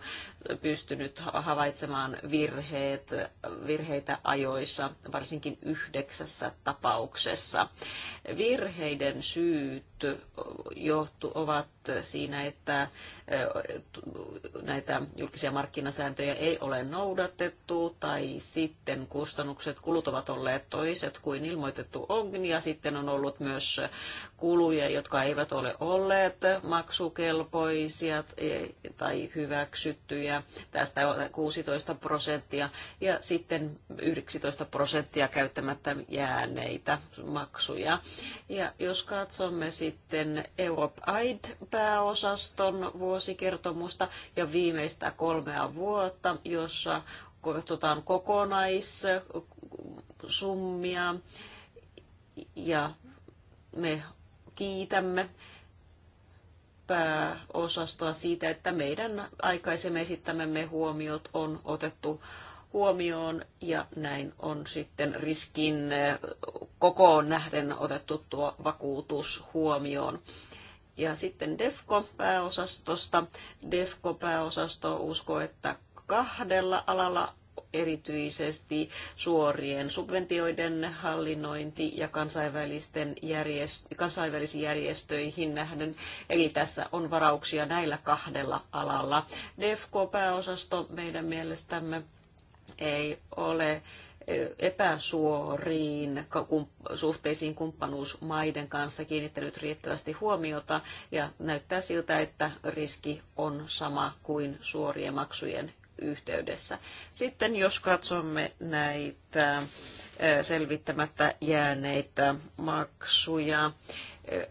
Speaker 1: pystynyt havaitsemaan virheet, virheitä ajoissa, varsinkin yhdeksässä tapauksessa. Virheiden syyt johtu, ovat siinä, että näitä julkisia markkinasääntöjä ei ole noudatettu tai sitten kustannukset, kulut ovat olleet toiset kuin ilmoitettu on ja sitten on ollut myös kuluja, jotka eivät ole olleet maksukelpoisia e, tai hyväksyttyjä. Tästä on 16 prosenttia ja sitten 19 prosenttia käyttämättä jääneitä maksuja. Ja jos katsomme sitten Europe Aid pääosaston vuosi vuosikertomusta ja viimeistä kolmea vuotta, jossa katsotaan kokonaissummia ja me kiitämme pääosastoa siitä, että meidän aikaisemmin esittämämme huomiot on otettu huomioon ja näin on sitten riskin kokoon nähden otettu tuo vakuutus huomioon. Ja sitten DEFCO-pääosastosta. DEFCO-pääosasto uskoo, että kahdella alalla erityisesti suorien subventioiden hallinnointi ja kansainvälisten järjest- kansainvälisiin järjestöihin nähden. Eli tässä on varauksia näillä kahdella alalla. DEFCO-pääosasto meidän mielestämme ei ole epäsuoriin suhteisiin kumppanuusmaiden kanssa kiinnittänyt riittävästi huomiota ja näyttää siltä, että riski on sama kuin suorien maksujen yhteydessä. Sitten jos katsomme näitä selvittämättä jääneitä maksuja,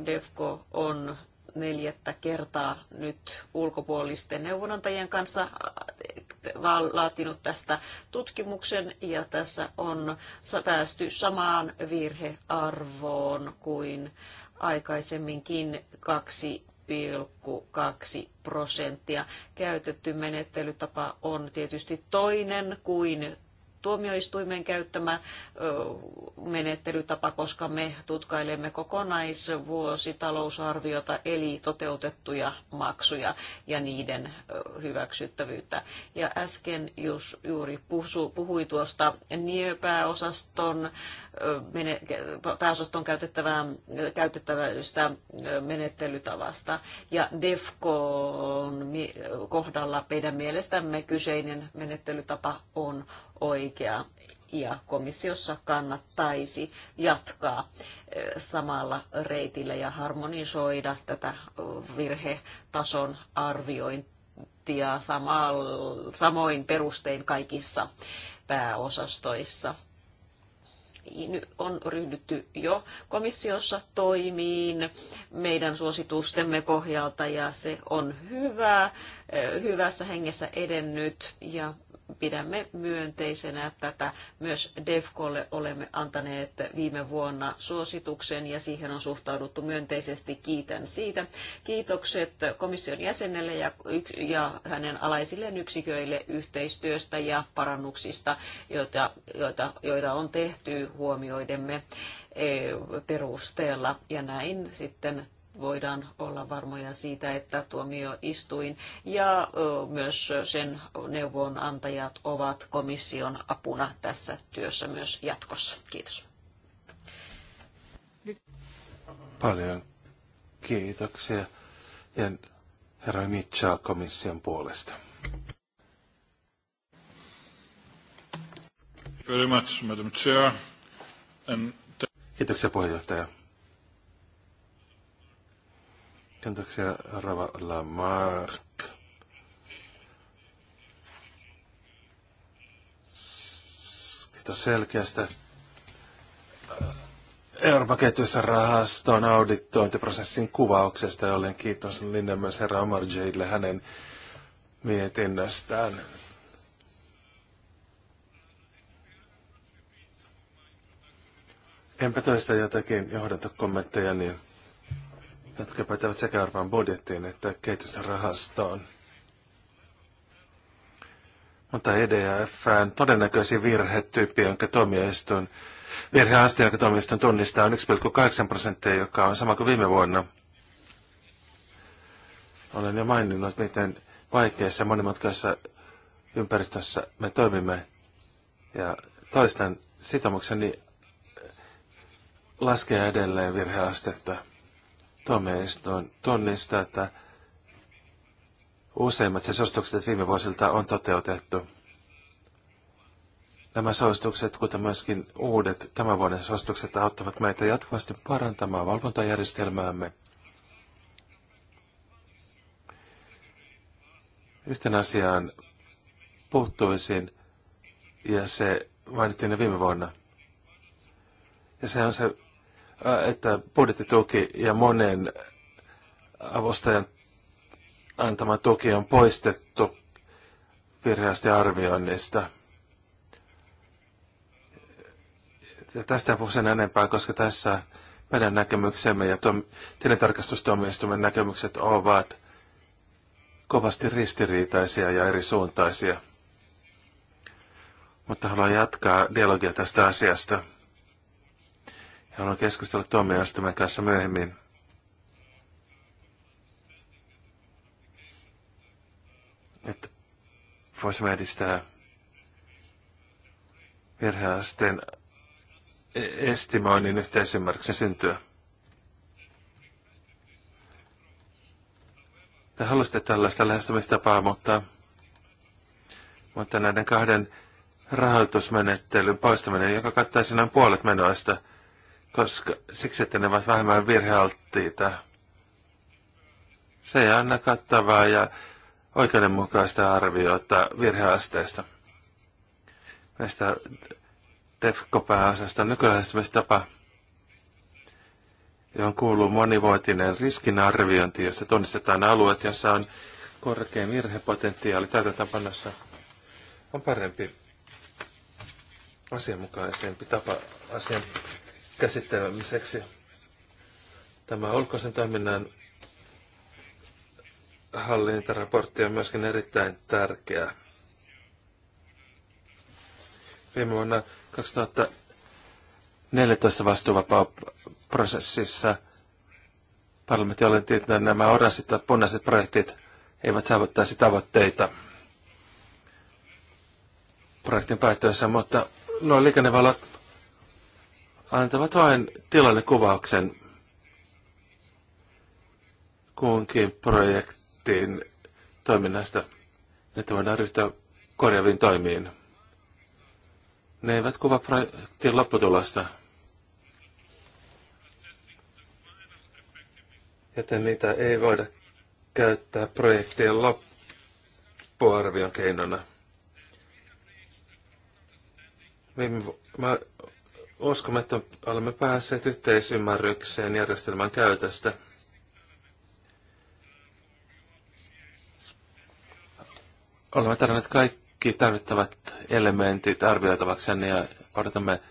Speaker 1: DEFCO on neljättä kertaa nyt ulkopuolisten neuvonantajien kanssa äh, laatinut tästä tutkimuksen ja tässä on päästy samaan virhearvoon kuin aikaisemminkin kaksi 0,2 prosenttia. Käytetty menettelytapa on tietysti toinen kuin tuomioistuimen käyttämä menettelytapa, koska me tutkailemme kokonaisvuositalousarviota eli toteutettuja maksuja ja niiden hyväksyttävyyttä. Ja äsken juuri puhui tuosta NIÖ-pääosaston on käytettävää, käytettävästä menettelytavasta. Ja DEFCOn kohdalla meidän mielestämme kyseinen menettelytapa on oikea ja komissiossa kannattaisi jatkaa samalla reitillä ja harmonisoida tätä virhetason arviointia samoin perustein kaikissa pääosastoissa on ryhdytty jo komissiossa toimiin meidän suositustemme pohjalta ja se on hyvä, eh, hyvässä hengessä edennyt ja pidämme myönteisenä tätä. Myös DEFCOlle olemme antaneet viime vuonna suosituksen ja siihen on suhtauduttu myönteisesti. Kiitän siitä. Kiitokset komission jäsenelle ja, ja hänen alaisilleen yksiköille yhteistyöstä ja parannuksista, joita, joita, joita on tehty huomioidemme eh, perusteella. Ja näin sitten voidaan olla varmoja siitä, että tuomioistuin ja myös sen neuvonantajat ovat komission apuna tässä työssä myös jatkossa. Kiitos.
Speaker 3: Paljon kiitoksia ja herra Mitchell komission puolesta. Very much, Madam Chair. And Kiitoksia puheenjohtaja. Kiitoksia, Rava Lamarck. Kiitos selkeästä äh, Euroopan ketjussa rahaston auditointiprosessin kuvauksesta, jolle kiitos Linne myös herra Omarjeille hänen mietinnöstään. Enpä toista jotakin johdantokommentteja, niin jotka pätevät sekä Euroopan budjettiin että kehitysrahastoon. Mutta EDFn todennäköisin virhetyyppi, jonka tuomioistuin, virheaste, jonka tuomioistuin tunnistaa, on 1,8 prosenttia, joka on sama kuin viime vuonna. Olen jo maininnut, miten vaikeassa monimutkaisessa ympäristössä me toimimme. Ja toistan sitomukseni laskea edelleen virheastetta tunnistaa, että useimmat se suositukset viime vuosilta on toteutettu. Nämä suositukset, kuten myöskin uudet tämän vuoden suositukset, auttavat meitä jatkuvasti parantamaan valvontajärjestelmäämme. Yhten asiaan puuttuisin, ja se mainittiin jo viime vuonna. Ja se on se Äh, että budjettituki ja monen avustajan antama tuki on poistettu virheästä arvioinnista. Ja tästä en puhu sen enempää, koska tässä meidän näkemyksemme ja tilintarkastustuomioistuimen näkemykset ovat kovasti ristiriitaisia ja eri suuntaisia. Mutta haluan jatkaa dialogia tästä asiasta ja haluan keskustella tuomioistuimen kanssa myöhemmin. Että voisimme edistää virheasteen e- estimoinnin yhteisymmärryksen syntyä. Te halusitte tällaista lähestymistapaa, mutta, mutta näiden kahden rahoitusmenettelyn poistaminen, joka kattaisi noin puolet menoista – koska, siksi, että ne ovat vähemmän virhealttiita. Se ei anna kattavaa ja oikeudenmukaista arviota virheasteesta. Meistä DEFCO-pääosasta nykylähestymistapa, johon kuuluu monivuotinen riskinarviointi, jossa tunnistetaan alueet, jossa on korkein virhepotentiaali täytäntöpanossa, on parempi asianmukaisempi tapa asian käsittelemiseksi. Tämä ulkoisen toiminnan hallintaraportti on myöskin erittäin tärkeä. Viime vuonna 2014 vastuuvapausprosessissa parlamentti olenti, että nämä oranssit ja punaiset projektit eivät saavuttaisi tavoitteita projektin päättyessä, mutta nuo liikennevalot antavat vain tilannekuvauksen kunkin projektin toiminnasta, että voidaan ryhtyä korjaviin toimiin. Ne eivät kuvaa projektin lopputulosta. Joten niitä ei voida käyttää projektien loppuarvion keinona. Viime, Uskomme, että olemme päässeet yhteisymmärrykseen järjestelmän käytöstä. Olemme tarvinneet kaikki tarvittavat elementit arvioitavaksi ja odotamme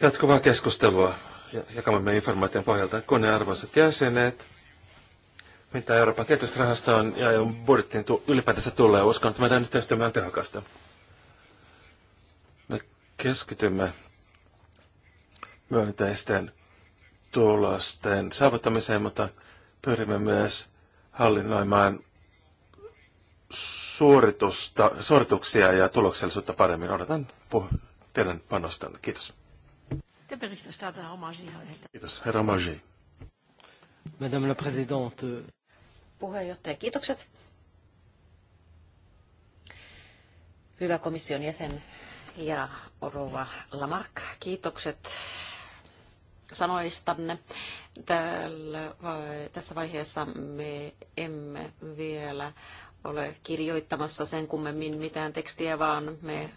Speaker 3: jatkuvaa keskustelua jakamme jakamamme informaation pohjalta. Kunnianarvoiset jäsenet, mitä Euroopan kehitysrahastoon ja budjettiin tu- ylipäätänsä tulee, uskon, että meidän yhteistyömme on tehokasta keskitymme myönteisten tulosten saavuttamiseen, mutta pyrimme myös hallinnoimaan suoritusta, suorituksia ja tuloksellisuutta paremmin. Odotan puh- teidän panostanne. Kiitos. Kiitos, herra Magi. Madame la Présidente.
Speaker 1: Puheenjohtaja, kiitokset. Hyvä komission jäsen ja Rouva Lamarck, kiitokset sanoistanne. Tällä, tässä vaiheessa me emme vielä ole kirjoittamassa sen kummemmin mitään tekstiä, vaan me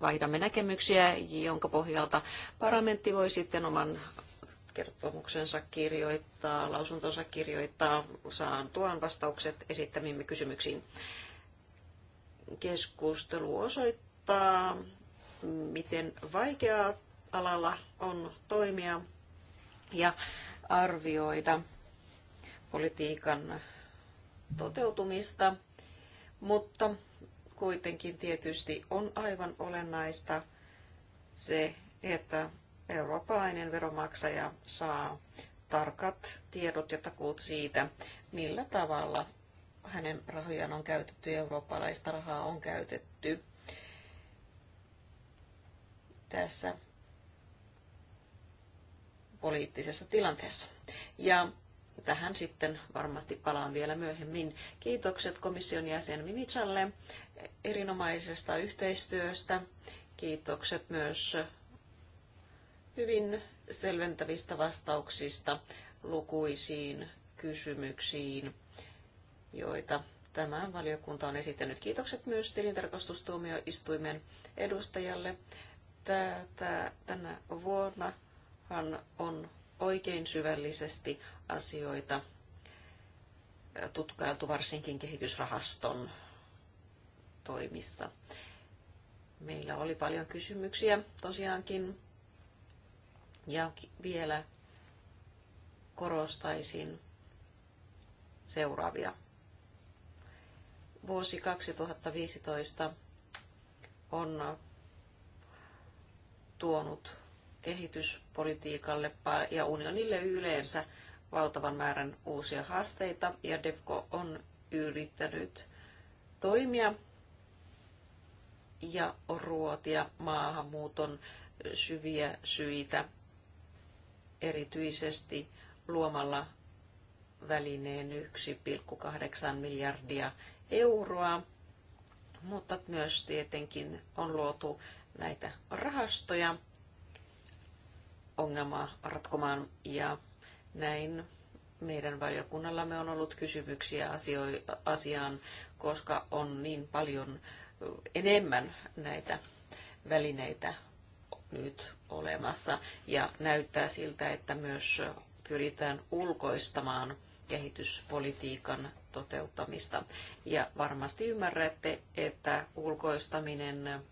Speaker 1: vaihdamme näkemyksiä, jonka pohjalta parlamentti voi sitten oman kertomuksensa kirjoittaa, lausuntonsa kirjoittaa, saan tuon vastaukset esittämimme kysymyksiin. Keskustelu osoittaa, osoittaa, miten vaikeaa alalla on toimia ja arvioida politiikan toteutumista, mutta kuitenkin tietysti on aivan olennaista se, että eurooppalainen veromaksaja saa tarkat tiedot ja takuut siitä, millä tavalla hänen rahojaan on käytetty ja eurooppalaista rahaa on käytetty tässä poliittisessa tilanteessa. Ja tähän sitten varmasti palaan vielä myöhemmin. Kiitokset komission jäsen Mimicalle erinomaisesta yhteistyöstä. Kiitokset myös hyvin selventävistä vastauksista lukuisiin kysymyksiin, joita tämä valiokunta on esittänyt. Kiitokset myös tilintarkastustuomioistuimen edustajalle tää, tänä vuonna hän on oikein syvällisesti asioita tutkailtu varsinkin kehitysrahaston toimissa. Meillä oli paljon kysymyksiä tosiaankin ja vielä korostaisin seuraavia. Vuosi 2015 on tuonut kehityspolitiikalle ja unionille yleensä valtavan määrän uusia haasteita ja DEFCO on yrittänyt toimia ja ruotia maahanmuuton syviä syitä erityisesti luomalla välineen 1,8 miljardia euroa, mutta myös tietenkin on luotu näitä rahastoja ongelmaa ratkomaan ja näin meidän valiokunnallamme on ollut kysymyksiä asio- asiaan, koska on niin paljon enemmän näitä välineitä nyt olemassa ja näyttää siltä, että myös pyritään ulkoistamaan kehityspolitiikan toteuttamista. Ja varmasti ymmärrätte, että ulkoistaminen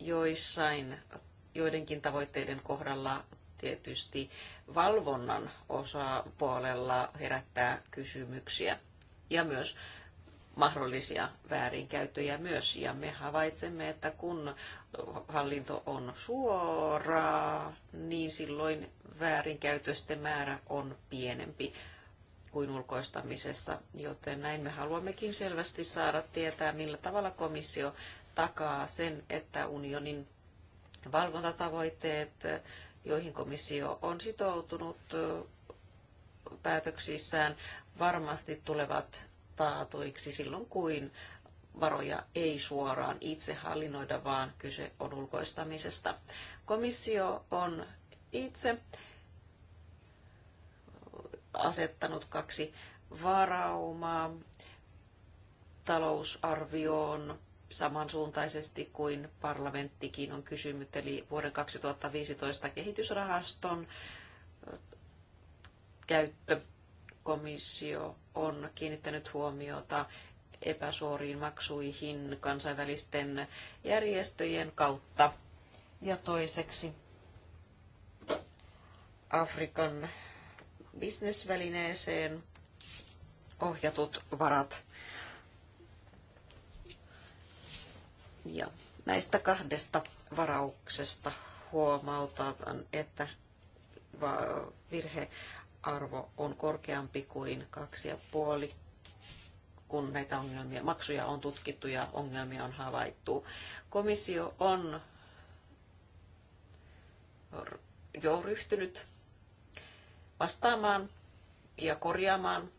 Speaker 1: joissain joidenkin tavoitteiden kohdalla tietysti valvonnan osapuolella herättää kysymyksiä ja myös mahdollisia väärinkäyttöjä myös. Ja me havaitsemme, että kun hallinto on suoraa, niin silloin väärinkäytösten määrä on pienempi kuin ulkoistamisessa, joten näin me haluammekin selvästi saada tietää, millä tavalla komissio takaa sen, että unionin valvontatavoitteet, joihin komissio on sitoutunut päätöksissään, varmasti tulevat taatuiksi silloin, kuin varoja ei suoraan itse hallinnoida, vaan kyse on ulkoistamisesta. Komissio on itse asettanut kaksi varaumaa talousarvioon samansuuntaisesti kuin parlamenttikin on kysynyt, eli vuoden 2015 kehitysrahaston käyttö. Komissio on kiinnittänyt huomiota epäsuoriin maksuihin kansainvälisten järjestöjen kautta. Ja toiseksi Afrikan bisnesvälineeseen ohjatut varat Ja näistä kahdesta varauksesta huomautan, että virhearvo on korkeampi kuin kaksi ja puoli, kun näitä ongelmia, maksuja on tutkittu ja ongelmia on havaittu. Komissio on jo ryhtynyt vastaamaan ja korjaamaan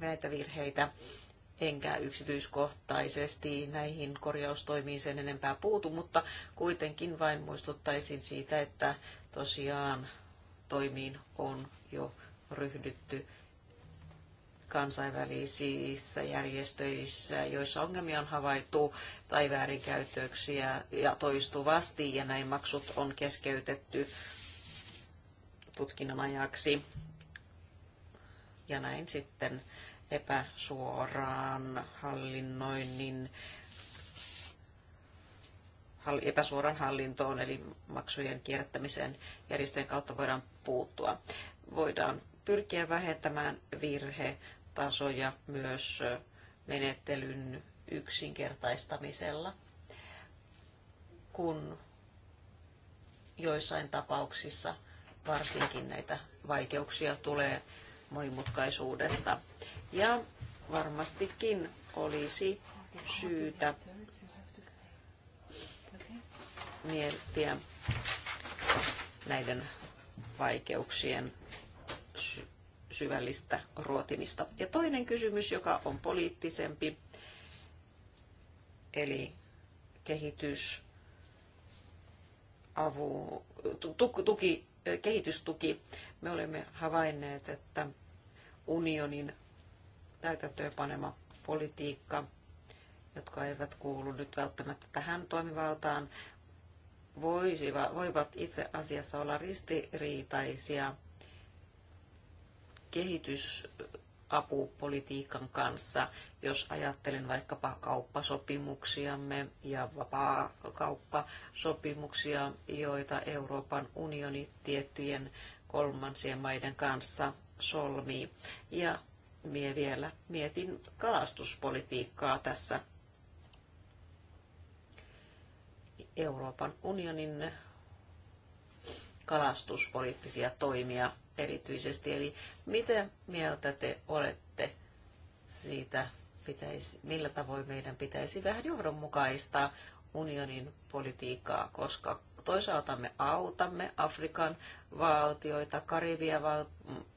Speaker 1: näitä virheitä enkä yksityiskohtaisesti näihin korjaustoimiin sen enempää puutu, mutta kuitenkin vain muistuttaisin siitä, että tosiaan toimiin on jo ryhdytty kansainvälisissä järjestöissä, joissa ongelmia on havaittu tai väärinkäytöksiä ja toistuvasti, ja näin maksut on keskeytetty tutkinnan ajaksi. Ja näin sitten epäsuoraan hallinnoinnin epäsuoran hallintoon eli maksujen kierrättämiseen järjestöjen kautta voidaan puuttua. Voidaan pyrkiä vähentämään virhetasoja myös menettelyn yksinkertaistamisella, kun joissain tapauksissa varsinkin näitä vaikeuksia tulee monimutkaisuudesta. Ja varmastikin olisi syytä miettiä näiden vaikeuksien sy- syvällistä ruotimista. Ja toinen kysymys, joka on poliittisempi, eli kehitys, avu, tuki, kehitystuki. Me olemme havainneet, että unionin täytäntöönpanema politiikka, jotka eivät kuulu nyt välttämättä tähän toimivaltaan, voisivat, voivat itse asiassa olla ristiriitaisia kehitysapupolitiikan kanssa, jos ajattelen vaikkapa kauppasopimuksiamme ja vapaa-kauppasopimuksia, joita Euroopan unioni tiettyjen kolmansien maiden kanssa solmii. Ja Mie vielä mietin kalastuspolitiikkaa tässä Euroopan unionin kalastuspoliittisia toimia erityisesti. Eli mitä mieltä te olette siitä, pitäisi, millä tavoin meidän pitäisi vähän johdonmukaistaa unionin politiikkaa, koska toisaalta me autamme Afrikan valtioita, Karibian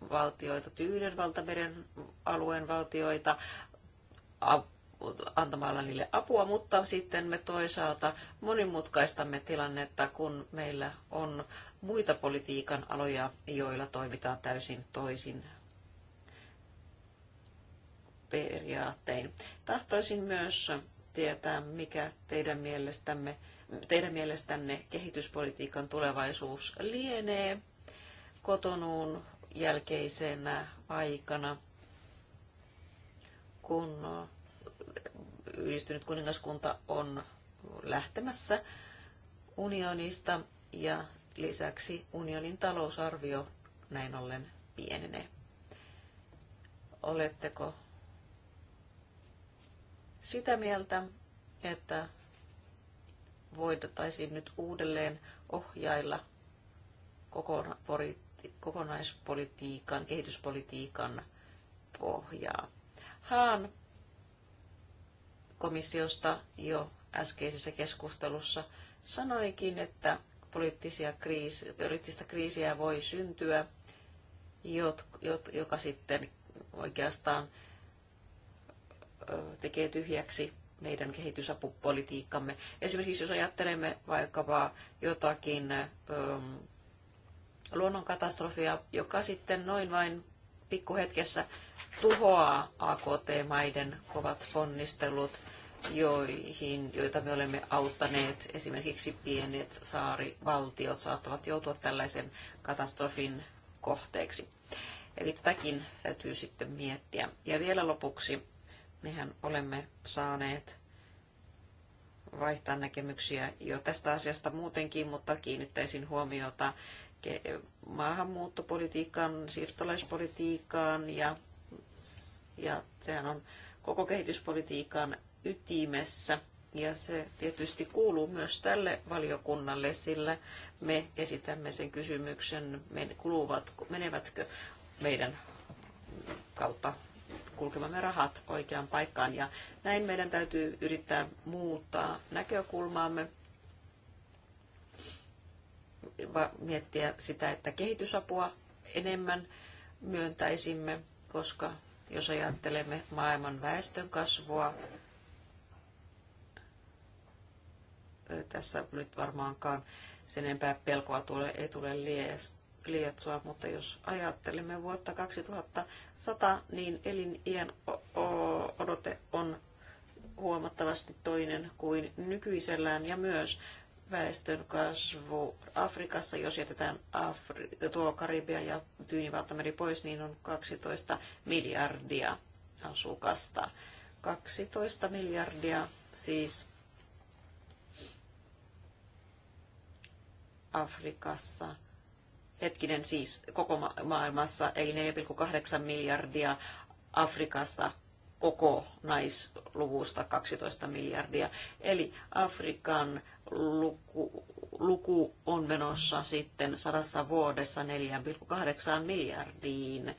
Speaker 1: valtioita, valtameren alueen valtioita antamalla niille apua, mutta sitten me toisaalta monimutkaistamme tilannetta, kun meillä on muita politiikan aloja, joilla toimitaan täysin toisin periaattein. Tahtoisin myös tietää, mikä teidän mielestämme teidän mielestänne kehityspolitiikan tulevaisuus lienee kotonuun jälkeisenä aikana, kun yhdistynyt kuningaskunta on lähtemässä unionista ja lisäksi unionin talousarvio näin ollen pienenee. Oletteko sitä mieltä, että voitaisiin nyt uudelleen ohjailla kokonaispolitiikan, kehityspolitiikan pohjaa. Haan komissiosta jo äskeisessä keskustelussa sanoikin, että poliittisia kriisi, poliittista kriisiä voi syntyä, joka sitten oikeastaan tekee tyhjäksi meidän kehitysapupolitiikkamme. Esimerkiksi jos ajattelemme vaikkapa jotakin öm, ähm, luonnonkatastrofia, joka sitten noin vain pikkuhetkessä tuhoaa AKT-maiden kovat ponnistelut, joihin, joita me olemme auttaneet. Esimerkiksi pienet saarivaltiot saattavat joutua tällaisen katastrofin kohteeksi. Eli tätäkin täytyy sitten miettiä. Ja vielä lopuksi Mehän olemme saaneet vaihtaa näkemyksiä jo tästä asiasta muutenkin, mutta kiinnittäisin huomiota maahanmuuttopolitiikkaan, siirtolaispolitiikkaan ja, ja sehän on koko kehityspolitiikan ytimessä. Ja se tietysti kuuluu myös tälle valiokunnalle, sillä me esitämme sen kysymyksen, menevätkö meidän kautta kulkevamme rahat oikeaan paikkaan. Ja näin meidän täytyy yrittää muuttaa näkökulmaamme, miettiä sitä, että kehitysapua enemmän myöntäisimme, koska jos ajattelemme maailman väestön kasvua, tässä nyt varmaankaan sen enempää pelkoa tule, ei tule lies, lietsoa, mutta jos ajattelemme vuotta 2100, niin elinien odote on huomattavasti toinen kuin nykyisellään ja myös väestön kasvu Afrikassa, jos jätetään Afri- tuo Karibia ja Tyynivaltameri pois, niin on 12 miljardia asukasta. 12 miljardia siis Afrikassa hetkinen siis koko ma- maailmassa, eli 4,8 miljardia Afrikasta koko naisluvusta 12 miljardia. Eli Afrikan luku, luku on menossa sitten sadassa vuodessa 4,8 miljardiin.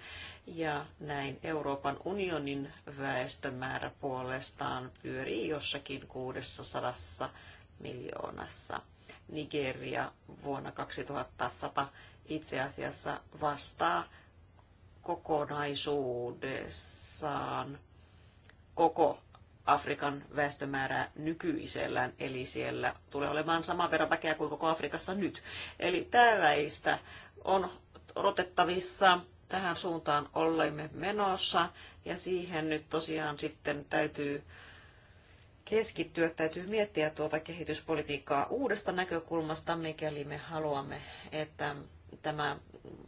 Speaker 1: Ja näin Euroopan unionin väestömäärä puolestaan pyörii jossakin 600 miljoonassa. Nigeria vuonna 2100 itse asiassa vastaa kokonaisuudessaan koko Afrikan väestömäärää nykyisellään, eli siellä tulee olemaan saman verran väkeä kuin koko Afrikassa nyt. Eli tällaista on odotettavissa, tähän suuntaan olemme menossa, ja siihen nyt tosiaan sitten täytyy keskittyä, täytyy miettiä tuota kehityspolitiikkaa uudesta näkökulmasta, mikäli me haluamme, että tämä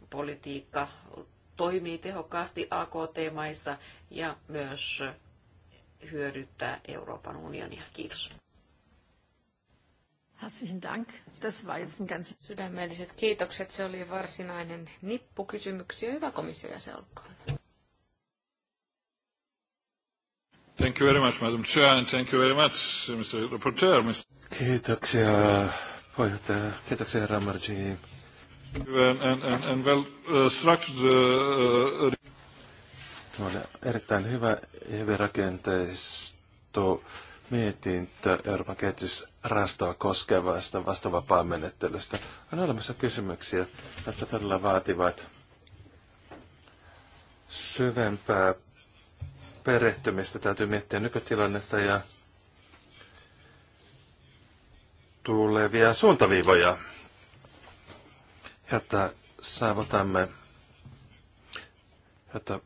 Speaker 1: politiikka toimii tehokkaasti AKT-maissa ja myös hyödyttää Euroopan unionia. Kiitos.
Speaker 2: Herzlichen Dank. Das war jetzt ein ganz sydämelliset kiitokset. Se oli varsinainen nippu kysymyksiä. Hyvä komissio ja se olkoon.
Speaker 3: Thank you very much, Madam Chair, and thank you very much, Mr. Rapporteur. Mr. Kiitoksia, puheenjohtaja. Kiitoksia, herra Ehm, eh, eh,
Speaker 1: eh,
Speaker 3: Tämä oli erittäin hyvä ja hyvin rakenteisto mietintö Euroopan kehitysrastoa koskevasta vastuvapaan menettelystä. On olemassa kysymyksiä, jotka todella vaativat syvempää perehtymistä. Täytyy miettiä nykytilannetta ja tulevia suuntaviivoja että saavutamme, että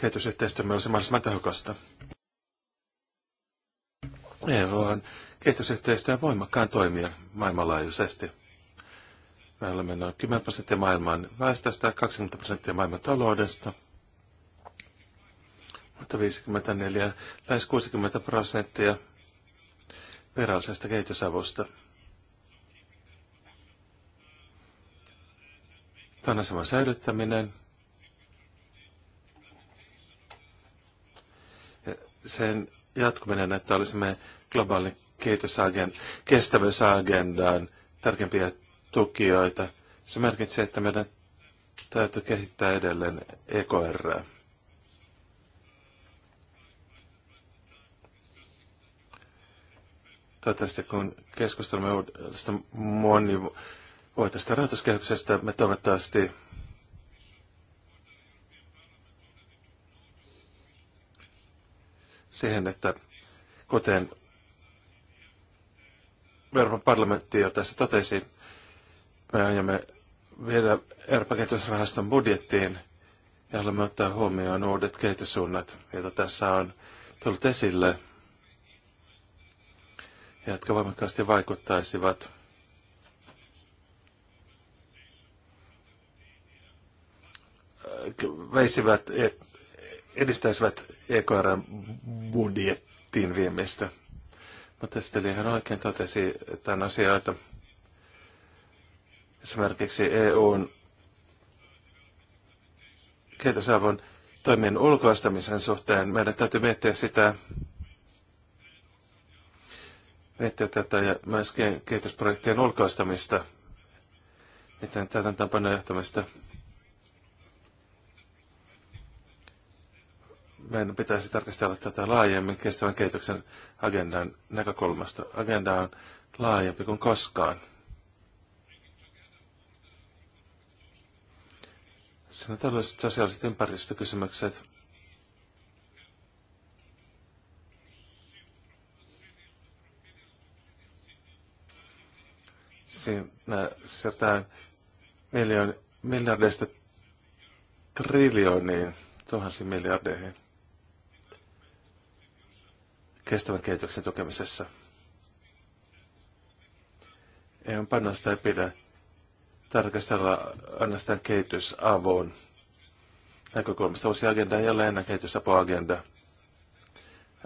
Speaker 3: kehitysyhteistyömme olisi mahdollisimman tehokasta. EU on kehitysyhteistyön voimakkaan toimija maailmanlaajuisesti. Me olemme noin 10 prosenttia maailman väestöstä, 20 prosenttia maailman taloudesta, mutta 54, lähes 60 prosenttia virallisesta kehitysavusta – Tuon aseman säilyttäminen. Ja sen jatkuminen, että olisimme globaalin kehitysagen, kestävyysagendaan tärkeimpiä tukijoita. Se merkitsee, että meidän täytyy kehittää edelleen EKR. Toivottavasti kun keskustelemme uudesta moni voi tästä rahoituskehyksestä me toivottavasti siihen, että kuten Euroopan parlamentti jo tässä totesi, me aiomme viedä Euroopan kehitysrahaston budjettiin ja haluamme ottaa huomioon uudet kehityssuunnat, joita tässä on tullut esille ja jotka voimakkaasti vaikuttaisivat veisivät, e- edistäisivät EKRn budjettiin viemistä. Mutta sitten ihan oikein totesi tämän että Esimerkiksi EUn kehitysavun toimien ulkoistamisen suhteen meidän täytyy miettiä sitä, miettiä tätä ja myöskin kehitysprojektien ulkoistamista, miten täytäntöönpanon johtamista. johtamista meidän pitäisi tarkastella tätä laajemmin kestävän kehityksen agendan näkökulmasta. Agenda on laajempi kuin koskaan. on tällaiset sosiaaliset ympäristökysymykset. Siinä siirtään miljardeista triljooniin, tuhansiin miljardeihin kestävän kehityksen tukemisessa. EUn panosta ei pidä tarkastella ainoastaan kehitysavun näkökulmasta. Uusi agenda ei ole enää kehitysapuagenda.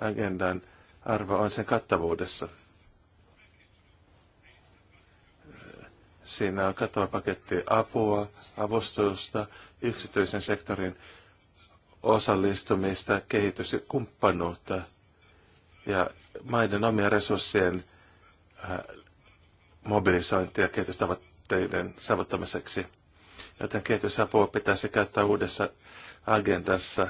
Speaker 3: Agendan arvo on sen kattavuudessa. Siinä on kattava paketti apua, avustusta, yksityisen sektorin osallistumista, kehitys- ja kumppanuutta – ja maiden omien resurssien äh, mobilisointia kehitystavoitteiden saavuttamiseksi. Joten kehitysapua pitäisi käyttää uudessa agendassa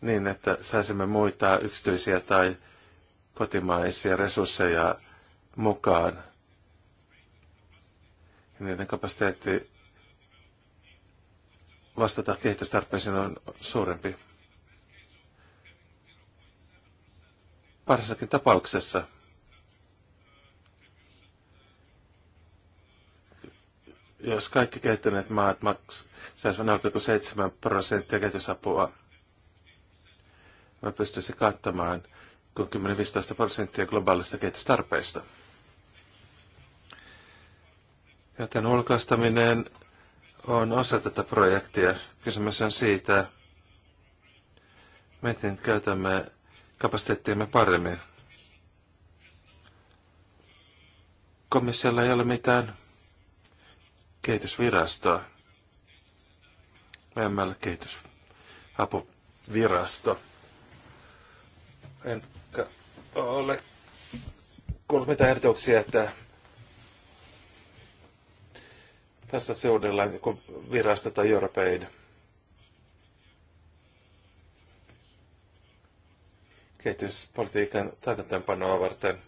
Speaker 3: niin, että saisimme muita yksityisiä tai kotimaisia resursseja mukaan. Niiden kapasiteetti vastata kehitystarpeisiin on suurempi. parhaassakin tapauksessa jos kaikki kehittyneet maat maksaisivat 0,7 prosenttia kehitysapua, me pystyisi kattamaan 10-15 prosenttia globaalista kehitystarpeista. Joten ulkoistaminen on osa tätä projektia. Kysymys on siitä, miten käytämme kapasiteettiamme paremmin. Komissiolla ei ole mitään kehitysvirastoa. Me ole kehitysapuvirasto. En ole kuullut mitään ehdotuksia, että tästä seudellaan virasto tai Europeid. kehityspolitiikan täytäntöönpanoa varten,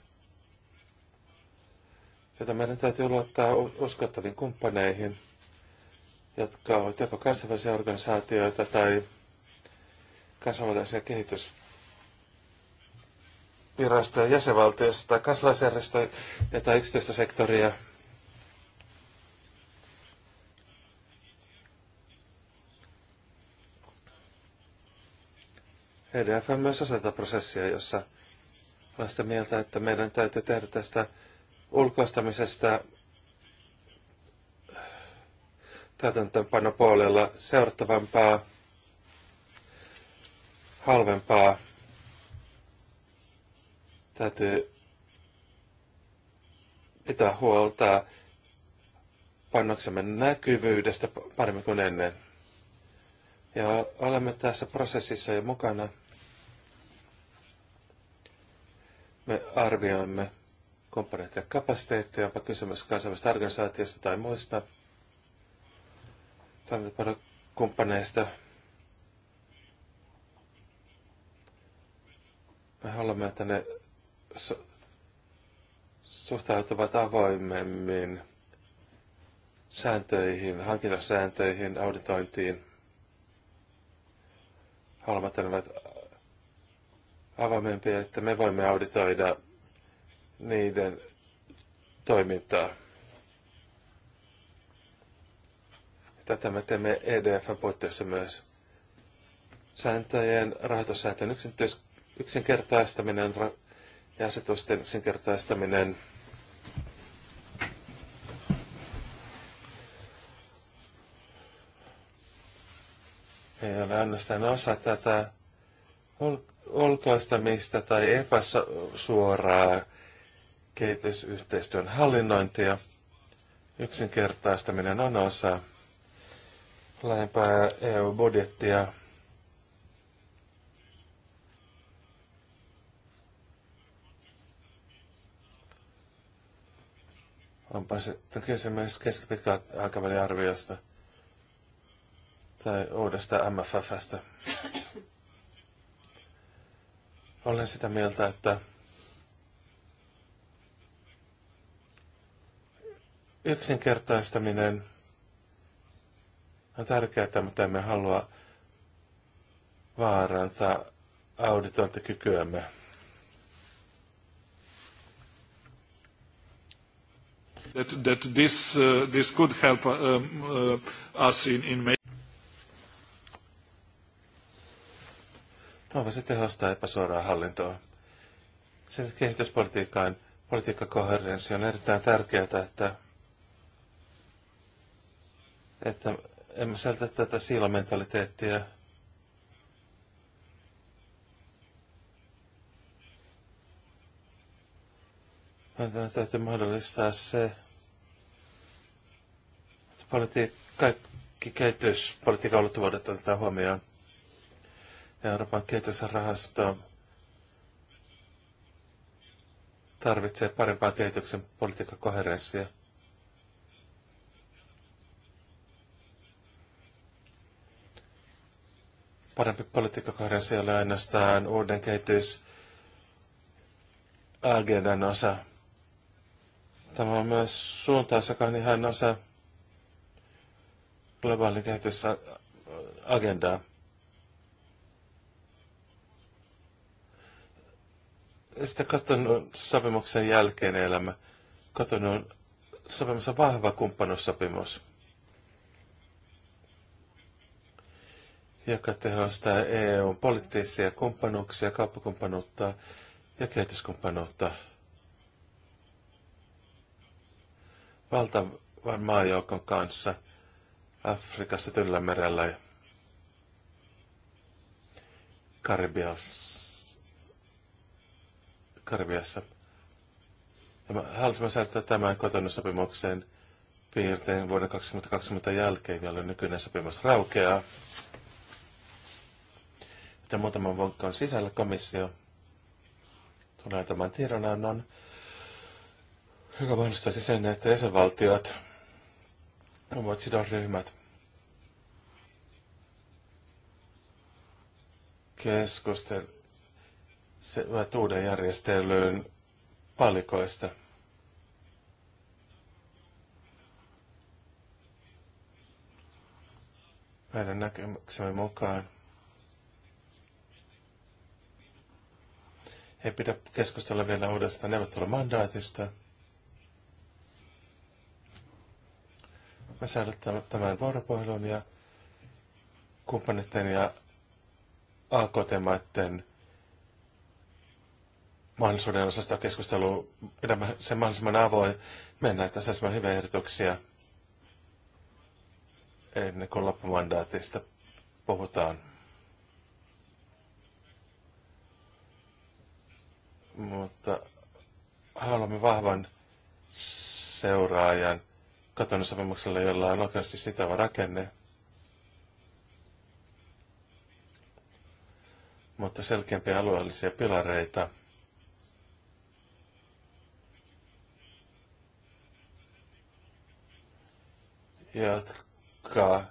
Speaker 3: jota meidän täytyy luottaa uskottaviin kumppaneihin, jotka ovat joko kansainvälisiä organisaatioita tai kansainvälisiä kehitysvirastoja jäsenvaltioista tai kansalaisjärjestöjä tai yksityistä sektoria – EDF on myös osa tätä prosessia, jossa olen sitä mieltä, että meidän täytyy tehdä tästä ulkoistamisesta täytäntöönpanopuolella seurattavampaa, halvempaa. Täytyy pitää huolta pannoksemme näkyvyydestä paremmin kuin ennen. Ja olemme tässä prosessissa jo mukana – Me arvioimme komponentteja kapasiteetteja, onpa kysymys kansainvälisestä organisaatiosta tai muista kumppaneista. Me haluamme, että ne su- suhtautuvat avoimemmin sääntöihin, hankintasääntöihin, auditointiin. Haluamme, että ne ovat avoimempia, että me voimme auditoida niiden toimintaa. Tätä me teemme EDFn puitteissa myös. Sääntöjen, rahoitussääntöjen yksinkertaistaminen ja asetusten yksinkertaistaminen. Ei on ainoastaan osa tätä olkaistamista tai epäsuoraa kehitysyhteistyön hallinnointia. Yksinkertaistaminen on osa lähempää EU-budjettia. Onpa sitten kysymys keskipitkän aikavälin arviosta tai uudesta MFFstä. Olen sitä mieltä, että yksinkertaistaminen on tärkeää, mutta emme halua vaarantaa auditointikykyämme. That, that this, uh, this could help uh, uh, us in, in se tehostaa epäsuoraa hallintoa. Sen kehityspolitiikan politiikkakoherenssi on erittäin tärkeää, että, että emme sieltä tätä siilamentaliteettia. Meidän täytyy mahdollistaa se, että politiik- kaikki kehityspolitiikan ulottuvuudet otetaan huomioon. Euroopan kehitysrahasto tarvitsee parempaa kehityksen politiikan koherenssia. Parempi politiikkakoherenssi ei ole ainoastaan uuden kehitys agendan osa. Tämä on myös suuntaus, joka on ihan osa globaalin kehitysagendaa. Sitten Kotonun sopimuksen jälkeen elämä. Katson on sopimuksen vahva kumppanuussopimus, joka tehostaa EUn poliittisia kumppanuuksia, kauppakumppanuutta ja kehityskumppanuutta. Valtavan maajoukon kanssa Afrikassa, Tyllämerellä ja Karibiassa Karviassa. Ja mä halusimme tämän kotonnon sopimuksen piirtein vuoden 2020 jälkeen, jolloin nykyinen sopimus raukeaa. Että muutaman vuokkaan sisällä komissio tulee tämän tiedonannon, joka mahdollistaisi sen, että jäsenvaltiot ovat ryhmät keskustel- se, uuden järjestelyyn palikoista. Meidän näkemyksemme mukaan ei pidä keskustella vielä uudesta neuvottelumandaatista. Me säilytämme tämän vuoropuhelun ja kumppanitten ja AKT-maiden mahdollisuuden osasta keskustelua. Pidämme sen mahdollisimman avoin. Mennään, että saisimme hyviä ehdotuksia ennen kuin loppumandaatista puhutaan. Mutta haluamme vahvan seuraajan katon sopimukselle, jolla on oikeasti sitova rakenne. Mutta selkeämpiä alueellisia pilareita – jotka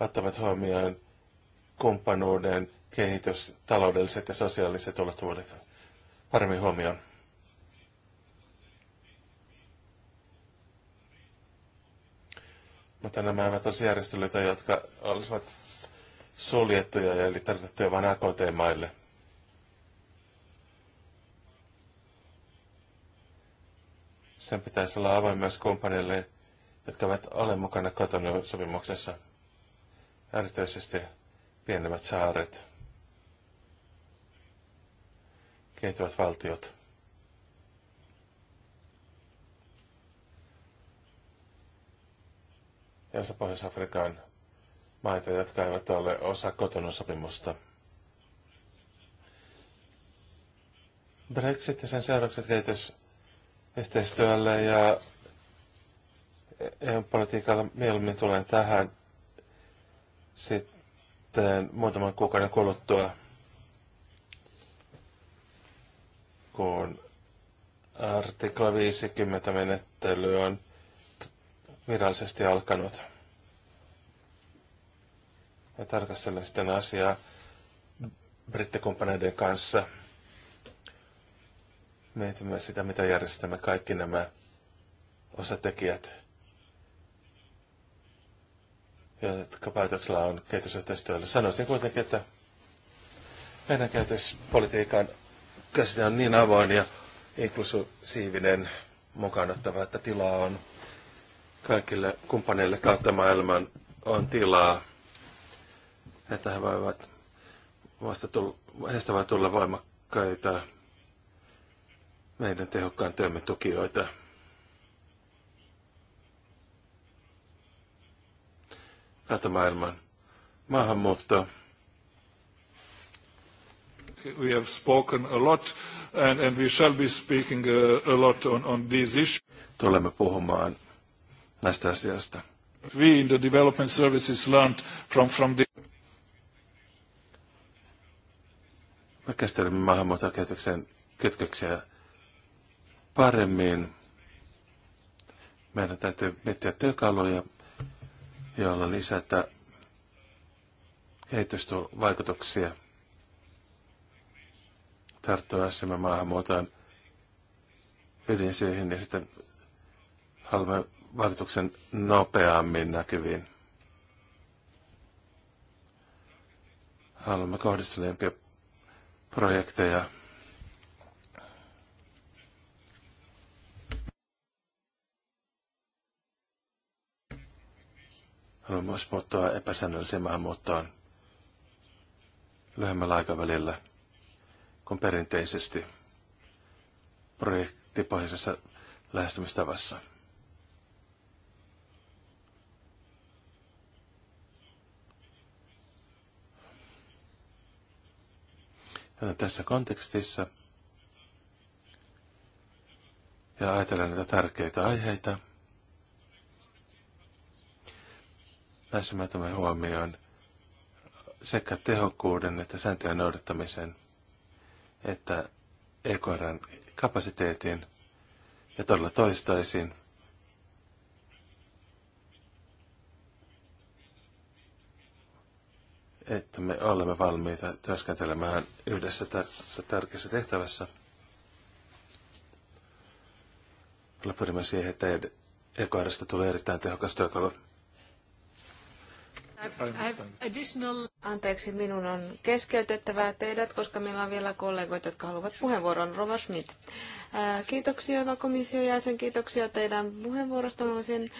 Speaker 3: ottavat huomioon kumppanuuden kehitys, taloudelliset ja sosiaaliset ulottuvuudet paremmin huomioon. Mutta nämä ovat tosi järjestelyitä, jotka olisivat suljettuja, eli tarkoitettuja vain AKT-maille. Sen pitäisi olla avoin myös kumppanille jotka ovat ole mukana kotonun sopimuksessa, erityisesti pienemmät saaret, kehittyvät valtiot. Ja Pohjois-Afrikan maita, jotka eivät ole osa kotonun sopimusta. Brexit ja sen seuraukset kehitysyhteistyölle ja EU-politiikalla e mieluummin tulen tähän sitten muutaman kuukauden kuluttua, kun artikla 50 menettely on virallisesti alkanut. Ja tarkastelen sitten asiaa brittikumppaneiden kanssa. Mietimme sitä, mitä järjestämme kaikki nämä osatekijät jotka päätöksellä on kehitysyhteistyöllä. Sanoisin kuitenkin, että meidän kehityspolitiikan käsite on niin avoin ja inklusiivinen mukaanottava, että tilaa on kaikille kumppaneille kautta maailman on tilaa, että he voivat vasta tulla, heistä voi tulla voimakkaita meidän tehokkaan työmme tukijoita. datamaailman. Maahanmuutto. We have spoken a lot and, and we shall be speaking a, uh, a lot on, on these issues. Tulemme puhumaan näistä asioista. We in the development services learned from, from the... Me käsittelemme maahanmuuttokehityksen kytköksiä paremmin. Meidän täytyy miettiä työkaluja joilla lisätä kehitysvaikutuksia tarttua SM maahanmuuton ydinsyihin ja niin sitten haluamme vaikutuksen nopeammin näkyviin. Haluamme kohdistuneempia projekteja On myös puuttua epäsäännölliseen maahanmuuttoon lyhyemmällä aikavälillä kuin perinteisesti projektipohjaisessa lähestymistavassa. Ja tässä kontekstissa ja ajatellen näitä tärkeitä aiheita – Näissä me otamme huomioon sekä tehokkuuden että sääntöjen noudattamisen, että EKRn kapasiteetin ja todella toistaisin. että me olemme valmiita työskentelemään yhdessä tässä tärkeässä tehtävässä. Lopuimme siihen, että EKRstä tulee erittäin tehokas työkalu
Speaker 2: Anteeksi, minun on keskeytettävää teidät, koska meillä on vielä kollegoita, jotka haluavat puheenvuoron. Rova Schmidt. Kiitoksia hyvä komission jäsen, kiitoksia teidän puheenvuorosta. Voisin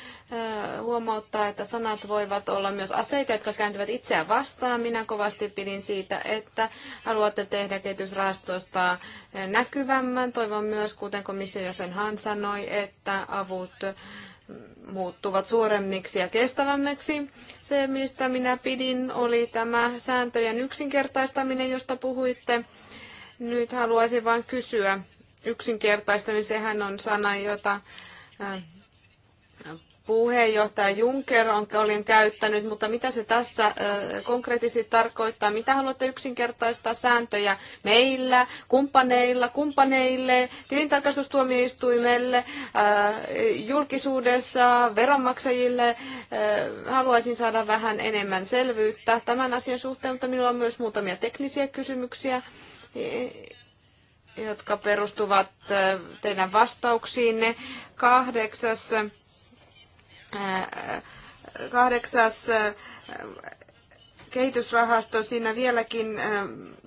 Speaker 2: huomauttaa, että sanat voivat olla myös aseita, jotka kääntyvät itseään vastaan. Minä kovasti pidin siitä, että haluatte tehdä kehitysrahastosta näkyvämmän. Toivon myös, kuten komission jäsen Han sanoi, että avut muuttuvat suoremmiksi ja kestävämmiksi. Se, mistä minä pidin, oli tämä sääntöjen yksinkertaistaminen, josta puhuitte. Nyt haluaisin vain kysyä. Yksinkertaistaminen, sehän on sana, jota äh, puheenjohtaja Juncker on, olen käyttänyt, mutta mitä se tässä konkreettisesti tarkoittaa? Mitä haluatte yksinkertaistaa sääntöjä meillä, kumppaneilla, kumppaneille, tilintarkastustuomioistuimelle, julkisuudessa, veronmaksajille? Haluaisin saada vähän enemmän selvyyttä tämän asian suhteen, mutta minulla on myös muutamia teknisiä kysymyksiä jotka perustuvat teidän vastauksiinne. Kahdeksas Kahdeksas eh, kehitysrahasto, siinä vieläkin eh,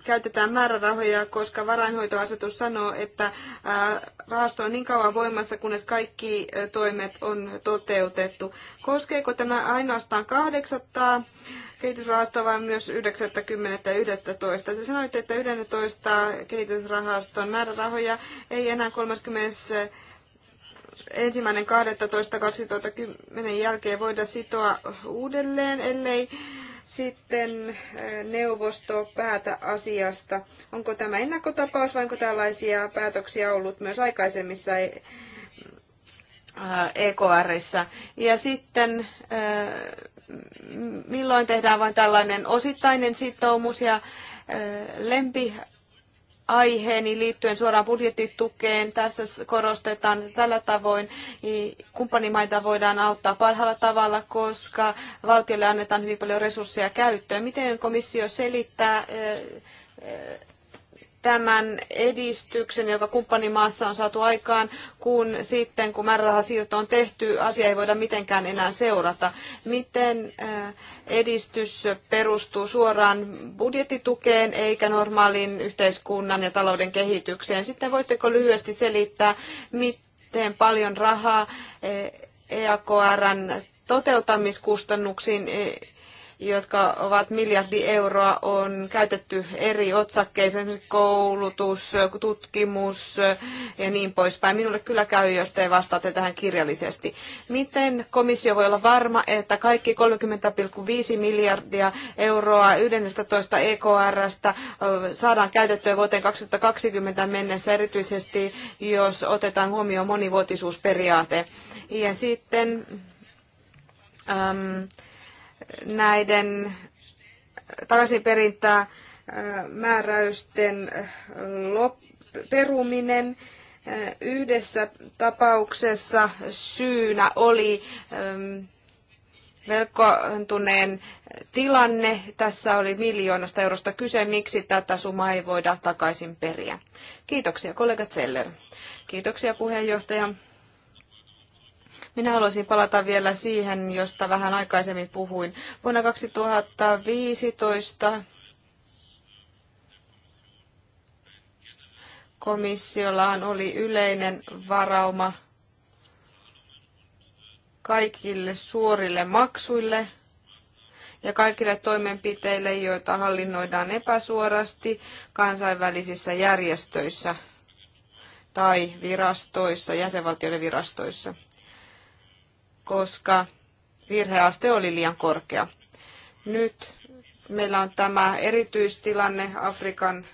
Speaker 2: käytetään määrärahoja, koska varainhoitoasetus sanoo, että eh, rahasto on niin kauan voimassa, kunnes kaikki toimet on toteutettu. Koskeeko tämä ainoastaan 800 kehitysrahastoa vai myös 90 ja 11? Te sanoitte, että 11 kehitysrahaston määrärahoja ei enää 30 ensimmäinen 12.2010 jälkeen voida sitoa uudelleen, ellei sitten eh, neuvosto päätä asiasta. Onko tämä ennakkotapaus vai onko tällaisia päätöksiä ollut myös aikaisemmissa EKRissä? Eh, e ja sitten eh, milloin tehdään vain tällainen osittainen sitoumus ja lempi aiheeni liittyen suoraan budjettitukeen. Tässä korostetaan, tällä tavoin kumppanimaita voidaan auttaa parhaalla tavalla, koska valtiolle annetaan hyvin paljon resursseja käyttöön. Miten komissio selittää tämän edistyksen, joka kumppanimaassa on saatu aikaan, kun sitten kun määrärahasiirto on tehty, asia ei voida mitenkään enää seurata. Miten äh, edistys perustuu suoraan budjettitukeen eikä normaalin yhteiskunnan ja talouden kehitykseen? Sitten voitteko lyhyesti selittää, miten paljon rahaa äh, EAKRn toteuttamiskustannuksiin jotka ovat miljardi euroa, on käytetty eri otsakkeissa, esimerkiksi koulutus, tutkimus ja niin poispäin. Minulle kyllä käy, jos te vastaatte tähän kirjallisesti. Miten komissio voi olla varma, että kaikki 30,5 miljardia euroa 11 EKRstä saadaan käytettyä vuoteen 2020 mennessä, erityisesti jos otetaan huomioon monivuotisuusperiaate? Ja sitten... Ähm, näiden äh, takaisinperintää äh, määräysten äh, peruminen. Yhdessä tapauksessa syynä oli ähm, velkoontuneen tilanne. Tässä oli miljoonasta eurosta kyse, miksi tätä summaa ei voida takaisin periä. Kiitoksia kollega Zeller. Kiitoksia puheenjohtaja. Minä haluaisin palata vielä siihen, josta vähän aikaisemmin puhuin. Vuonna 2015 komissiollahan oli yleinen varauma kaikille suorille maksuille ja kaikille toimenpiteille, joita hallinnoidaan epäsuorasti kansainvälisissä järjestöissä tai virastoissa, jäsenvaltioiden virastoissa koska virheaste oli liian korkea. Nyt meillä on tämä erityistilanne Afrikan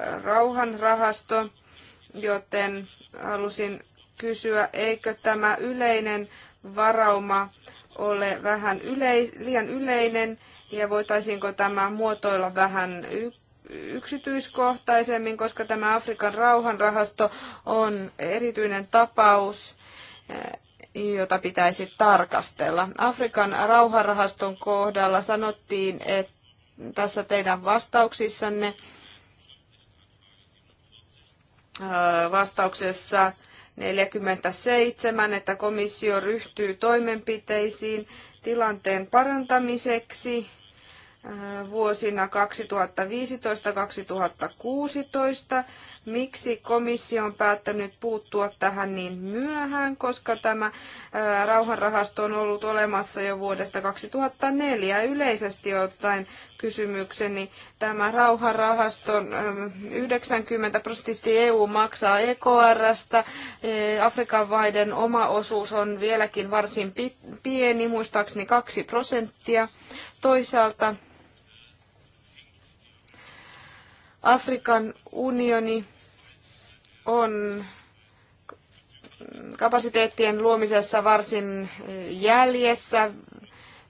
Speaker 2: äh, rauhanrahasto, joten halusin kysyä, eikö tämä yleinen varauma ole vähän yleis, liian yleinen ja voitaisiinko tämä muotoilla vähän yksityiskohtaisemmin, koska tämä Afrikan rauhanrahasto on erityinen tapaus äh, jota pitäisi tarkastella. Afrikan rauharahaston kohdalla sanottiin, että tässä teidän vastauksissanne vastauksessa 47, että komissio ryhtyy toimenpiteisiin tilanteen parantamiseksi vuosina 2015-2016 Miksi komissio on päättänyt puuttua tähän niin myöhään, koska tämä rauhanrahasto on ollut olemassa jo vuodesta 2004 yleisesti ottaen kysymykseni. Tämä rauhanrahaston 90 prosenttisesti EU maksaa EKRstä. Afrikan vaiden oma osuus on vieläkin varsin pieni, muistaakseni 2 prosenttia. Toisaalta Afrikan unioni on kapasiteettien luomisessa varsin jäljessä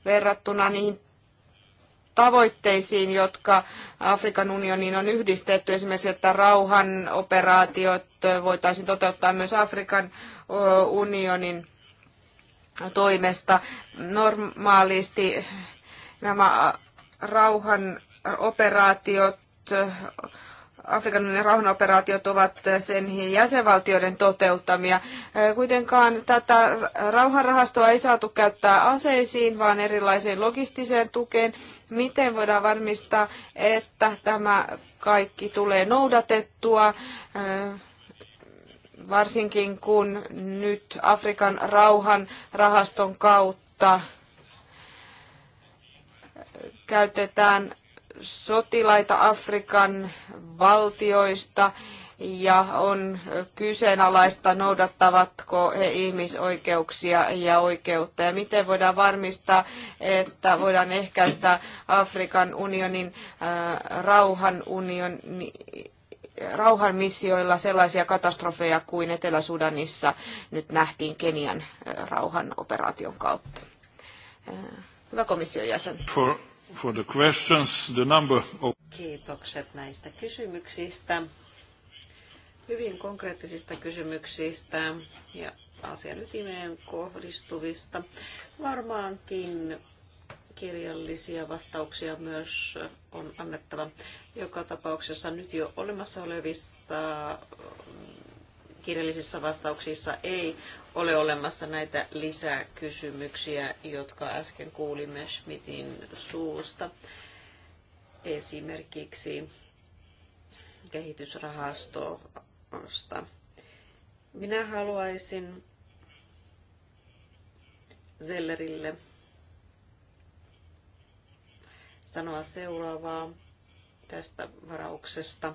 Speaker 2: verrattuna niihin tavoitteisiin, jotka Afrikan unioniin on yhdistetty. Esimerkiksi, että rauhan operaatiot voitaisiin toteuttaa myös Afrikan unionin toimesta. Normaalisti nämä rauhan operaatiot Afrikan rauhanoperaatiot ovat sen jäsenvaltioiden toteuttamia. Kuitenkaan tätä rauhanrahastoa ei saatu käyttää aseisiin, vaan erilaiseen logistiseen tukeen. Miten voidaan varmistaa, että tämä kaikki tulee noudatettua, varsinkin kun nyt Afrikan rauhanrahaston kautta käytetään sotilaita Afrikan valtioista ja on kyseenalaista, noudattavatko he ihmisoikeuksia ja oikeutta ja miten voidaan varmistaa, että voidaan ehkäistä Afrikan unionin äh, rauhan unioni, missioilla sellaisia katastrofeja kuin Etelä-Sudanissa nyt nähtiin Kenian äh, rauhanoperaation kautta. Äh, hyvä
Speaker 1: komission jäsen
Speaker 3: for the questions. The number of...
Speaker 1: Kiitokset näistä kysymyksistä, hyvin konkreettisista kysymyksistä ja asian ytimeen kohdistuvista. Varmaankin kirjallisia vastauksia myös on annettava. Joka tapauksessa nyt jo olemassa olevista kirjallisissa vastauksissa ei ole olemassa näitä lisäkysymyksiä, jotka äsken kuulimme Schmidtin suusta. Esimerkiksi kehitysrahastosta. Minä haluaisin Zellerille sanoa seuraavaa tästä varauksesta.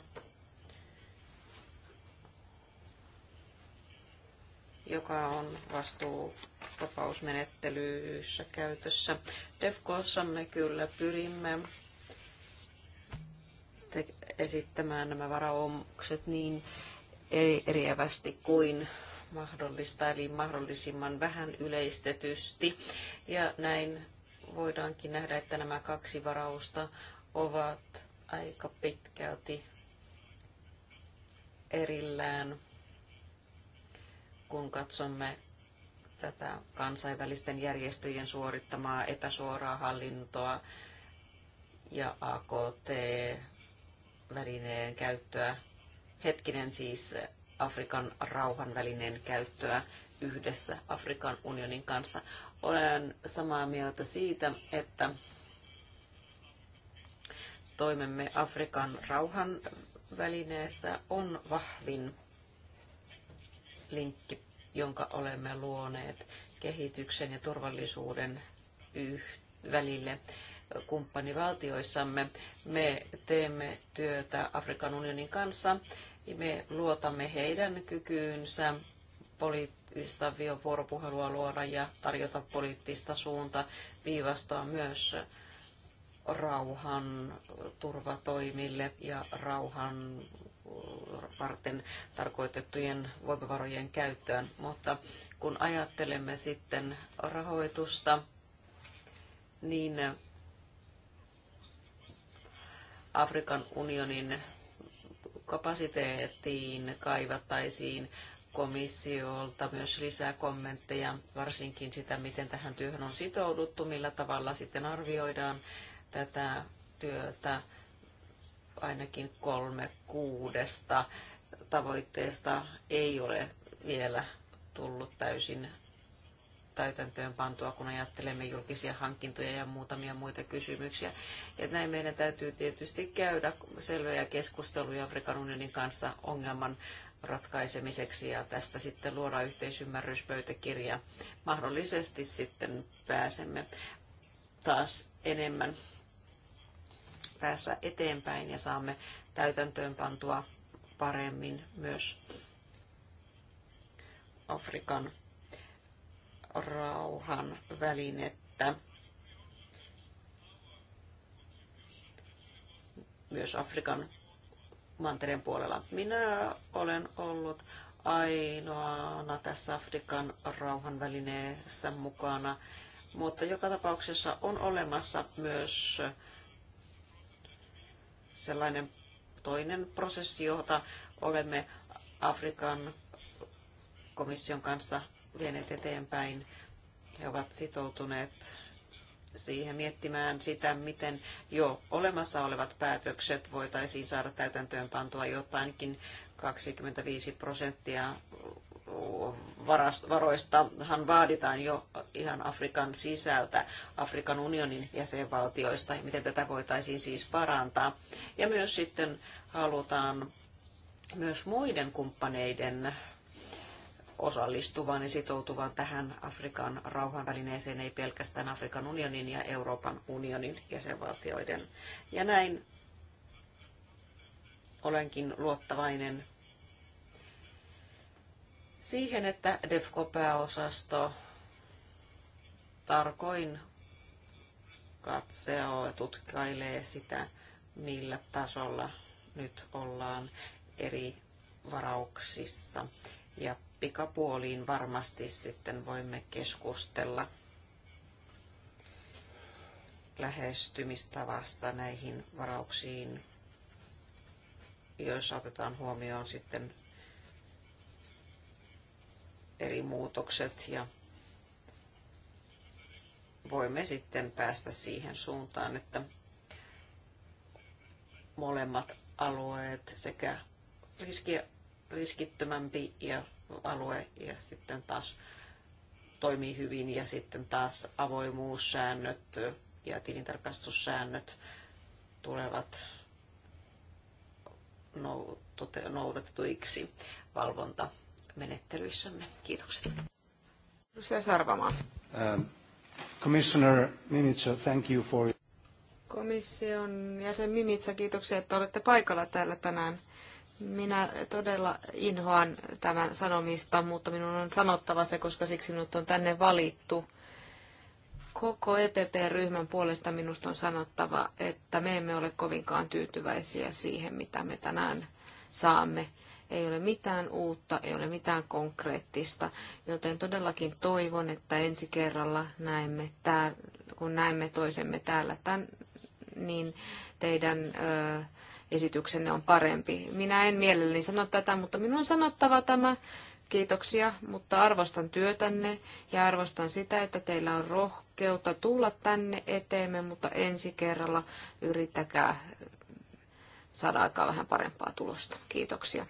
Speaker 1: joka on vastuutapausmenettelyissä käytössä. DEFCOssa me kyllä pyrimme esittämään nämä varaumukset niin eriävästi kuin mahdollista, eli mahdollisimman vähän yleistetysti. Ja näin voidaankin nähdä, että nämä kaksi varausta ovat aika pitkälti erillään kun katsomme tätä kansainvälisten järjestöjen suorittamaa epäsuoraa hallintoa ja AKT-välineen käyttöä, hetkinen siis Afrikan rauhanvälineen käyttöä yhdessä Afrikan unionin kanssa. Olen samaa mieltä siitä, että toimemme Afrikan rauhan välineessä on vahvin linkki, jonka olemme luoneet kehityksen ja turvallisuuden välille kumppanivaltioissamme. Me teemme työtä Afrikan unionin kanssa. ja Me luotamme heidän kykyynsä poliittista vuoropuhelua luoda ja tarjota poliittista suunta viivastaa myös rauhan turvatoimille ja rauhan varten tarkoitettujen voimavarojen käyttöön. Mutta kun ajattelemme sitten rahoitusta, niin Afrikan unionin kapasiteettiin kaivattaisiin komissiolta myös lisää kommentteja, varsinkin sitä, miten tähän työhön on sitouduttu, millä tavalla sitten arvioidaan tätä työtä ainakin kolme kuudesta tavoitteesta ei ole vielä tullut täysin täytäntöön pantua, kun ajattelemme julkisia hankintoja ja muutamia muita kysymyksiä. Ja näin meidän täytyy tietysti käydä selvejä keskusteluja Afrikan unionin kanssa ongelman ratkaisemiseksi ja tästä sitten luoda yhteisymmärryspöytäkirja. Mahdollisesti sitten pääsemme taas enemmän päässä eteenpäin ja saamme täytäntöön pantua paremmin myös Afrikan rauhan välinettä. Myös Afrikan mantereen puolella. Minä olen ollut ainoana tässä Afrikan rauhan välineessä mukana, mutta joka tapauksessa on olemassa myös sellainen toinen prosessi, jota olemme Afrikan komission kanssa vieneet eteenpäin. He ovat sitoutuneet siihen miettimään sitä, miten jo olemassa olevat päätökset voitaisiin saada täytäntöön pantua jotainkin 25 prosenttia varoistahan vaaditaan jo ihan Afrikan sisältä, Afrikan unionin jäsenvaltioista, miten tätä voitaisiin siis parantaa. Ja myös sitten halutaan myös muiden kumppaneiden osallistuvan ja sitoutuvan tähän Afrikan rauhanvälineeseen, ei pelkästään Afrikan unionin ja Euroopan unionin jäsenvaltioiden. Ja näin olenkin luottavainen siihen, että DEFCO-pääosasto tarkoin katsoo ja tutkailee sitä, millä tasolla nyt ollaan eri varauksissa. Ja pikapuoliin varmasti sitten voimme keskustella lähestymistavasta näihin varauksiin, joissa otetaan huomioon sitten eri muutokset ja voimme sitten päästä siihen suuntaan, että molemmat alueet sekä riski, riskittömämpi ja alue ja sitten taas toimii hyvin ja sitten taas avoimuussäännöt ja tilintarkastussäännöt tulevat noudatetuiksi valvonta menettelyissämme. Kiitokset. Edustaja Sarvamaa.
Speaker 3: Um, Commissioner Mimitsa, thank you for...
Speaker 2: Komission jäsen Mimitsa, kiitoksia, että olette paikalla täällä tänään. Minä todella inhoan tämän sanomista, mutta minun on sanottava se, koska siksi minut on tänne valittu. Koko EPP-ryhmän puolesta minusta on sanottava, että me emme ole kovinkaan tyytyväisiä siihen, mitä me tänään saamme ei ole mitään uutta, ei ole mitään konkreettista, joten todellakin toivon, että ensi kerralla näemme tää, kun näemme toisemme täällä, tämän, niin teidän ö, esityksenne on parempi. Minä en mielelläni sano tätä, mutta minun on sanottava tämä. Kiitoksia, mutta arvostan työtänne ja arvostan sitä, että teillä on rohkeutta tulla tänne eteemme, mutta ensi kerralla yrittäkää saada aikaa vähän parempaa tulosta. Kiitoksia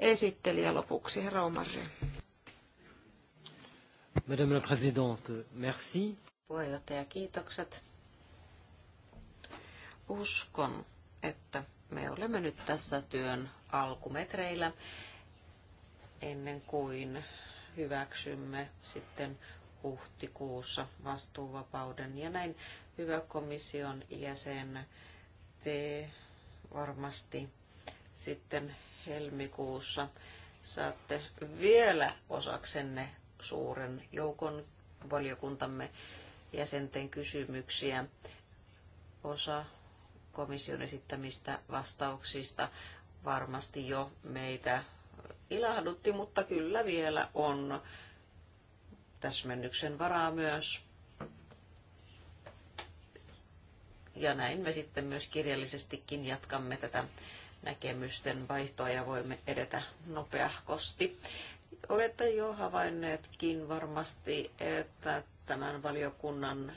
Speaker 2: esittelijä lopuksi, herra Omarje.
Speaker 1: Madame la Présidente, merci. Puheenjohtaja, kiitokset. Uskon, että me olemme nyt tässä työn alkumetreillä ennen kuin hyväksymme sitten huhtikuussa vastuuvapauden. Ja näin hyvä komission jäsen, te varmasti sitten helmikuussa saatte vielä osaksenne suuren joukon valiokuntamme jäsenten kysymyksiä. Osa komission esittämistä vastauksista varmasti jo meitä ilahdutti, mutta kyllä vielä on täsmennyksen varaa myös. Ja näin me sitten myös kirjallisestikin jatkamme tätä näkemysten vaihtoa ja voimme edetä nopeahkosti. Olette jo havainneetkin varmasti, että tämän valiokunnan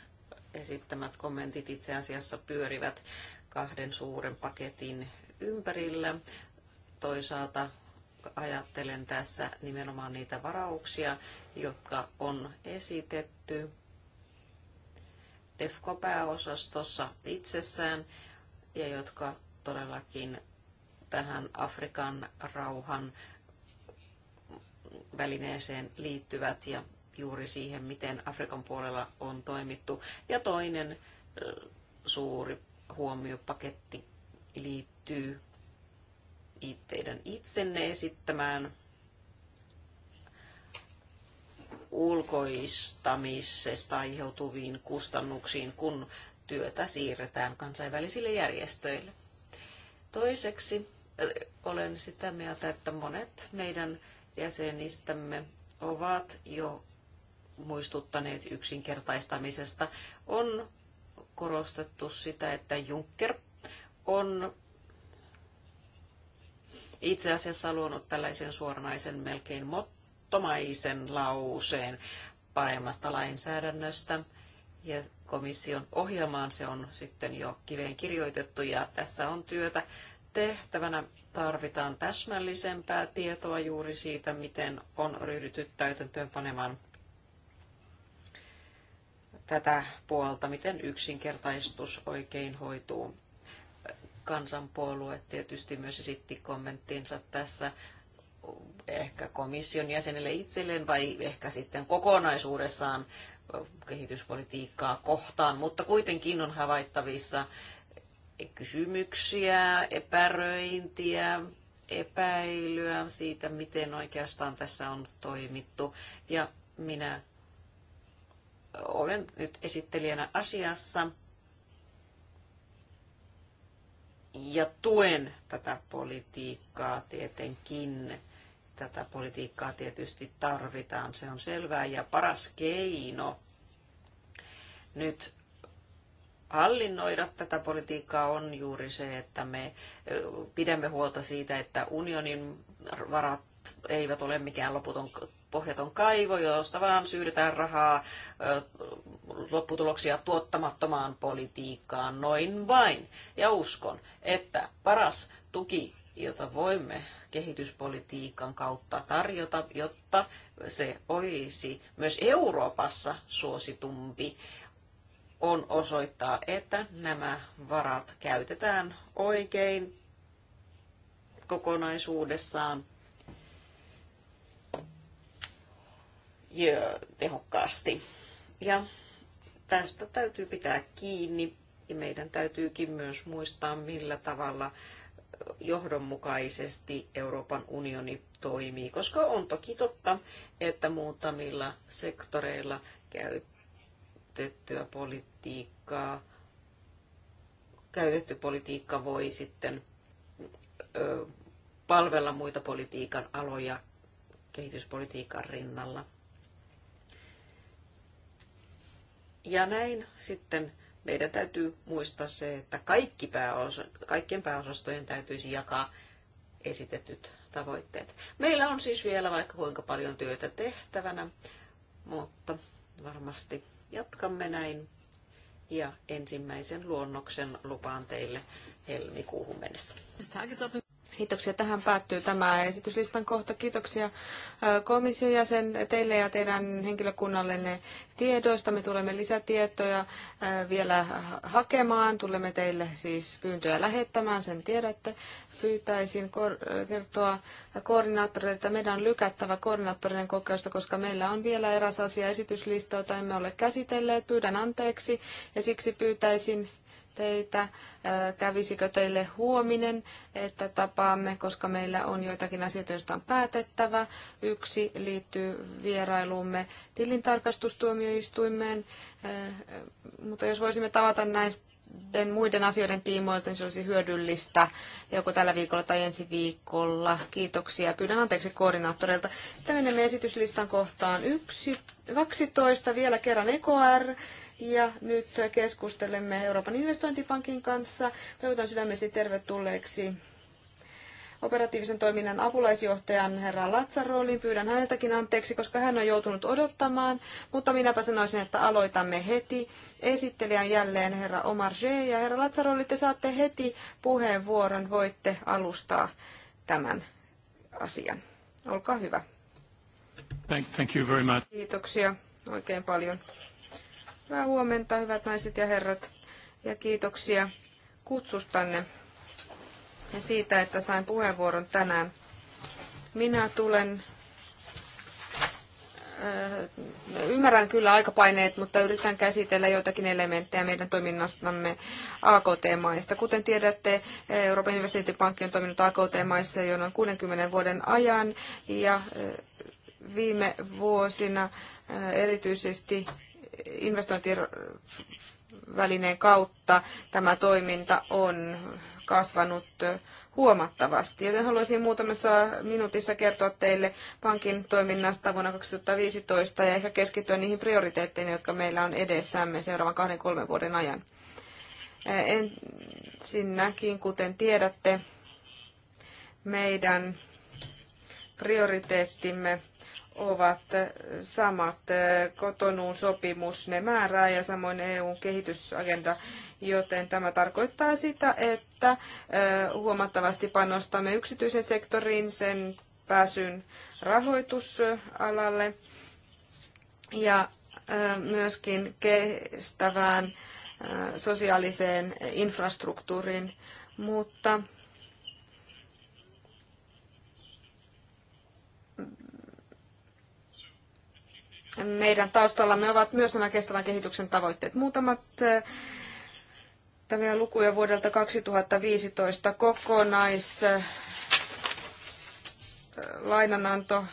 Speaker 1: esittämät kommentit itse asiassa pyörivät kahden suuren paketin ympärillä. Toisaalta ajattelen tässä nimenomaan niitä varauksia, jotka on esitetty DEFCO-pääosastossa itsessään ja jotka todellakin tähän Afrikan rauhan välineeseen liittyvät ja juuri siihen, miten Afrikan puolella on toimittu. Ja toinen suuri huomiopaketti liittyy teidän itsenne esittämään ulkoistamisesta aiheutuviin kustannuksiin, kun työtä siirretään kansainvälisille järjestöille. Toiseksi olen sitä mieltä, että monet meidän jäsenistämme ovat jo muistuttaneet yksinkertaistamisesta. On korostettu sitä, että Juncker on itse asiassa luonut tällaisen suoranaisen melkein mottomaisen lauseen paremmasta lainsäädännöstä ja komission ohjelmaan se on sitten jo kiveen kirjoitettu ja tässä on työtä tehtävänä tarvitaan täsmällisempää tietoa juuri siitä, miten on ryhdytty täytäntöönpanemaan tätä puolta, miten yksinkertaistus oikein hoituu. Kansanpuolue tietysti myös esitti kommenttinsa tässä ehkä komission jäsenelle itselleen vai ehkä sitten kokonaisuudessaan kehityspolitiikkaa kohtaan, mutta kuitenkin on havaittavissa kysymyksiä, epäröintiä, epäilyä siitä, miten oikeastaan tässä on toimittu. Ja minä olen nyt esittelijänä asiassa ja tuen tätä politiikkaa tietenkin. Tätä politiikkaa tietysti tarvitaan, se on selvää. Ja paras keino nyt hallinnoida tätä politiikkaa on juuri se, että me pidämme huolta siitä, että unionin varat eivät ole mikään loputon pohjaton kaivo, josta vaan syydetään rahaa lopputuloksia tuottamattomaan politiikkaan noin vain. Ja uskon, että paras tuki, jota voimme kehityspolitiikan kautta tarjota, jotta se olisi myös Euroopassa suositumpi on osoittaa, että nämä varat käytetään oikein kokonaisuudessaan ja tehokkaasti. Ja tästä täytyy pitää kiinni ja meidän täytyykin myös muistaa, millä tavalla johdonmukaisesti Euroopan unioni toimii, koska on toki totta, että muutamilla sektoreilla käy käytettyä politiikkaa, käytetty politiikka voi sitten ö, palvella muita politiikan aloja kehityspolitiikan rinnalla. Ja näin sitten meidän täytyy muistaa se, että kaikki pääos, kaikkien pääosastojen täytyisi jakaa esitetyt tavoitteet. Meillä on siis vielä vaikka kuinka paljon työtä tehtävänä, mutta varmasti Jatkamme näin ja ensimmäisen luonnoksen lupaan teille helmikuuhun mennessä.
Speaker 2: Kiitoksia. Tähän päättyy tämä esityslistan kohta. Kiitoksia komission jäsen teille ja teidän henkilökunnallenne tiedoista. Me tulemme lisätietoja vielä hakemaan. Tulemme teille siis pyyntöjä lähettämään, sen tiedätte. Pyytäisin kertoa koordinaattorille, että meidän on lykättävä koordinaattorinen kokeusta, koska meillä on vielä eräs asia esityslista, jota emme ole käsitelleet. Pyydän anteeksi ja siksi pyytäisin teitä. Kävisikö teille huominen, että tapaamme, koska meillä on joitakin asioita, joista on päätettävä. Yksi liittyy vierailuumme tilintarkastustuomioistuimeen, mutta jos voisimme tavata näistä muiden asioiden tiimoilta, niin se olisi hyödyllistä joko tällä viikolla tai ensi viikolla. Kiitoksia. Pyydän anteeksi koordinaattorilta. Sitten menemme esityslistan kohtaan 1, 12 vielä kerran EKR ja nyt keskustelemme Euroopan investointipankin kanssa. Toivotan sydämesti tervetulleeksi operatiivisen toiminnan apulaisjohtajan herra Latsarolin. Pyydän häneltäkin anteeksi, koska hän on joutunut odottamaan, mutta minäpä sanoisin, että aloitamme heti. Esittelijän jälleen herra Omar G. ja herra Latsaroli, te saatte heti puheenvuoron. Voitte alustaa tämän asian. Olkaa hyvä.
Speaker 1: Thank, you very much.
Speaker 2: Kiitoksia oikein paljon. Hyvää huomenta, hyvät naiset ja herrat, ja kiitoksia kutsustanne ja siitä, että sain puheenvuoron tänään. Minä tulen, äh, ymmärrän kyllä aikapaineet, mutta yritän käsitellä joitakin elementtejä meidän toiminnastamme AKT-maista. Kuten tiedätte, Euroopan investointipankki on toiminut AKT-maissa jo noin 60 vuoden ajan, ja äh, viime vuosina äh, erityisesti investointivälineen kautta tämä toiminta on kasvanut huomattavasti. Joten haluaisin muutamassa minuutissa kertoa teille pankin toiminnasta vuonna 2015 ja ehkä keskittyä niihin prioriteetteihin, jotka meillä on edessämme seuraavan kahden kolmen vuoden ajan. Ensinnäkin, kuten tiedätte, meidän prioriteettimme ovat samat. Kotonuun sopimus ne määrää ja samoin EUn kehitysagenda, joten tämä tarkoittaa sitä, että huomattavasti panostamme yksityisen sektorin sen pääsyn rahoitusalalle ja myöskin kestävään sosiaaliseen infrastruktuuriin, mutta meidän taustallamme ovat myös nämä kestävän kehityksen tavoitteet. Muutamat eh, tämä lukuja vuodelta 2015 kokonais eh, lainananto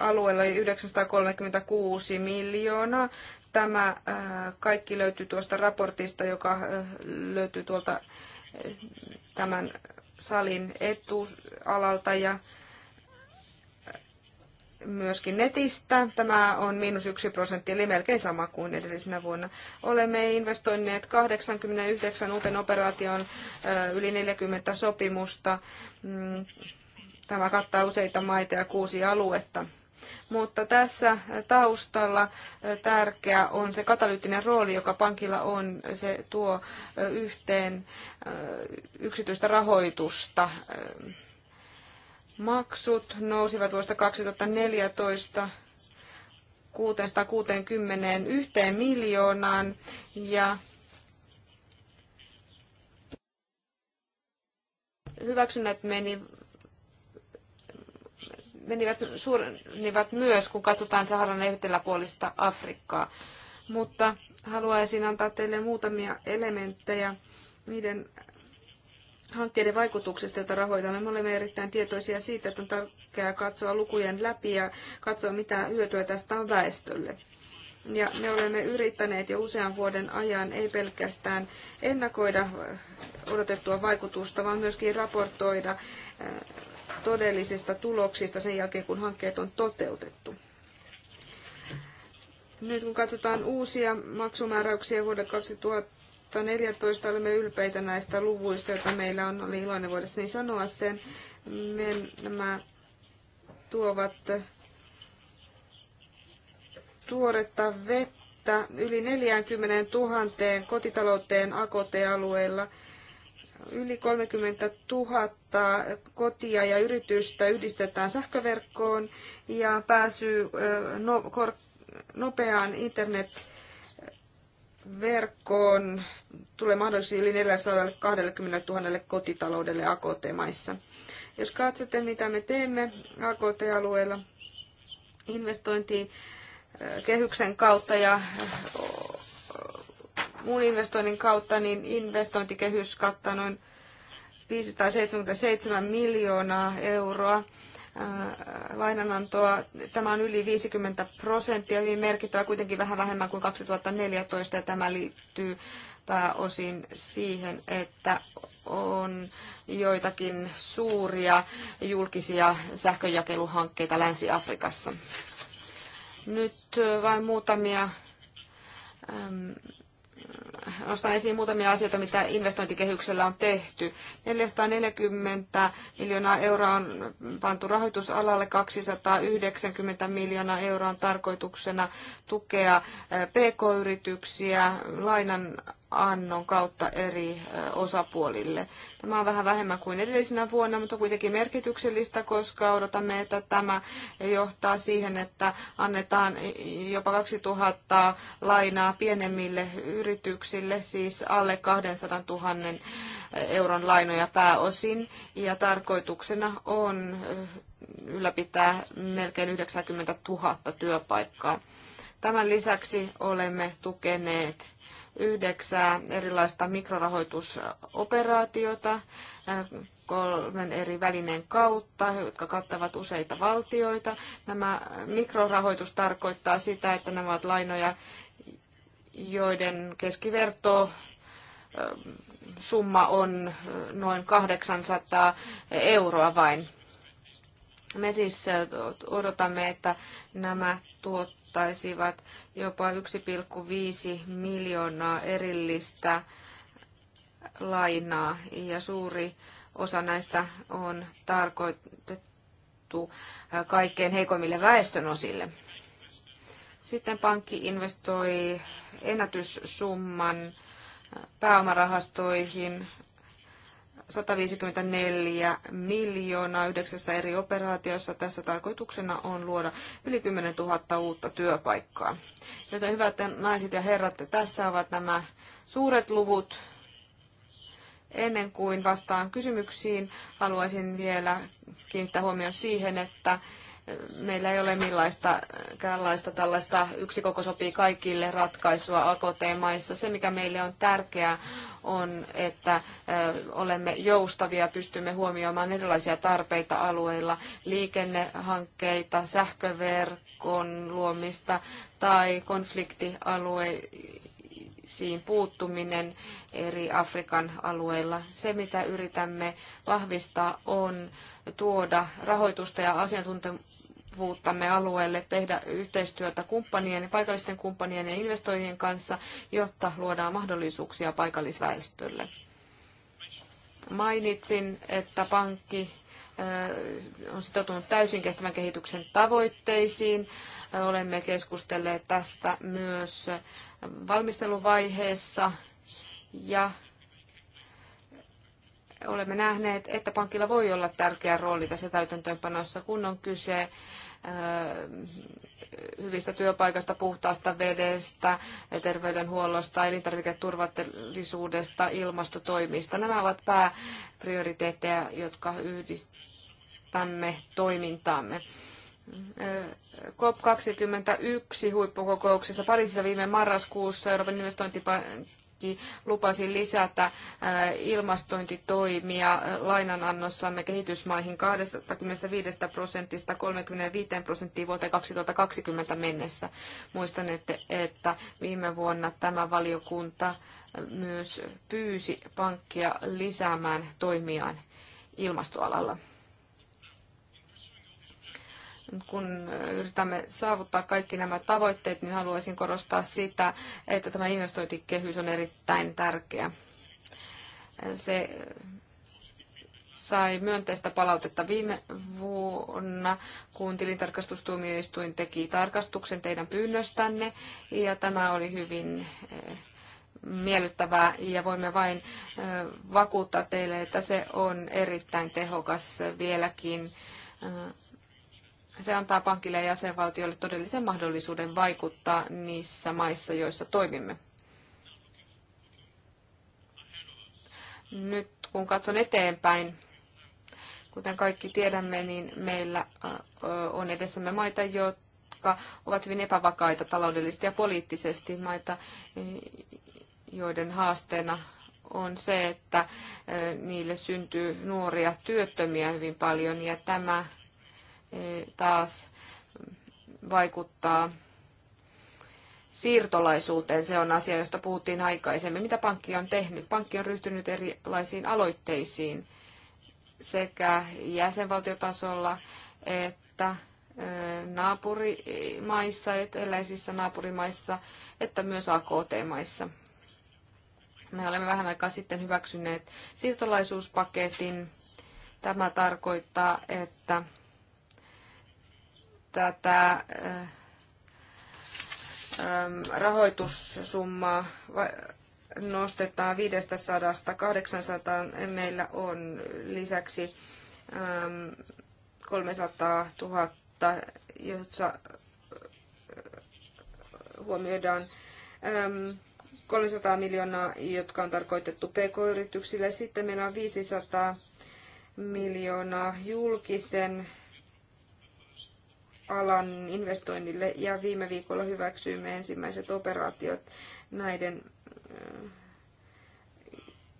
Speaker 2: alueella oli 936 miljoonaa. Tämä eh, kaikki löytyy tuosta raportista, joka löytyy tuolta tämän salin etualalta ja myöskin netistä. Tämä on miinus yksi prosentti, eli melkein sama kuin edellisenä vuonna. Olemme investoineet 89 uuteen operaation yli 40 sopimusta. Mm, tämä kattaa useita maita ja kuusi aluetta. Mutta tässä taustalla tärkeä on se katalyyttinen rooli, joka pankilla on. Se tuo yhteen yksityistä rahoitusta Maksut nousivat vuosta 2014 661 miljoonaan ja hyväksynnät meni, menivät, suurenivat myös, kun katsotaan Saharan eteläpuolista Afrikkaa. Mutta haluaisin antaa teille muutamia elementtejä, niiden hankkeiden vaikutuksista, joita rahoitamme. Me olemme erittäin tietoisia siitä, että on tärkeää katsoa lukujen läpi ja katsoa, mitä hyötyä tästä on väestölle. Ja me olemme yrittäneet jo usean vuoden ajan ei pelkästään ennakoida odotettua vaikutusta, vaan myöskin raportoida eh, todellisista tuloksista sen jälkeen, kun hankkeet on toteutettu. Nyt kun katsotaan uusia maksumääräyksiä vuodelle 2000, 2014 olemme ylpeitä näistä luvuista, joita meillä on. Oli iloinen voida niin sanoa sen. Me, nämä tuovat tuoretta vettä yli 40 000 kotitalouteen AKT-alueella. Yli 30 000 kotia ja yritystä yhdistetään sähköverkkoon ja pääsy no, nopeaan internet verkkoon tulee mahdollisesti yli 420 000 kotitaloudelle AKT-maissa. Jos katsotte, mitä me teemme AKT-alueella investointiin eh, kehyksen kautta ja eh, muun investoinnin kautta, niin investointikehys kattaa noin 577 miljoonaa euroa lainanantoa. Tämä on yli 50 prosenttia, hyvin merkittävä, kuitenkin vähän vähemmän kuin 2014, ja tämä liittyy pääosin siihen, että on joitakin suuria julkisia sähkönjakeluhankkeita Länsi-Afrikassa. Nyt vain muutamia nostan esiin muutamia asioita, mitä investointikehyksellä on tehty. 440 miljoonaa euroa on pantu rahoitusalalle, 290 miljoonaa euroa on tarkoituksena tukea eh, pk-yrityksiä lainan annon kautta eri osapuolille. Tämä on vähän vähemmän kuin edellisenä vuonna, mutta kuitenkin merkityksellistä, koska odotamme, että tämä johtaa siihen, että annetaan jopa 2000 lainaa pienemmille yrityksille, siis alle 200 000 euron lainoja pääosin. Ja tarkoituksena on ylläpitää melkein 90 000 työpaikkaa. Tämän lisäksi olemme tukeneet yhdeksää erilaista mikrorahoitusoperaatiota kolmen eri välineen kautta, jotka kattavat useita valtioita. Nämä mikrorahoitus tarkoittaa sitä, että nämä ovat lainoja, joiden keskiverto summa on noin 800 euroa vain. Me siis odotamme, että nämä tuot tarkoittaisivat jopa 1,5 miljoonaa erillistä lainaa ja suuri osa näistä on tarkoitettu kaikkein heikoimmille väestönosille. Sitten pankki investoi ennätyssumman pääomarahastoihin 154 miljoonaa yhdeksässä eri operaatiossa. Tässä tarkoituksena on luoda yli 10 000 uutta työpaikkaa. Joten hyvät naiset ja herrat, tässä ovat nämä suuret luvut. Ennen kuin vastaan kysymyksiin, haluaisin vielä kiinnittää huomioon siihen, että meillä ei ole millaista tällaista, tällaista yksi koko sopii kaikille ratkaisua AKT-maissa. Se, mikä meille on tärkeää, on, että olemme joustavia, pystymme huomioimaan erilaisia tarpeita alueilla, liikennehankkeita, sähköverkon luomista tai konfliktialueisiin puuttuminen eri Afrikan alueilla. Se, mitä yritämme vahvistaa, on tuoda rahoitusta ja asiantuntemusta ulottuvuuttamme alueelle, tehdä yhteistyötä kumppanien, paikallisten kumppanien ja investoijien kanssa, jotta luodaan mahdollisuuksia paikallisväestölle. Mainitsin, että pankki äh, on sitoutunut täysin kestävän kehityksen tavoitteisiin. Äh, olemme keskustelleet tästä myös valmisteluvaiheessa ja olemme nähneet, että pankilla voi olla tärkeä rooli tässä täytäntöönpanossa, kun on kyse hyvistä työpaikasta, puhtaasta vedestä, terveydenhuollosta, elintarviketurvallisuudesta, ilmastotoimista. Nämä ovat pääprioriteetteja, jotka yhdistämme toimintaamme. COP21 huippukokouksessa Pariisissa viime marraskuussa Euroopan investointipankki myöskin lupasi lisätä äh, ilmastointitoimia äh, lainanannossamme kehitysmaihin 25 prosentista 35 prosenttiin vuoteen 2020 mennessä. Muistan, että, että viime vuonna tämä valiokunta äh, myös pyysi pankkia lisäämään toimiaan ilmastoalalla kun äh, yritämme saavuttaa kaikki nämä tavoitteet, niin haluaisin korostaa sitä, että tämä investointikehys on erittäin tärkeä. Se äh, sai myönteistä palautetta viime vuonna, kun tilintarkastustuomioistuin teki tarkastuksen teidän pyynnöstänne, ja tämä oli hyvin äh, miellyttävää ja voimme vain vakuuttaa teille, että se on erittäin tehokas vieläkin se antaa pankille ja jäsenvaltioille todellisen mahdollisuuden vaikuttaa niissä maissa, joissa toimimme. Nyt kun katson eteenpäin, kuten kaikki tiedämme, niin meillä äh, on edessämme maita, jotka ovat hyvin epävakaita taloudellisesti ja poliittisesti, maita, äh, joiden haasteena on se, että äh, niille syntyy nuoria työttömiä hyvin paljon ja tämä taas vaikuttaa siirtolaisuuteen. Se on asia, josta puhuttiin aikaisemmin. Mitä pankki on tehnyt? Pankki on ryhtynyt erilaisiin aloitteisiin sekä jäsenvaltiotasolla että naapurimaissa, eteläisissä naapurimaissa, että myös AKT-maissa. Me olemme vähän aikaa sitten hyväksyneet siirtolaisuuspaketin. Tämä tarkoittaa, että tätä ähm, ähm, rahoitussummaa nostetaan 500-800. Meillä on lisäksi 300 ähm, 000, jossa äh, huomioidaan 300 miljoonaa, jotka on tarkoitettu pk-yrityksille. Sitten meillä on 500 miljoonaa julkisen alan investoinnille ja viime viikolla hyväksyimme ensimmäiset operaatiot näiden eh,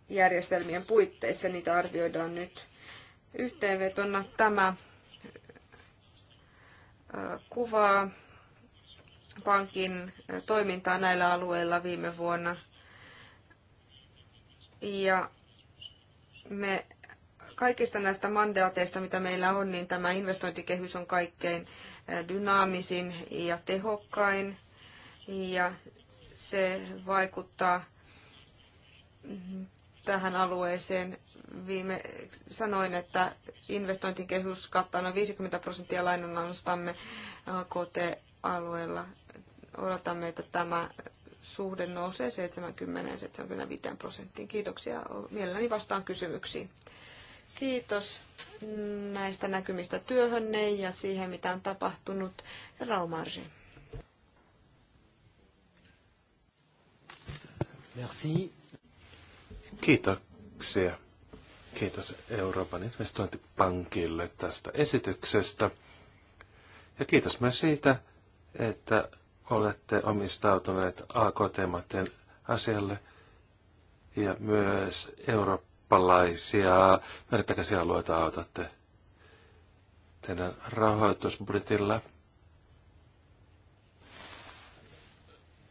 Speaker 2: järjestelmien puitteissa. Niitä arvioidaan nyt yhteenvetona. Tämä eh, kuvaa pankin eh, toimintaa näillä alueilla viime vuonna. Ja me kaikista näistä mandaateista, mitä meillä on, niin tämä investointikehys on kaikkein dynaamisin ja tehokkain ja se vaikuttaa tähän alueeseen. Viime sanoin, että investointikehys kattaa noin 50 prosenttia lainanannostamme KT-alueella. Odotamme, että tämä suhde nousee 70-75 prosenttiin. Kiitoksia. Mielelläni vastaan kysymyksiin. Kiitos näistä näkymistä työhönne ja siihen, mitä on tapahtunut. Raumarsi. Merci.
Speaker 3: Kiitoksia. Kiitos Euroopan investointipankille tästä esityksestä. Ja kiitos myös siitä, että olette omistautuneet AKT-maiden asialle ja myös Euroopan eurooppalaisia merittäkäisiä alueita autatte teidän rahoitusbudjetilla?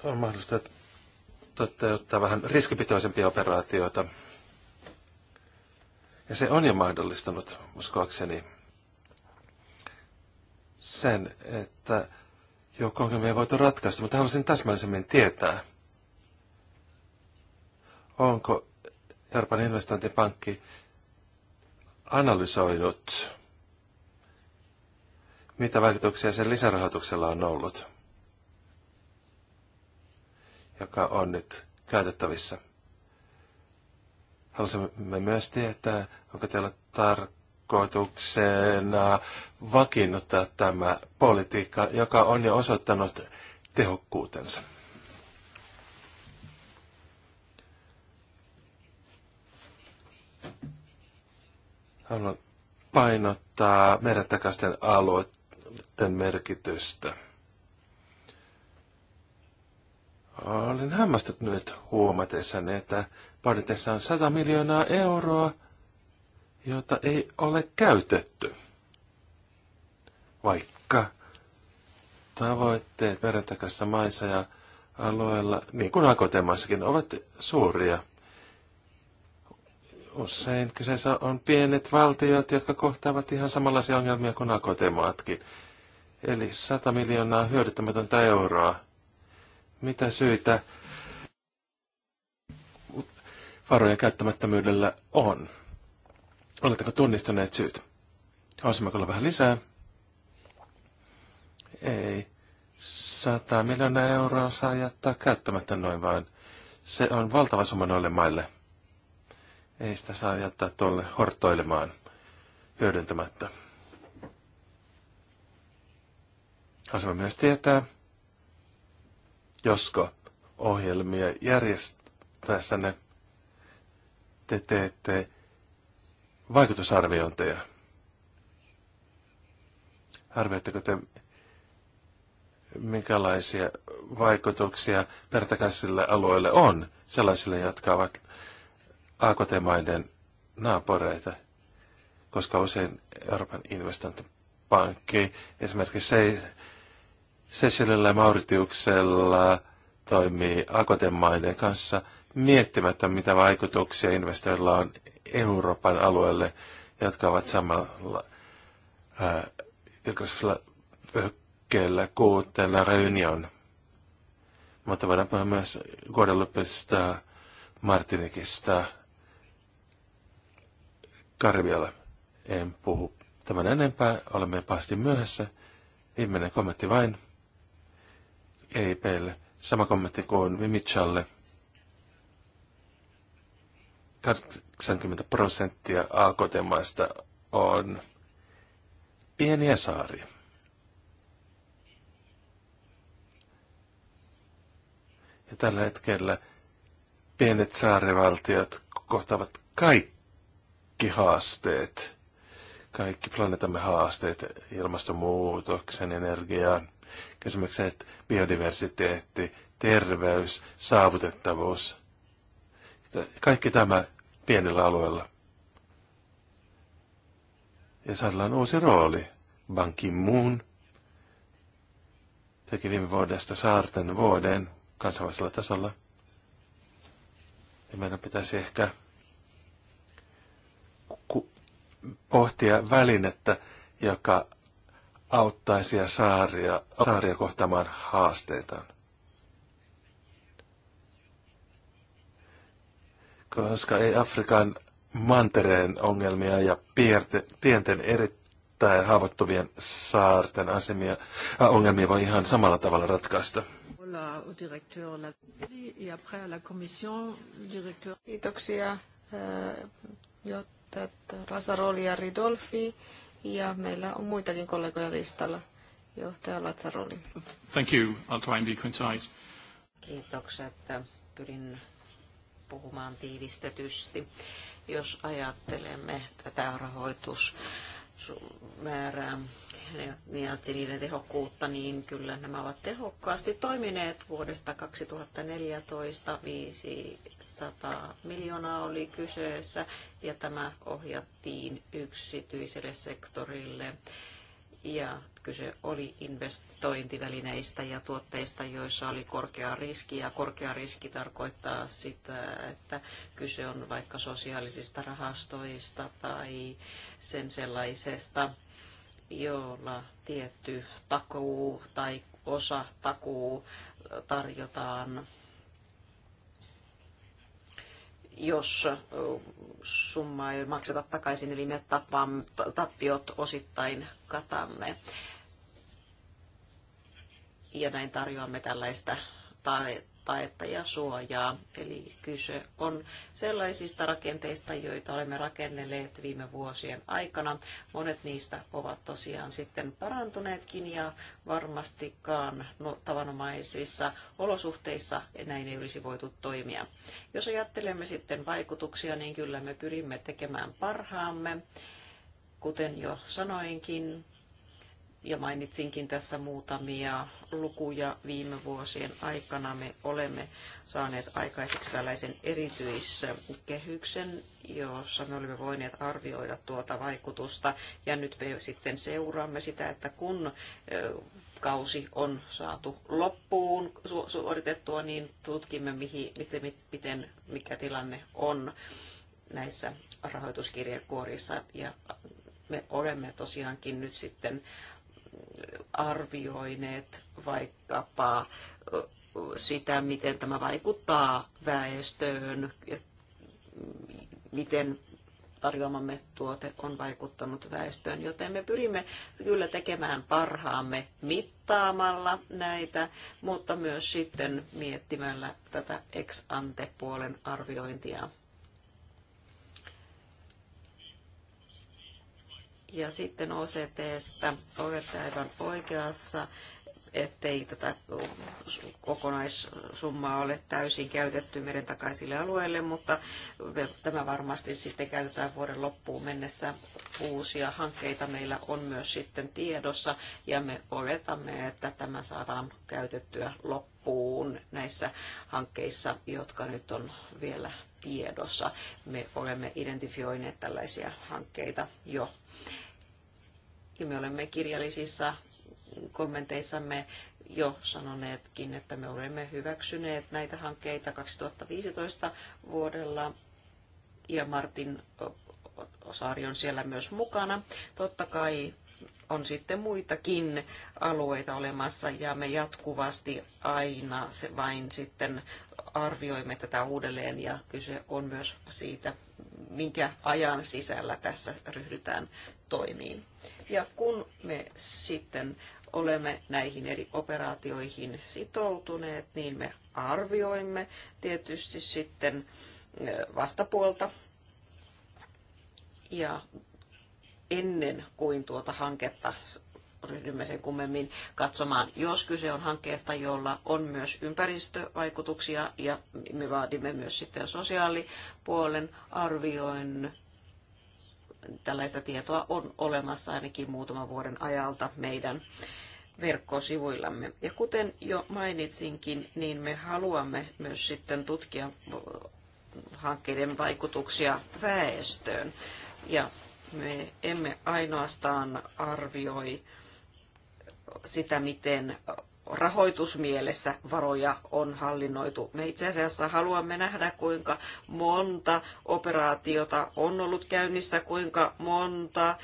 Speaker 3: On mahdollista toteuttaa vähän riskipitoisempia operaatioita. Ja se on jo mahdollistanut, uskoakseni, sen, että joukko ongelmia ei voitu ratkaista, mutta haluaisin täsmällisemmin tietää, onko Euroopan investointipankki analysoinut, mitä vaikutuksia sen lisärahoituksella on ollut, joka on nyt käytettävissä. Haluaisimme myös tietää, onko teillä tarkoituksena vakiinnuttaa tämä politiikka, joka on jo osoittanut tehokkuutensa. Haluan painottaa merentakaisten alueiden merkitystä. Olin hämmästynyt huomatessani, että budjetissa on 100 miljoonaa euroa, jota ei ole käytetty. Vaikka tavoitteet merentakassa maissa ja alueella, niin kuin Akotemassakin, ovat suuria. Usein kyseessä on pienet valtiot, jotka kohtaavat ihan samanlaisia ongelmia kuin akotemaatkin. Eli 100 miljoonaa hyödyttämätöntä euroa. Mitä syitä varojen käyttämättömyydellä on? Oletteko tunnistaneet syyt? Haluaisimmeko olla vähän lisää? Ei. 100 miljoonaa euroa saa jättää käyttämättä noin vaan. Se on valtava summa noille maille. Ei sitä saa jättää tuolle hortoilemaan hyödyntämättä. Asema myös tietää, josko ohjelmia ne te teette vaikutusarviointeja. Arvioitteko te, minkälaisia vaikutuksia vertakaisille alueille on sellaisille, jotka ovat AKT-maiden naapureita, koska usein Euroopan investointipankki esimerkiksi Seychellillä ja Mauritiuksella toimii AKT-maiden kanssa miettimättä, mitä vaikutuksia investoilla on Euroopan alueelle, jotka ovat samalla geografisella pökkeellä kuten Reunion. Mutta voidaan puhua myös Guadeloupesta, Martinikista, Karvialle en puhu tämän enempää. Olemme pasti myöhässä. Viimeinen kommentti vain. Ei peille. Sama kommentti kuin Vimitsalle. 80 prosenttia AKT-maista on pieniä saaria. Ja tällä hetkellä pienet saarivaltiot kohtaavat kaikki kaikki haasteet, kaikki planeetamme haasteet, ilmastonmuutoksen, energian kysymykset, biodiversiteetti, terveys, saavutettavuus. Kaikki tämä pienellä alueella. Ja saadaan on uusi rooli. Ban Ki-moon teki viime vuodesta saarten vuoden kansainvälisellä tasolla. Ja meidän pitäisi ehkä pohtia välinettä, joka auttaisi saaria, saaria kohtaamaan haasteitaan. Koska ei Afrikan mantereen ongelmia ja pierte, pienten erittäin haavoittuvien saarten asemia, äh, ongelmia voi ihan samalla tavalla ratkaista.
Speaker 2: Kiitoksia. Äh, Lazaroli ja Ridolfi, ja meillä on muitakin kollegoja listalla. Johtaja Lazaroli.
Speaker 3: Thank you. I'll try and be concise.
Speaker 1: Kiitokset. Pyrin puhumaan tiivistetysti. Jos ajattelemme tätä rahoitus määrää ja niiden tehokkuutta, niin kyllä nämä ovat tehokkaasti toimineet vuodesta 2014 viisi 100 miljoonaa oli kyseessä ja tämä ohjattiin yksityiselle sektorille. Ja kyse oli investointivälineistä ja tuotteista, joissa oli korkea riski. Ja korkea riski tarkoittaa sitä, että kyse on vaikka sosiaalisista rahastoista tai sen sellaisesta, jolla tietty takuu tai osa takuu tarjotaan jos summa ei makseta takaisin, eli me tapaamme, tappiot osittain katamme. Ja näin tarjoamme tällaista taetta ja suojaa. Eli kyse on sellaisista rakenteista, joita olemme rakennelleet viime vuosien aikana. Monet niistä ovat tosiaan sitten parantuneetkin ja varmastikaan no, tavanomaisissa olosuhteissa näin ei olisi voitu toimia. Jos ajattelemme sitten vaikutuksia, niin kyllä me pyrimme tekemään parhaamme. Kuten jo sanoinkin, ja mainitsinkin tässä muutamia lukuja viime vuosien aikana. Me olemme saaneet aikaiseksi tällaisen erityiskehyksen, jossa me olemme voineet arvioida tuota vaikutusta. Ja nyt me sitten seuraamme sitä, että kun kausi on saatu loppuun suoritettua, niin tutkimme, mihin, miten, miten, mikä tilanne on näissä rahoituskirjekuorissa. Ja me olemme tosiaankin nyt sitten arvioineet vaikkapa sitä, miten tämä vaikuttaa väestöön, miten tarjoamamme tuote on vaikuttanut väestöön, joten me pyrimme kyllä tekemään parhaamme mittaamalla näitä, mutta myös sitten miettimällä tätä ex ante puolen arviointia. Ja sitten OCTstä olette aivan oikeassa, ettei tätä kokonaissummaa ole täysin käytetty meren takaisille alueille, mutta tämä varmasti sitten käytetään vuoden loppuun mennessä. Uusia hankkeita meillä on myös sitten tiedossa ja me oletamme, että tämä saadaan käytettyä loppuun näissä hankkeissa, jotka nyt on vielä tiedossa. Me olemme identifioineet tällaisia hankkeita jo. Ja me olemme kirjallisissa kommenteissamme jo sanoneetkin, että me olemme hyväksyneet näitä hankkeita 2015 vuodella ja Martin Osaari on siellä myös mukana. Totta kai on sitten muitakin alueita olemassa ja me jatkuvasti aina se vain sitten arvioimme tätä uudelleen ja kyse on myös siitä, minkä ajan sisällä tässä ryhdytään toimiin. Ja kun me sitten olemme näihin eri operaatioihin sitoutuneet, niin me arvioimme tietysti sitten vastapuolta ja ennen kuin tuota hanketta ryhdymme sen kummemmin katsomaan. Jos kyse on hankkeesta, jolla on myös ympäristövaikutuksia ja me vaadimme myös sitten sosiaalipuolen arvioin tällaista tietoa on olemassa ainakin muutaman vuoden ajalta meidän verkkosivuillamme. Ja kuten jo mainitsinkin, niin me haluamme myös sitten tutkia hankkeiden vaikutuksia väestöön. Ja me emme ainoastaan arvioi sitä, miten rahoitusmielessä varoja on hallinnoitu. Me itse asiassa haluamme nähdä, kuinka monta operaatiota on ollut käynnissä, kuinka monta,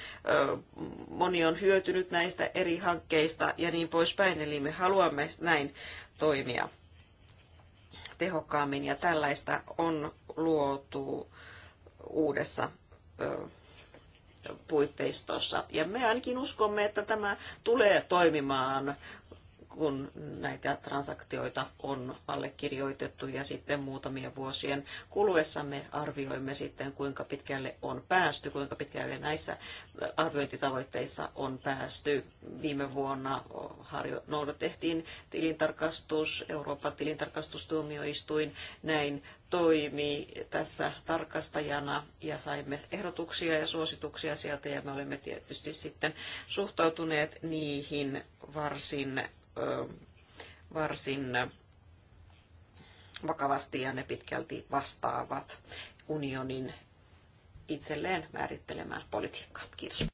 Speaker 1: moni on hyötynyt näistä eri hankkeista ja niin poispäin. Eli me haluamme näin toimia tehokkaammin ja tällaista on luotu uudessa puitteistossa. Ja me ainakin uskomme, että tämä tulee toimimaan kun näitä transaktioita on allekirjoitettu ja sitten muutamien vuosien kuluessa me arvioimme sitten, kuinka pitkälle on päästy, kuinka pitkälle näissä arviointitavoitteissa on päästy. Viime vuonna noudatettiin tilintarkastus, Euroopan tilintarkastustuomioistuin näin toimii tässä tarkastajana ja saimme ehdotuksia ja suosituksia sieltä ja me olemme tietysti sitten suhtautuneet niihin varsin varsin vakavasti ja ne pitkälti vastaavat unionin itselleen määrittelemää politiikkaa. Kiitos.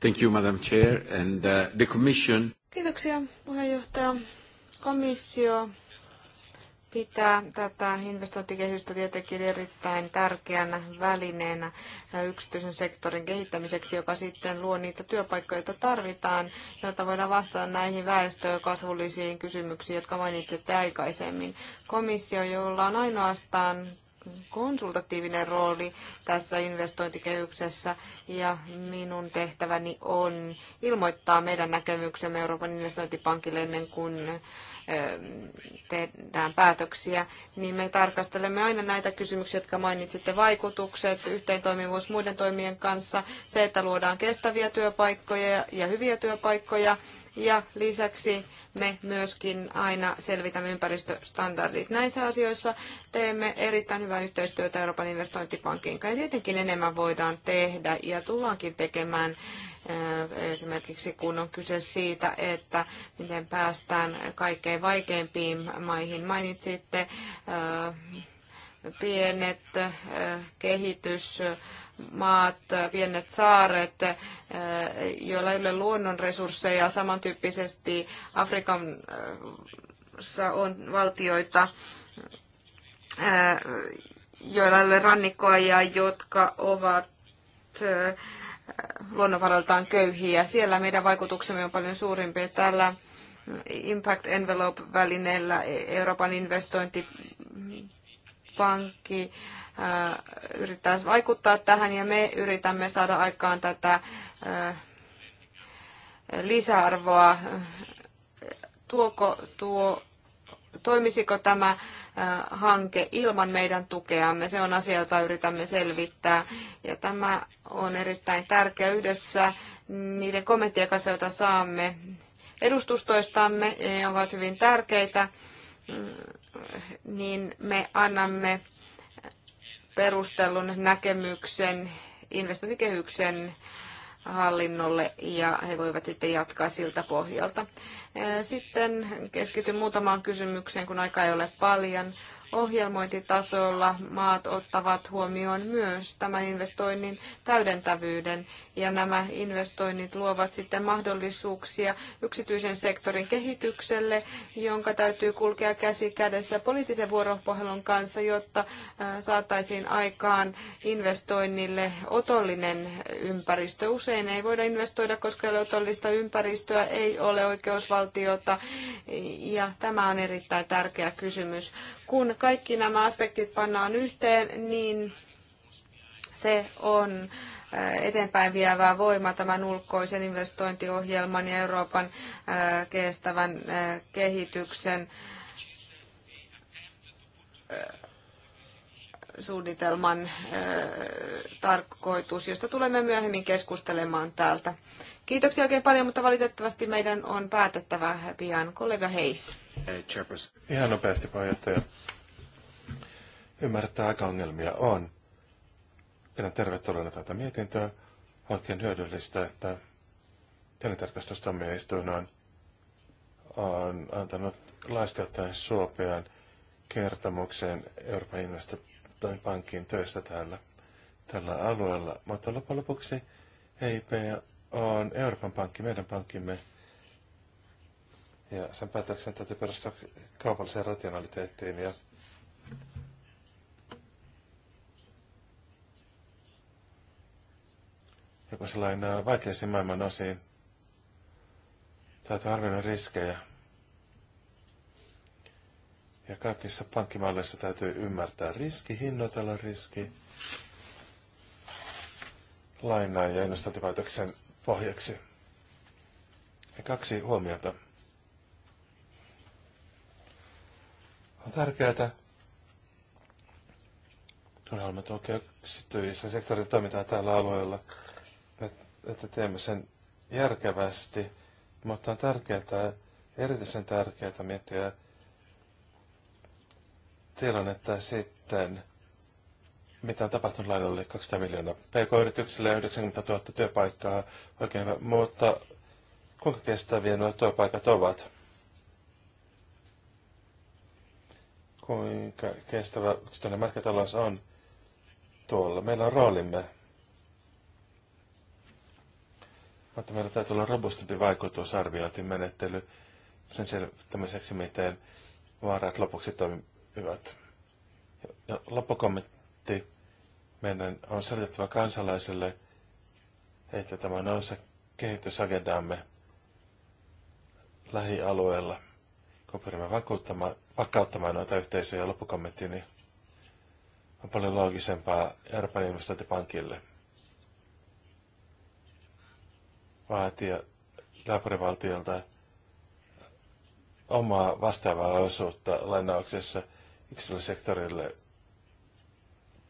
Speaker 1: Thank you, Madam Chair, and uh, the Commission.
Speaker 2: Kiitoksia, puheenjohtaja. Komissio pitää tätä investointikehystä tietenkin erittäin tärkeänä välineenä yksityisen sektorin kehittämiseksi, joka sitten luo niitä työpaikkoja, joita tarvitaan, jotta voidaan vastata näihin väestöön kasvullisiin kysymyksiin, jotka mainitsitte aikaisemmin. Komissio, jolla on ainoastaan konsultatiivinen rooli tässä investointikehyksessä ja minun tehtäväni on ilmoittaa meidän näkemyksemme Euroopan investointipankille ennen kuin tehdään päätöksiä, niin me tarkastelemme aina näitä kysymyksiä, jotka mainitsitte, vaikutukset, yhteentoimivuus muiden toimien kanssa, se, että luodaan kestäviä työpaikkoja ja hyviä työpaikkoja, ja lisäksi me myöskin aina selvitämme ympäristöstandardit. Näissä asioissa teemme erittäin hyvää yhteistyötä Euroopan investointipankin kanssa. Tietenkin enemmän voidaan tehdä ja tullaankin tekemään Esimerkiksi kun on kyse siitä, että miten päästään kaikkein vaikeimpiin maihin. Mainitsitte pienet kehitysmaat, pienet saaret, joilla ei ole luonnonresursseja. Samantyyppisesti Afrikassa on valtioita, joilla ei ole rannikkoa ja jotka ovat luonnonvaroiltaan köyhiä. Siellä meidän vaikutuksemme on paljon suurempi. Täällä Impact Envelope-välineellä Euroopan investointipankki äh, yrittää vaikuttaa tähän ja me yritämme saada aikaan tätä äh, lisäarvoa. Tuoko tuo toimisiko tämä äh, hanke ilman meidän tukeamme. Se on asia, jota yritämme selvittää. Ja tämä on erittäin tärkeä yhdessä niiden kommenttien kanssa, joita saamme edustustoistamme, ja ovat hyvin tärkeitä, mm, niin me annamme perustellun näkemyksen investointikehyksen hallinnolle ja he voivat sitten jatkaa siltä pohjalta. Sitten keskityn muutamaan kysymykseen, kun aika ei ole paljon. Ohjelmointitasolla maat ottavat huomioon myös tämän investoinnin täydentävyyden ja nämä investoinnit luovat sitten mahdollisuuksia yksityisen sektorin kehitykselle, jonka täytyy kulkea käsi kädessä poliittisen vuoropuhelun kanssa, jotta äh, saataisiin aikaan investoinnille otollinen ympäristö. Usein ei voida investoida, koska ei ole otollista ympäristöä, ei ole oikeusvaltiota ja tämä on erittäin tärkeä kysymys. Kun kaikki nämä aspektit pannaan yhteen, niin se on Äh, eteenpäin vievää voimaa tämän ulkoisen investointiohjelman ja Euroopan äh, kestävän äh, kehityksen suunnitelman tarkoitus, josta tulemme myöhemmin keskustelemaan täältä. Kiitoksia oikein paljon, mutta valitettavasti meidän on päätettävä pian. Kollega Heis.
Speaker 3: Ihan nopeasti puheenjohtaja. Ymmärtää, aika ongelmia on. Pidän tervetulleena tätä mietintöä. Oikein hyödyllistä, että tilintarkastustuomioistuin on, on antanut laista suopean kertomuksen Euroopan investointipankin töistä täällä, tällä alueella. Mutta loppujen lopuksi EIP on Euroopan pankki, meidän pankkimme. Ja sen päätöksen täytyy perustua kaupalliseen rationaliteettiin ja joku sellainen äh, vaikeisiin maailman osiin. Täytyy arvioida riskejä. Ja kaikissa pankkimalleissa täytyy ymmärtää riski, hinnoitella riski lainaan ja investointipäätöksen pohjaksi. Ja kaksi huomiota. On tärkeää, kun haluamme tukea yksityisen sektorin toimintaa tällä alueella, että teemme sen järkevästi, mutta on tärkeää, erityisen tärkeää miettiä tilannetta sitten, mitä on tapahtunut lainalle 200 miljoonaa. PK-yrityksille 90 000 työpaikkaa, oikein hyvä, mutta kuinka kestäviä nuo työpaikat ovat? Kuinka kestävä yksityinen markkinatalous on tuolla? Meillä on roolimme Mutta meillä täytyy olla robustempi vaikutusarviointimenettely sen selvittämiseksi, miten vaarat lopuksi toimivat. Ja loppukommentti meidän on selitettävä kansalaiselle, että tämä on osa kehitysagendaamme lähialueella. Kun pyrimme vakauttamaan noita yhteisöjä loppukommenttiin, niin on paljon loogisempaa Euroopan investointipankille. vaatia naapurivaltiolta omaa vastaavaa osuutta lainauksessa sektorille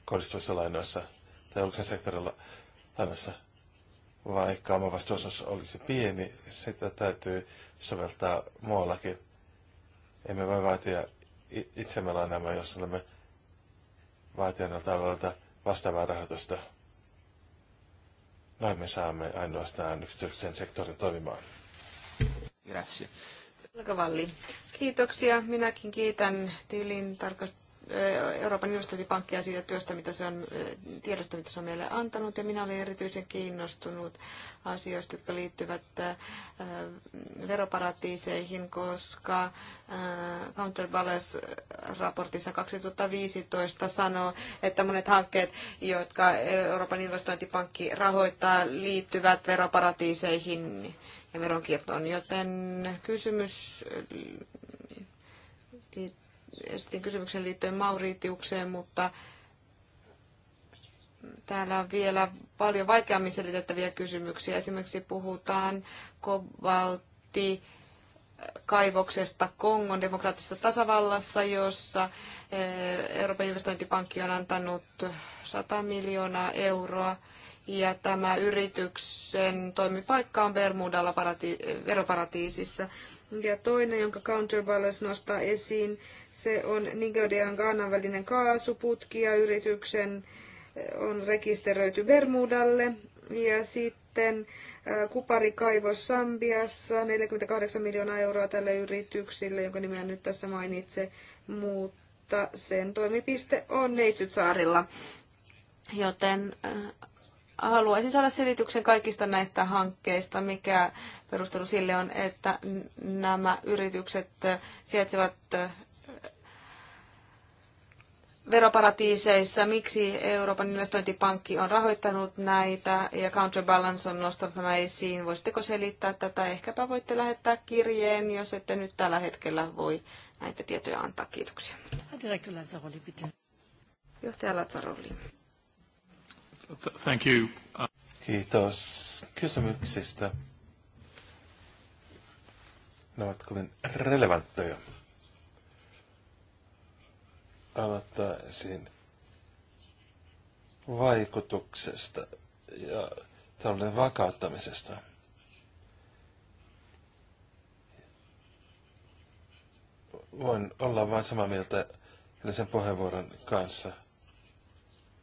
Speaker 3: kohdistuvissa lainoissa tai julkisen sektorilla lainassa. Vaikka oma vastuuosuus olisi pieni, sitä täytyy soveltaa muuallakin. Emme voi vaatia itsemme lainaamaan, jos olemme vaatia näiltä alueilta vastaavaa rahoitusta. Näin me saamme ainoastaan yksityisen sektorin toimimaan. Grazie.
Speaker 2: Valli. Kiitoksia. Minäkin kiitän tilin tarkastusta Euroopan investointipankkia siitä työstä, mitä se on, tiedosta, mitä se on meille antanut. Ja minä olin erityisen kiinnostunut asioista, jotka liittyvät veroparatiiseihin, koska Counterbalance-raportissa 2015 sanoo, että monet hankkeet, jotka Euroopan investointipankki rahoittaa, liittyvät veroparatiiseihin ja veronkiertoon. Joten kysymys liittyy esitin kysymyksen liittyen Mauritiukseen, mutta täällä on vielä paljon vaikeammin selitettäviä kysymyksiä. Esimerkiksi puhutaan kobalti kaivoksesta Kongon demokraattisessa tasavallassa, jossa eh, Euroopan investointipankki on antanut 100 miljoonaa euroa. Ja tämä yrityksen toimipaikka on Bermudalla parati- veroparatiisissa. Ja toinen, jonka Counterbalance nostaa esiin, se on Nigerian Ghanan välinen kaasuputki ja yrityksen eh, on rekisteröity Bermudalle. Ja sitten eh, kuparikaivos Sambiassa, 48 miljoonaa euroa tälle yritykselle, jonka nimeä nyt tässä mainitse, mutta sen toimipiste on Neitsytsaarilla. Joten eh, haluaisin saada selityksen kaikista näistä hankkeista, mikä perustelu sille on, että nämä yritykset äh, sijaitsevat äh, veroparatiiseissa, miksi Euroopan investointipankki on rahoittanut näitä ja Counterbalance on nostanut nämä esiin. Voisitteko selittää tätä? Ehkäpä voitte lähettää kirjeen, jos ette nyt tällä hetkellä voi näitä tietoja antaa. Kiitoksia. Johtaja Lazzaroli.
Speaker 3: Thank you. Kiitos kysymyksistä. Ne ovat kovin relevantteja. Aloittaisin vaikutuksesta ja talouden vakauttamisesta. Voin olla vain samaa mieltä sen puheenvuoron kanssa –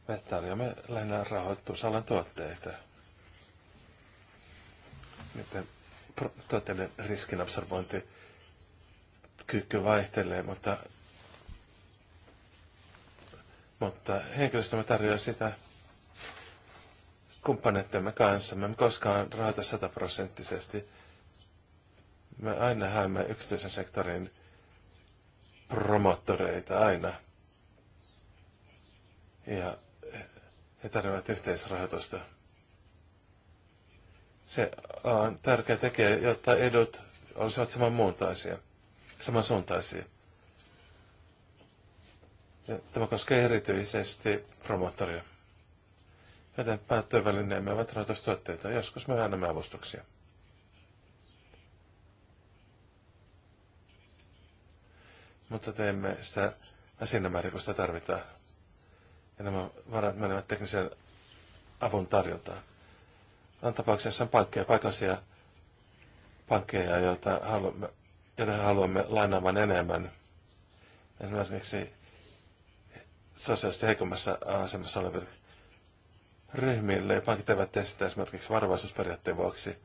Speaker 3: me tarjoamme lähinnä rahoitusalan tuotteita. Niiden tuotteiden riskinabsorbointi kyky vaihtelee, mutta, mutta henkilöstömme tarjoaa sitä kumppaneittemme kanssa. Me emme koskaan rahoita sataprosenttisesti. Me aina haemme yksityisen sektorin promottoreita aina. Ja ne tarvitsevat yhteisrahoitusta. Se on tärkeä tekijä, jotta edut olisivat samansuuntaisia. samansuuntaisia. Ja tämä koskee erityisesti promottoria. Joten päättövälineemme ovat rahoitustuotteita, joskus me annamme avustuksia. Mutta teemme sitä siinä määrin, kun sitä tarvitaan ja nämä varat menevät teknisen avun tarjontaan. On tapauksessa on pankkeja, paikallisia pankkeja, joita haluamme, joiden haluamme lainaamaan enemmän. Esimerkiksi sosiaalisesti heikommassa asemassa oleville ryhmille pankit eivät tee sitä esimerkiksi varovaisuusperiaatteen vuoksi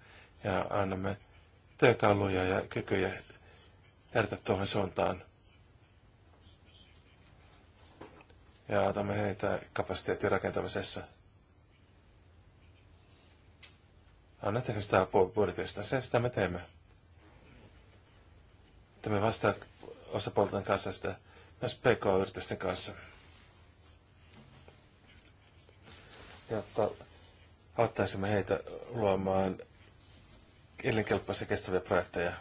Speaker 3: ja annamme työkaluja ja kykyjä järjestää tuohon suuntaan. ja autamme heitä kapasiteetin rakentamisessa. Annatteko sitä apua budjetista? Se sitä me teemme. Teemme vastaa osapuolten kanssa sitä myös PK-yritysten kanssa. Jotta auttaisimme heitä luomaan elinkelpoisia kestäviä projekteja.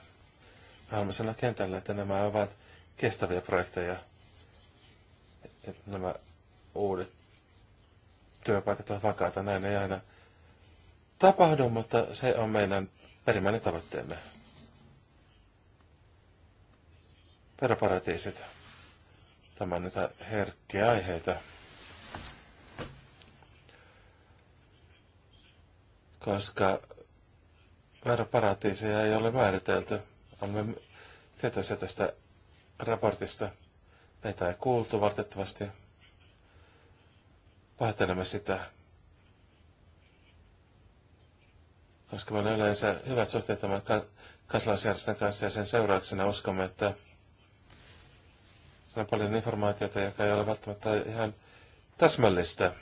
Speaker 3: Haluamme sanoa kentällä, että nämä ovat kestäviä projekteja – että nämä uudet työpaikat ovat vakaita. Näin ei aina tapahdu, mutta se on meidän perimmäinen tavoitteemme. Veroparatiisit. Tämä on näitä herkkiä aiheita. Koska veroparatiiseja ei ole määritelty. Olemme tietoisia tästä raportista. Meitä ei kuultu valitettavasti. Pahoittelemme sitä. Koska meillä on yleensä hyvät suhteet tämän kansalaisjärjestön kanssa ja sen seurauksena uskomme, että on paljon informaatiota, joka ei ole välttämättä ihan täsmällistä.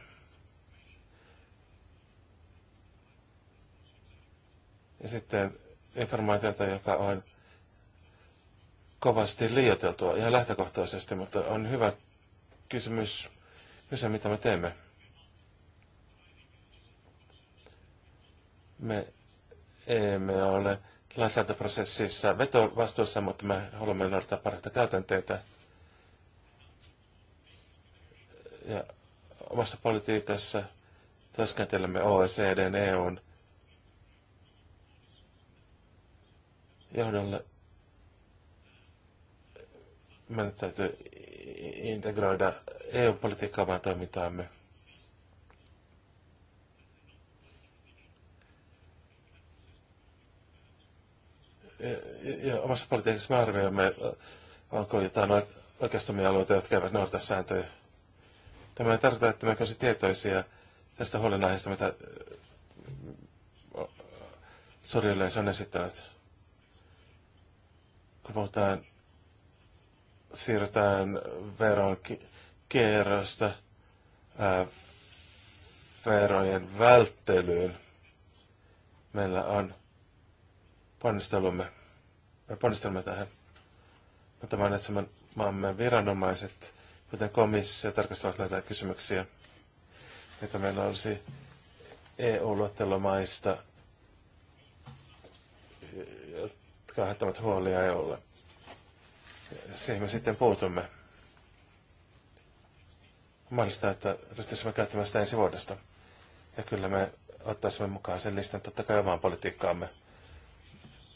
Speaker 3: Ja sitten informaatiota, joka on kovasti liioiteltua ihan lähtökohtaisesti, mutta on hyvä kysymys kysyä, mitä me teemme. Me emme ole lainsäädäntöprosessissa vetovastuussa, mutta me haluamme noudattaa parhaita käytänteitä. Ja omassa politiikassa työskentelemme OECDn, EUn johdolle meidän täytyy integroida EU-politiikkaa vaan toimintaamme. Ja, ja omassa politiikassa me arvioimme, onko jotain oikeastomia alueita, jotka eivät noudata sääntöjä. Tämä ei tarkoita, että me olisi tietoisia tästä huolenaiheesta, mitä sori yleensä on esittänyt. Kun puhutaan siirrytään veron kierrosta verojen välttelyyn. Meillä on ponnistelumme, ponnistelumme tähän. Me tämän etsimän maamme viranomaiset, kuten komissio, tarkastavat näitä kysymyksiä, että meillä olisi eu luottelomaista jotka aiheuttavat huolia EUlle siihen me sitten puutumme. On mahdollista, että ryhtyisimme käyttämään sitä ensi vuodesta. Ja kyllä me ottaisimme mukaan sen listan totta kai omaan politiikkaamme.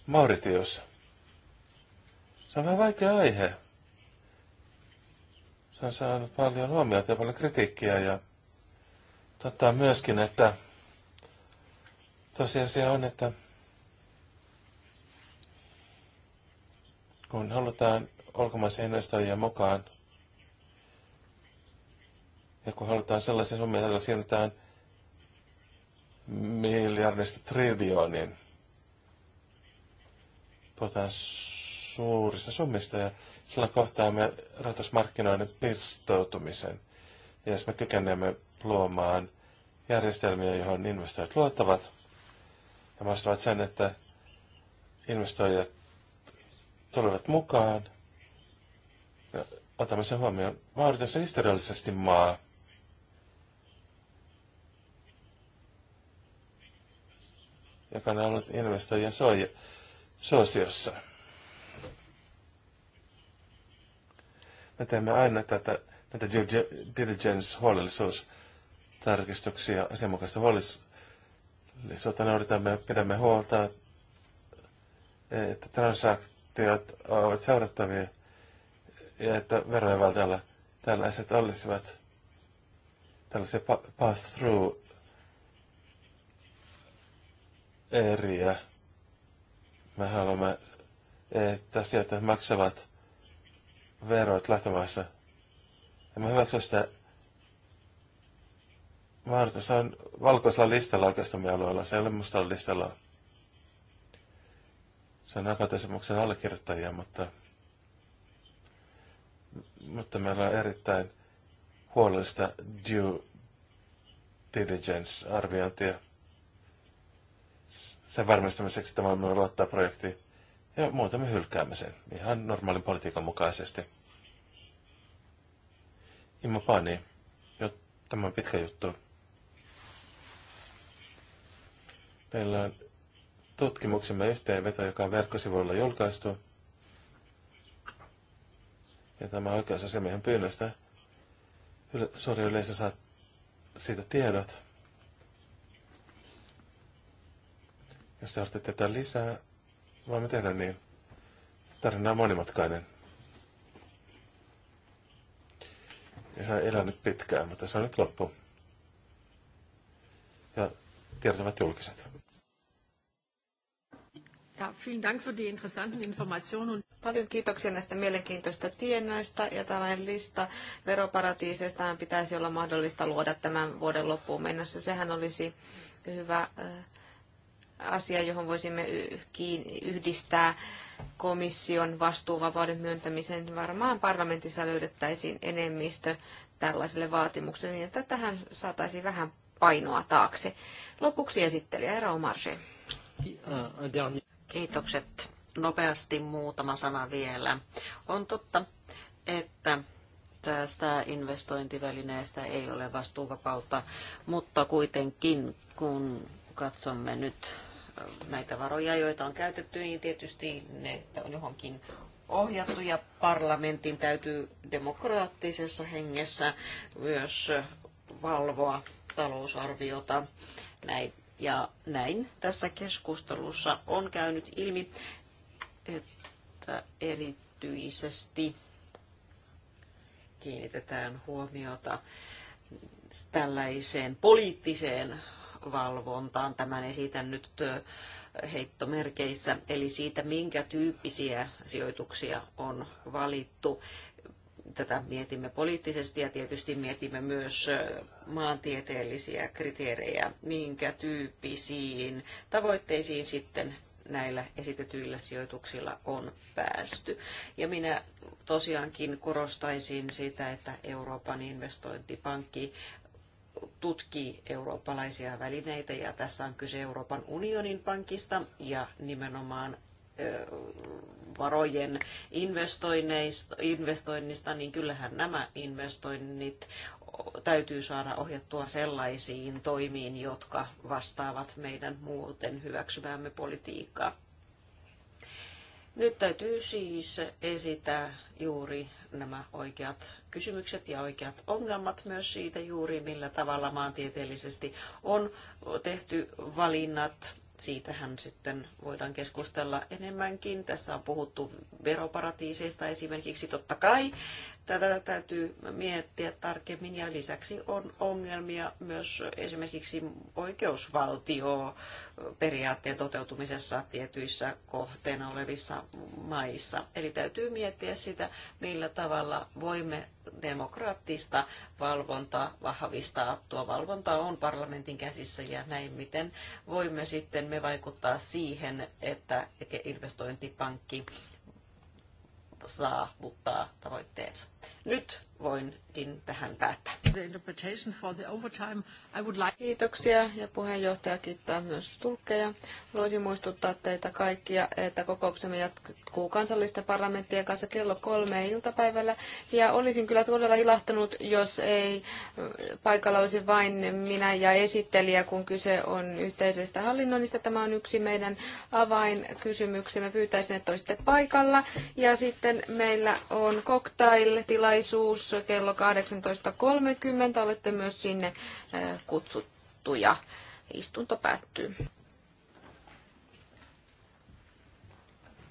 Speaker 3: Mauritius. Se on vähän vaikea aihe. Se on saanut paljon huomiota ja paljon kritiikkiä ja totta myöskin, että tosiasia on, että kun halutaan ulkomaisia ja mukaan. Ja kun halutaan sellaisen summia, jolla siirrytään miljardista triljoonin, puhutaan suurista summista ja sillä me rahoitusmarkkinoiden pirstoutumisen. Ja jos me kykenemme luomaan järjestelmiä, johon investoijat luottavat, ja vastaavat sen, että investoijat tulevat mukaan, otamme sen huomioon. Mauritius on historiallisesti maa, joka on ollut investoijien suoja, suosiossa. Me teemme aina tätä, näitä diligence, huolellisuus, tarkistuksia, asianmukaista huolellisuutta noudatamme, pidämme huolta, että transaktiot ovat seurattavia – ja että verojen tällaiset olisivat tällaisia pass-through eriä. Me haluamme, että sieltä maksavat verot lähtömaassa. Ja me hyväksymme sitä Marta, se on valkoisella listalla oikeastaan alueella. Se ei ole mustalla listalla. Se on akateemisen allekirjoittajia, mutta mutta meillä on erittäin huolellista due diligence-arviointia sen varmistamiseksi, että voimme luottaa projektiin. Ja muuten me hylkäämme sen ihan normaalin politiikan mukaisesti. Imma Pani, jo tämä on pitkä juttu. Meillä on tutkimuksemme yhteenveto, joka on verkkosivuilla julkaistu. Ja tämä oikeusasiamiehen pyynnöstä yle, suuri yleisö saa siitä tiedot. Jos te harrastatte tätä lisää, voimme tehdä niin. Tarina on monimutkainen. Ja se on elänyt pitkään, mutta se on nyt loppu. Ja tiedot ovat julkiset.
Speaker 1: Ja, vielen
Speaker 2: Dank für die interessanten Informationen. Paljon kiitoksia näistä mielenkiintoista tiennoista ja tällainen lista veroparatiiseista pitäisi olla mahdollista luoda tämän vuoden loppuun mennessä. Sehän olisi hyvä äh, asia, johon voisimme yhdistää komission vastuuvapauden myöntämisen. Varmaan parlamentissa löydettäisiin enemmistö tällaiselle vaatimukselle, niin että tähän saataisiin vähän painoa
Speaker 1: taakse. Lopuksi esittelijä Eero Marse. Kiitokset Nopeasti muutama sana vielä. On totta, että tästä investointivälineestä ei ole vastuuvapautta, mutta kuitenkin kun katsomme nyt näitä varoja, joita on käytetty, niin tietysti ne on johonkin ohjattu ja parlamentin täytyy demokraattisessa hengessä myös valvoa talousarviota näin. Ja näin tässä keskustelussa on käynyt ilmi, että erityisesti kiinnitetään huomiota tällaiseen poliittiseen valvontaan. Tämän esitän nyt heittomerkeissä, eli siitä, minkä tyyppisiä sijoituksia on valittu. Tätä mietimme poliittisesti ja tietysti mietimme myös maantieteellisiä kriteerejä, minkä tyyppisiin tavoitteisiin sitten näillä esitetyillä sijoituksilla on päästy. Ja minä tosiaankin korostaisin sitä, että Euroopan investointipankki tutkii eurooppalaisia välineitä ja tässä on kyse Euroopan unionin pankista ja nimenomaan varojen investoinneista, investoinnista, niin kyllähän nämä investoinnit täytyy saada ohjattua sellaisiin toimiin, jotka vastaavat meidän muuten hyväksymäämme politiikkaa. Nyt täytyy siis esittää juuri nämä oikeat kysymykset ja oikeat ongelmat myös siitä juuri, millä tavalla maantieteellisesti on tehty valinnat. Siitähän sitten voidaan keskustella enemmänkin. Tässä on puhuttu veroparatiiseista esimerkiksi. Totta kai Tätä täytyy miettiä tarkemmin ja lisäksi on ongelmia myös esimerkiksi periaatteen toteutumisessa tietyissä kohteena olevissa maissa. Eli täytyy miettiä sitä, millä tavalla voimme demokraattista valvontaa vahvistaa. Tuo valvonta on parlamentin käsissä ja näin miten voimme sitten me vaikuttaa siihen, että investointipankki saavuttaa tavoitteensa. Nyt voinkin tähän päättää. Kiitoksia
Speaker 2: ja puheenjohtaja kiittää myös tulkkeja. Haluaisin muistuttaa teitä kaikkia, että kokouksemme jatkuu kansallisten parlamenttien kanssa kello kolme iltapäivällä. Ja olisin kyllä todella ilahtunut, jos ei paikalla olisi vain minä ja esittelijä, kun kyse on yhteisestä hallinnoinnista. Tämä on yksi meidän avainkysymyksemme. Pyytäisin, että olisitte paikalla. Ja sitten meillä on cocktail tilaisuus kello 18.30. Olette myös sinne eh, kutsuttuja.
Speaker 3: Istunto päättyy.